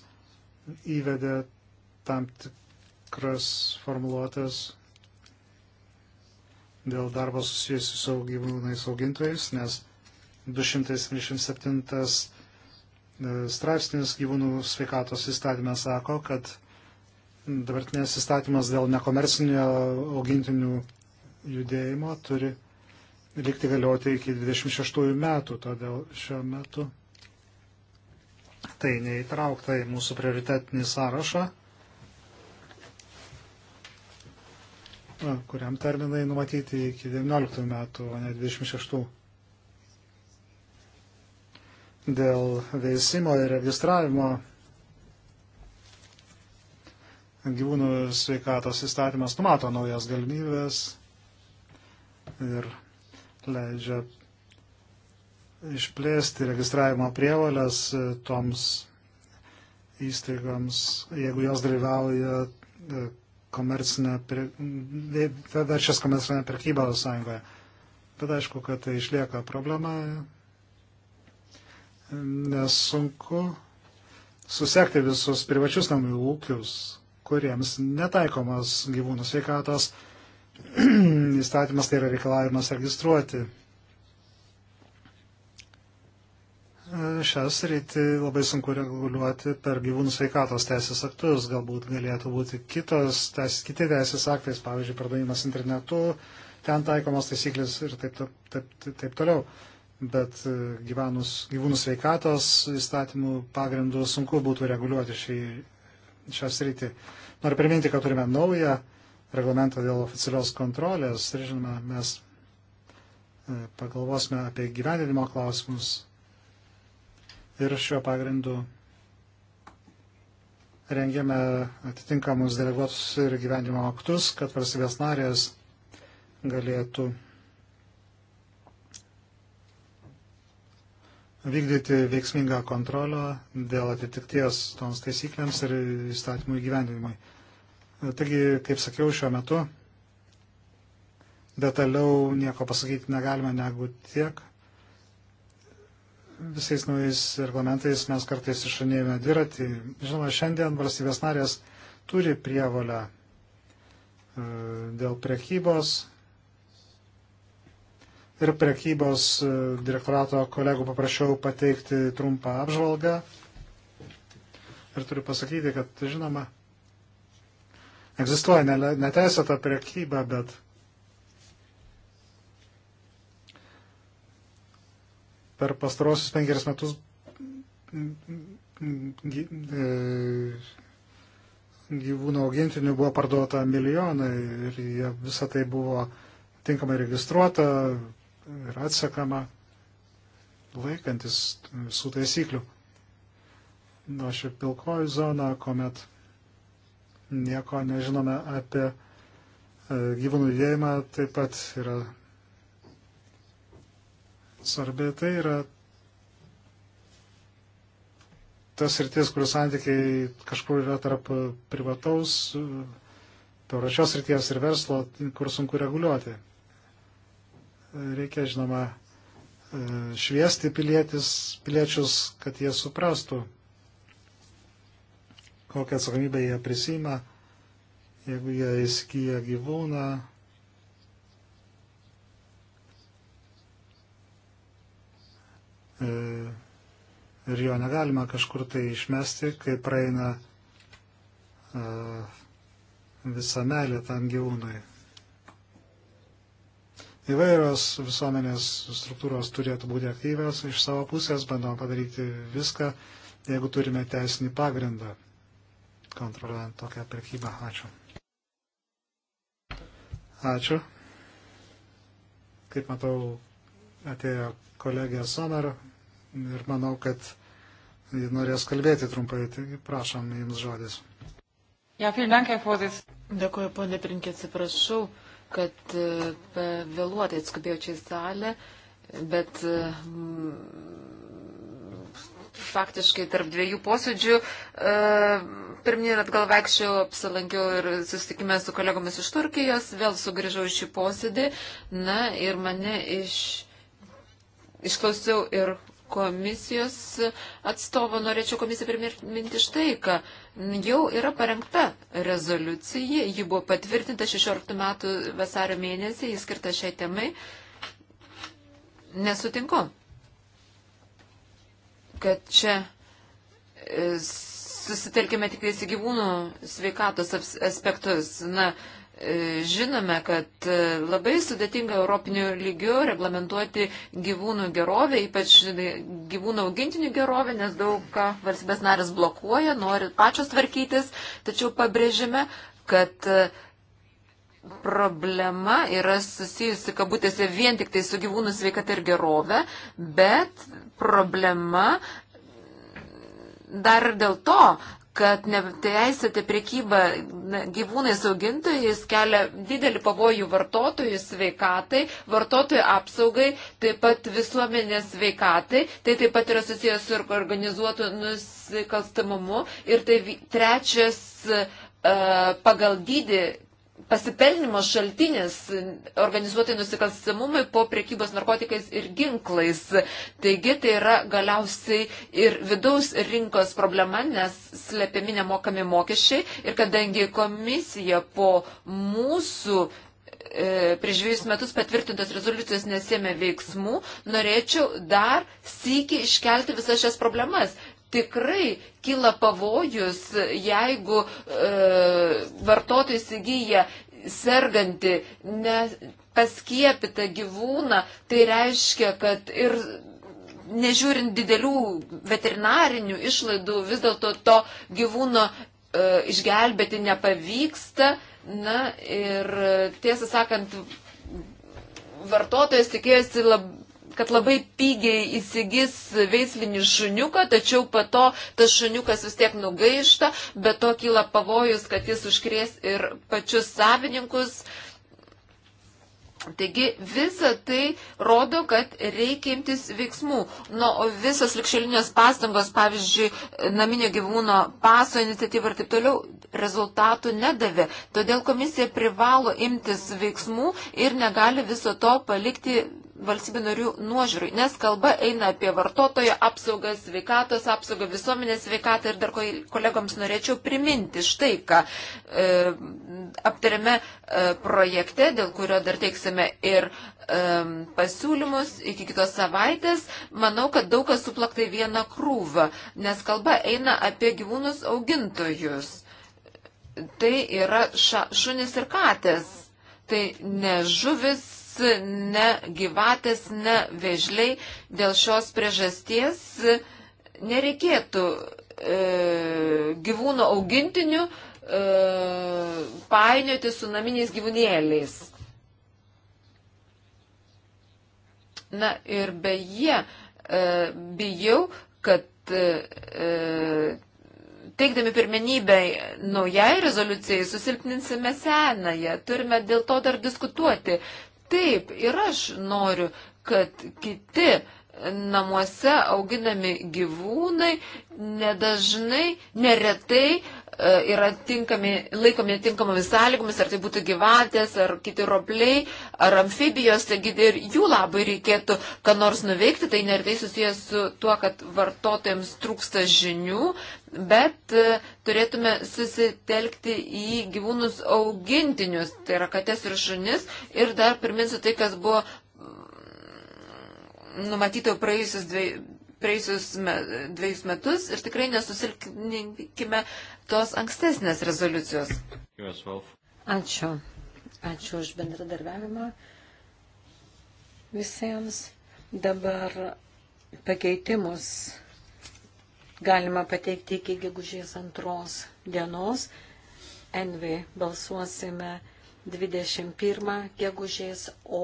įvedė tam tikras formuluotės dėl darbo susijusių su gyvūnais augintojais, nes 277 e, straipsnis gyvūnų sveikatos įstatymė sako, kad dabartinės įstatymas dėl nekomercinio augintinių judėjimo turi likti galioti iki 26 metų, todėl šiuo metu tai neįtraukta į mūsų prioritetinį sąrašą, kuriam terminai numatyti iki 19 metų, o ne 26. Dėl veisimo ir registravimo gyvūnų sveikatos įstatymas numato naujas galimybės ir leidžia išplėsti registravimo prievalės e, toms įstaigoms, jeigu jos dalyvauja e, komercinę, verčias komercinę prekybą sąjungoje. Bet aišku, kad tai išlieka problema, nesunku susekti visus privačius namų ūkius, kuriems netaikomas gyvūnų sveikatos įstatymas, tai yra reikalavimas registruoti šią sritį labai sunku reguliuoti per gyvūnų sveikatos teisės aktus. Galbūt galėtų būti kitos, teis, kiti teisės aktais, pavyzdžiui, pardavimas internetu, ten taikomos taisyklės ir taip, taip, taip, taip toliau. Bet e, gyvanus, gyvūnų sveikatos įstatymų pagrindų sunku būtų reguliuoti šį, šią sritį. Noriu priminti, kad turime naują reglamentą dėl oficialios kontrolės ir, žinoma, mes e, pagalvosime apie gyvenimo klausimus ir šiuo pagrindu rengiame atitinkamus deleguotus ir gyvendimo aktus, kad valstybės narės galėtų vykdyti veiksmingą kontrolę dėl atitikties toms taisyklėms ir įstatymų įgyvendinimui. Taigi, kaip sakiau, šiuo metu detaliau nieko pasakyti negalime negu tiek, visais naujais reglamentais mes kartais išanėjame dviratį. Žinoma, šiandien valstybės narės turi prievalę e, dėl prekybos ir prekybos e, direktorato kolegų paprašiau pateikti trumpą apžvalgą. Ir turiu pasakyti, kad, žinoma, egzistuoja neteisėta prekyba, bet per pastarosius penkeris metus e, gyvūnų augintinių buvo parduota milijonai ir visą tai buvo tinkamai registruota ir atsekama laikantis visų taisyklių. Nuo ši pilkoji zona, kuomet nieko nežinome apie e, gyvūnų judėjimą, taip pat yra svarbi, tai yra tas rytis, kur santykiai kažkur yra tarp privataus, privačios ryties ir verslo, kur sunku reguliuoti. Reikia, žinoma, šviesti pilietis, piliečius, kad jie suprastų, kokią atsakomybę jie prisima, jeigu jie įsigyja gyvūną E, ir jo negalima kažkur tai išmesti, kai praeina e, visą meilę tam gyvūnui. Įvairios visuomenės struktūros turėtų būti aktyvios, iš savo pusės bandom padaryti viską, jeigu turime teisinį pagrindą kontroliuojant tokią prekybą. Ačiū. Ačiū. Kaip matau, atėjo kolegė Somero ir manau, kad norės kalbėti trumpai. Taigi prašom jums žodis. Ja, Dėkuoju, ponė Prinkė, atsiprašau, kad e, vėluotai atskubėjau čia į salę, bet e, faktiškai tarp dviejų posėdžių. E, Pirminį atgal vaikščiau, apsilankiau ir susitikime su kolegomis iš Turkijos, vėl sugrįžau į šį posėdį. Na ir mane iš, išklausiau ir komisijos atstovo norėčiau komisiją priminti štai, kad jau yra parengta rezoliucija, ji buvo patvirtinta 16 metų vasario mėnesį, jis skirta šiai temai. Nesutinku, kad čia e, susitelkime tik į gyvūnų sveikatos aspektus. Na, E, žinome, kad e, labai sudėtinga europinių lygių reglamentuoti gyvūnų gerovę, ypač gyvūnų augintinių gerovę, nes daug ką valstybės narės blokuoja, nori pačios tvarkytis, tačiau pabrėžime, kad e, problema yra susijusi kabutėse vien tik tai su gyvūnų sveikata ir gerove, bet problema dar dėl to, kad neteisėta tai priekyba gyvūnais augintojais kelia didelį pavojų vartotojų sveikatai, vartotojų apsaugai, taip pat visuomenės sveikatai, tai taip pat yra susijęs su organizuotu nusikalstamumu ir tai trečias e, pagal dydį pasipelnimo šaltinis organizuotai nusikalstamumui po priekybos narkotikais ir ginklais. Taigi tai yra galiausiai ir vidaus rinkos problema, nes slepiami nemokami mokesčiai ir kadangi komisija po mūsų e, prieš dviejus metus patvirtintos rezoliucijos nesėmė veiksmų, norėčiau dar sykį iškelti visas šias problemas tikrai kyla pavojus, jeigu e, vartotojai įsigyja sergantį, nepaskiepytą gyvūną, tai reiškia, kad ir nežiūrint didelių veterinarinių išlaidų, vis dėlto to gyvūno e, išgelbėti nepavyksta. Na ir tiesą sakant, vartotojas tikėjosi lab, kad labai pigiai įsigis veislinį šuniuką, tačiau po to tas šuniukas vis tiek nugaišta, bet to kyla pavojus, kad jis užkrės ir pačius savininkus. Taigi visa tai rodo, kad reikia imtis veiksmų. Nu, o visas likšelinės pastangos, pavyzdžiui, naminio gyvūno paso iniciatyva ir taip toliau, rezultatų nedavė. Todėl komisija privalo imtis veiksmų ir negali viso to palikti valstybių narių nuožiūrai, nes kalba eina apie vartotojo apsaugą, sveikatos apsaugą, visuomenės sveikatą ir dar kolegoms norėčiau priminti štai, ką e, aptarėme e, projekte, dėl kurio dar teiksime ir e, pasiūlymus iki kitos savaitės. Manau, kad daug kas suplaktai vieną krūvą, nes kalba eina apie gyvūnus augintojus. Tai yra ša, šunis ir katės. Tai ne žuvis ne gyvatės, ne vežliai. Dėl šios priežasties nereikėtų e, gyvūnų augintinių e, painioti su naminiais gyvūnėliais. Na ir beje, e, bijau, kad e, e teikdami pirmenybę naujai rezoliucijai susilpninsime senąją. Turime dėl to dar diskutuoti. Taip, ir aš noriu, kad kiti namuose auginami gyvūnai nedažnai, neretai e, yra tinkami, laikomi tinkamomis sąlygomis, ar tai būtų gyvatės, ar kiti ropliai, ar amfibijos, taigi ir jų labai reikėtų, kad nors nuveikti, tai neretai susijęs su tuo, kad vartotojams trūksta žinių, bet e, turėtume susitelkti į gyvūnus augintinius, tai yra kates ir šunis. Ir dar priminsiu tai, kas buvo mm, numatyta praėjusius dviejus praėjusius me, dviejus metus ir tikrai nesusilpninkime tos ankstesnės rezoliucijos. Ačiū. Ačiū už bendradarbiavimą visiems. Dabar pakeitimus galima pateikti iki gegužės antros dienos. Envi balsuosime 21 gegužės, o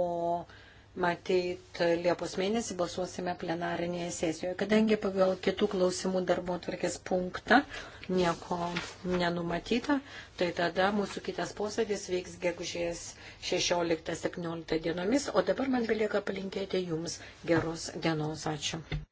matyt Liepos mėnesį balsuosime plenarinėje sesijoje. Kadangi pagal kitų klausimų darbo atvarkės punktą nieko nenumatyta, tai tada mūsų kitas posėdis vyks gegužės 16-17 dienomis, o dabar man belieka palinkėti Jums geros dienos. Ačiū.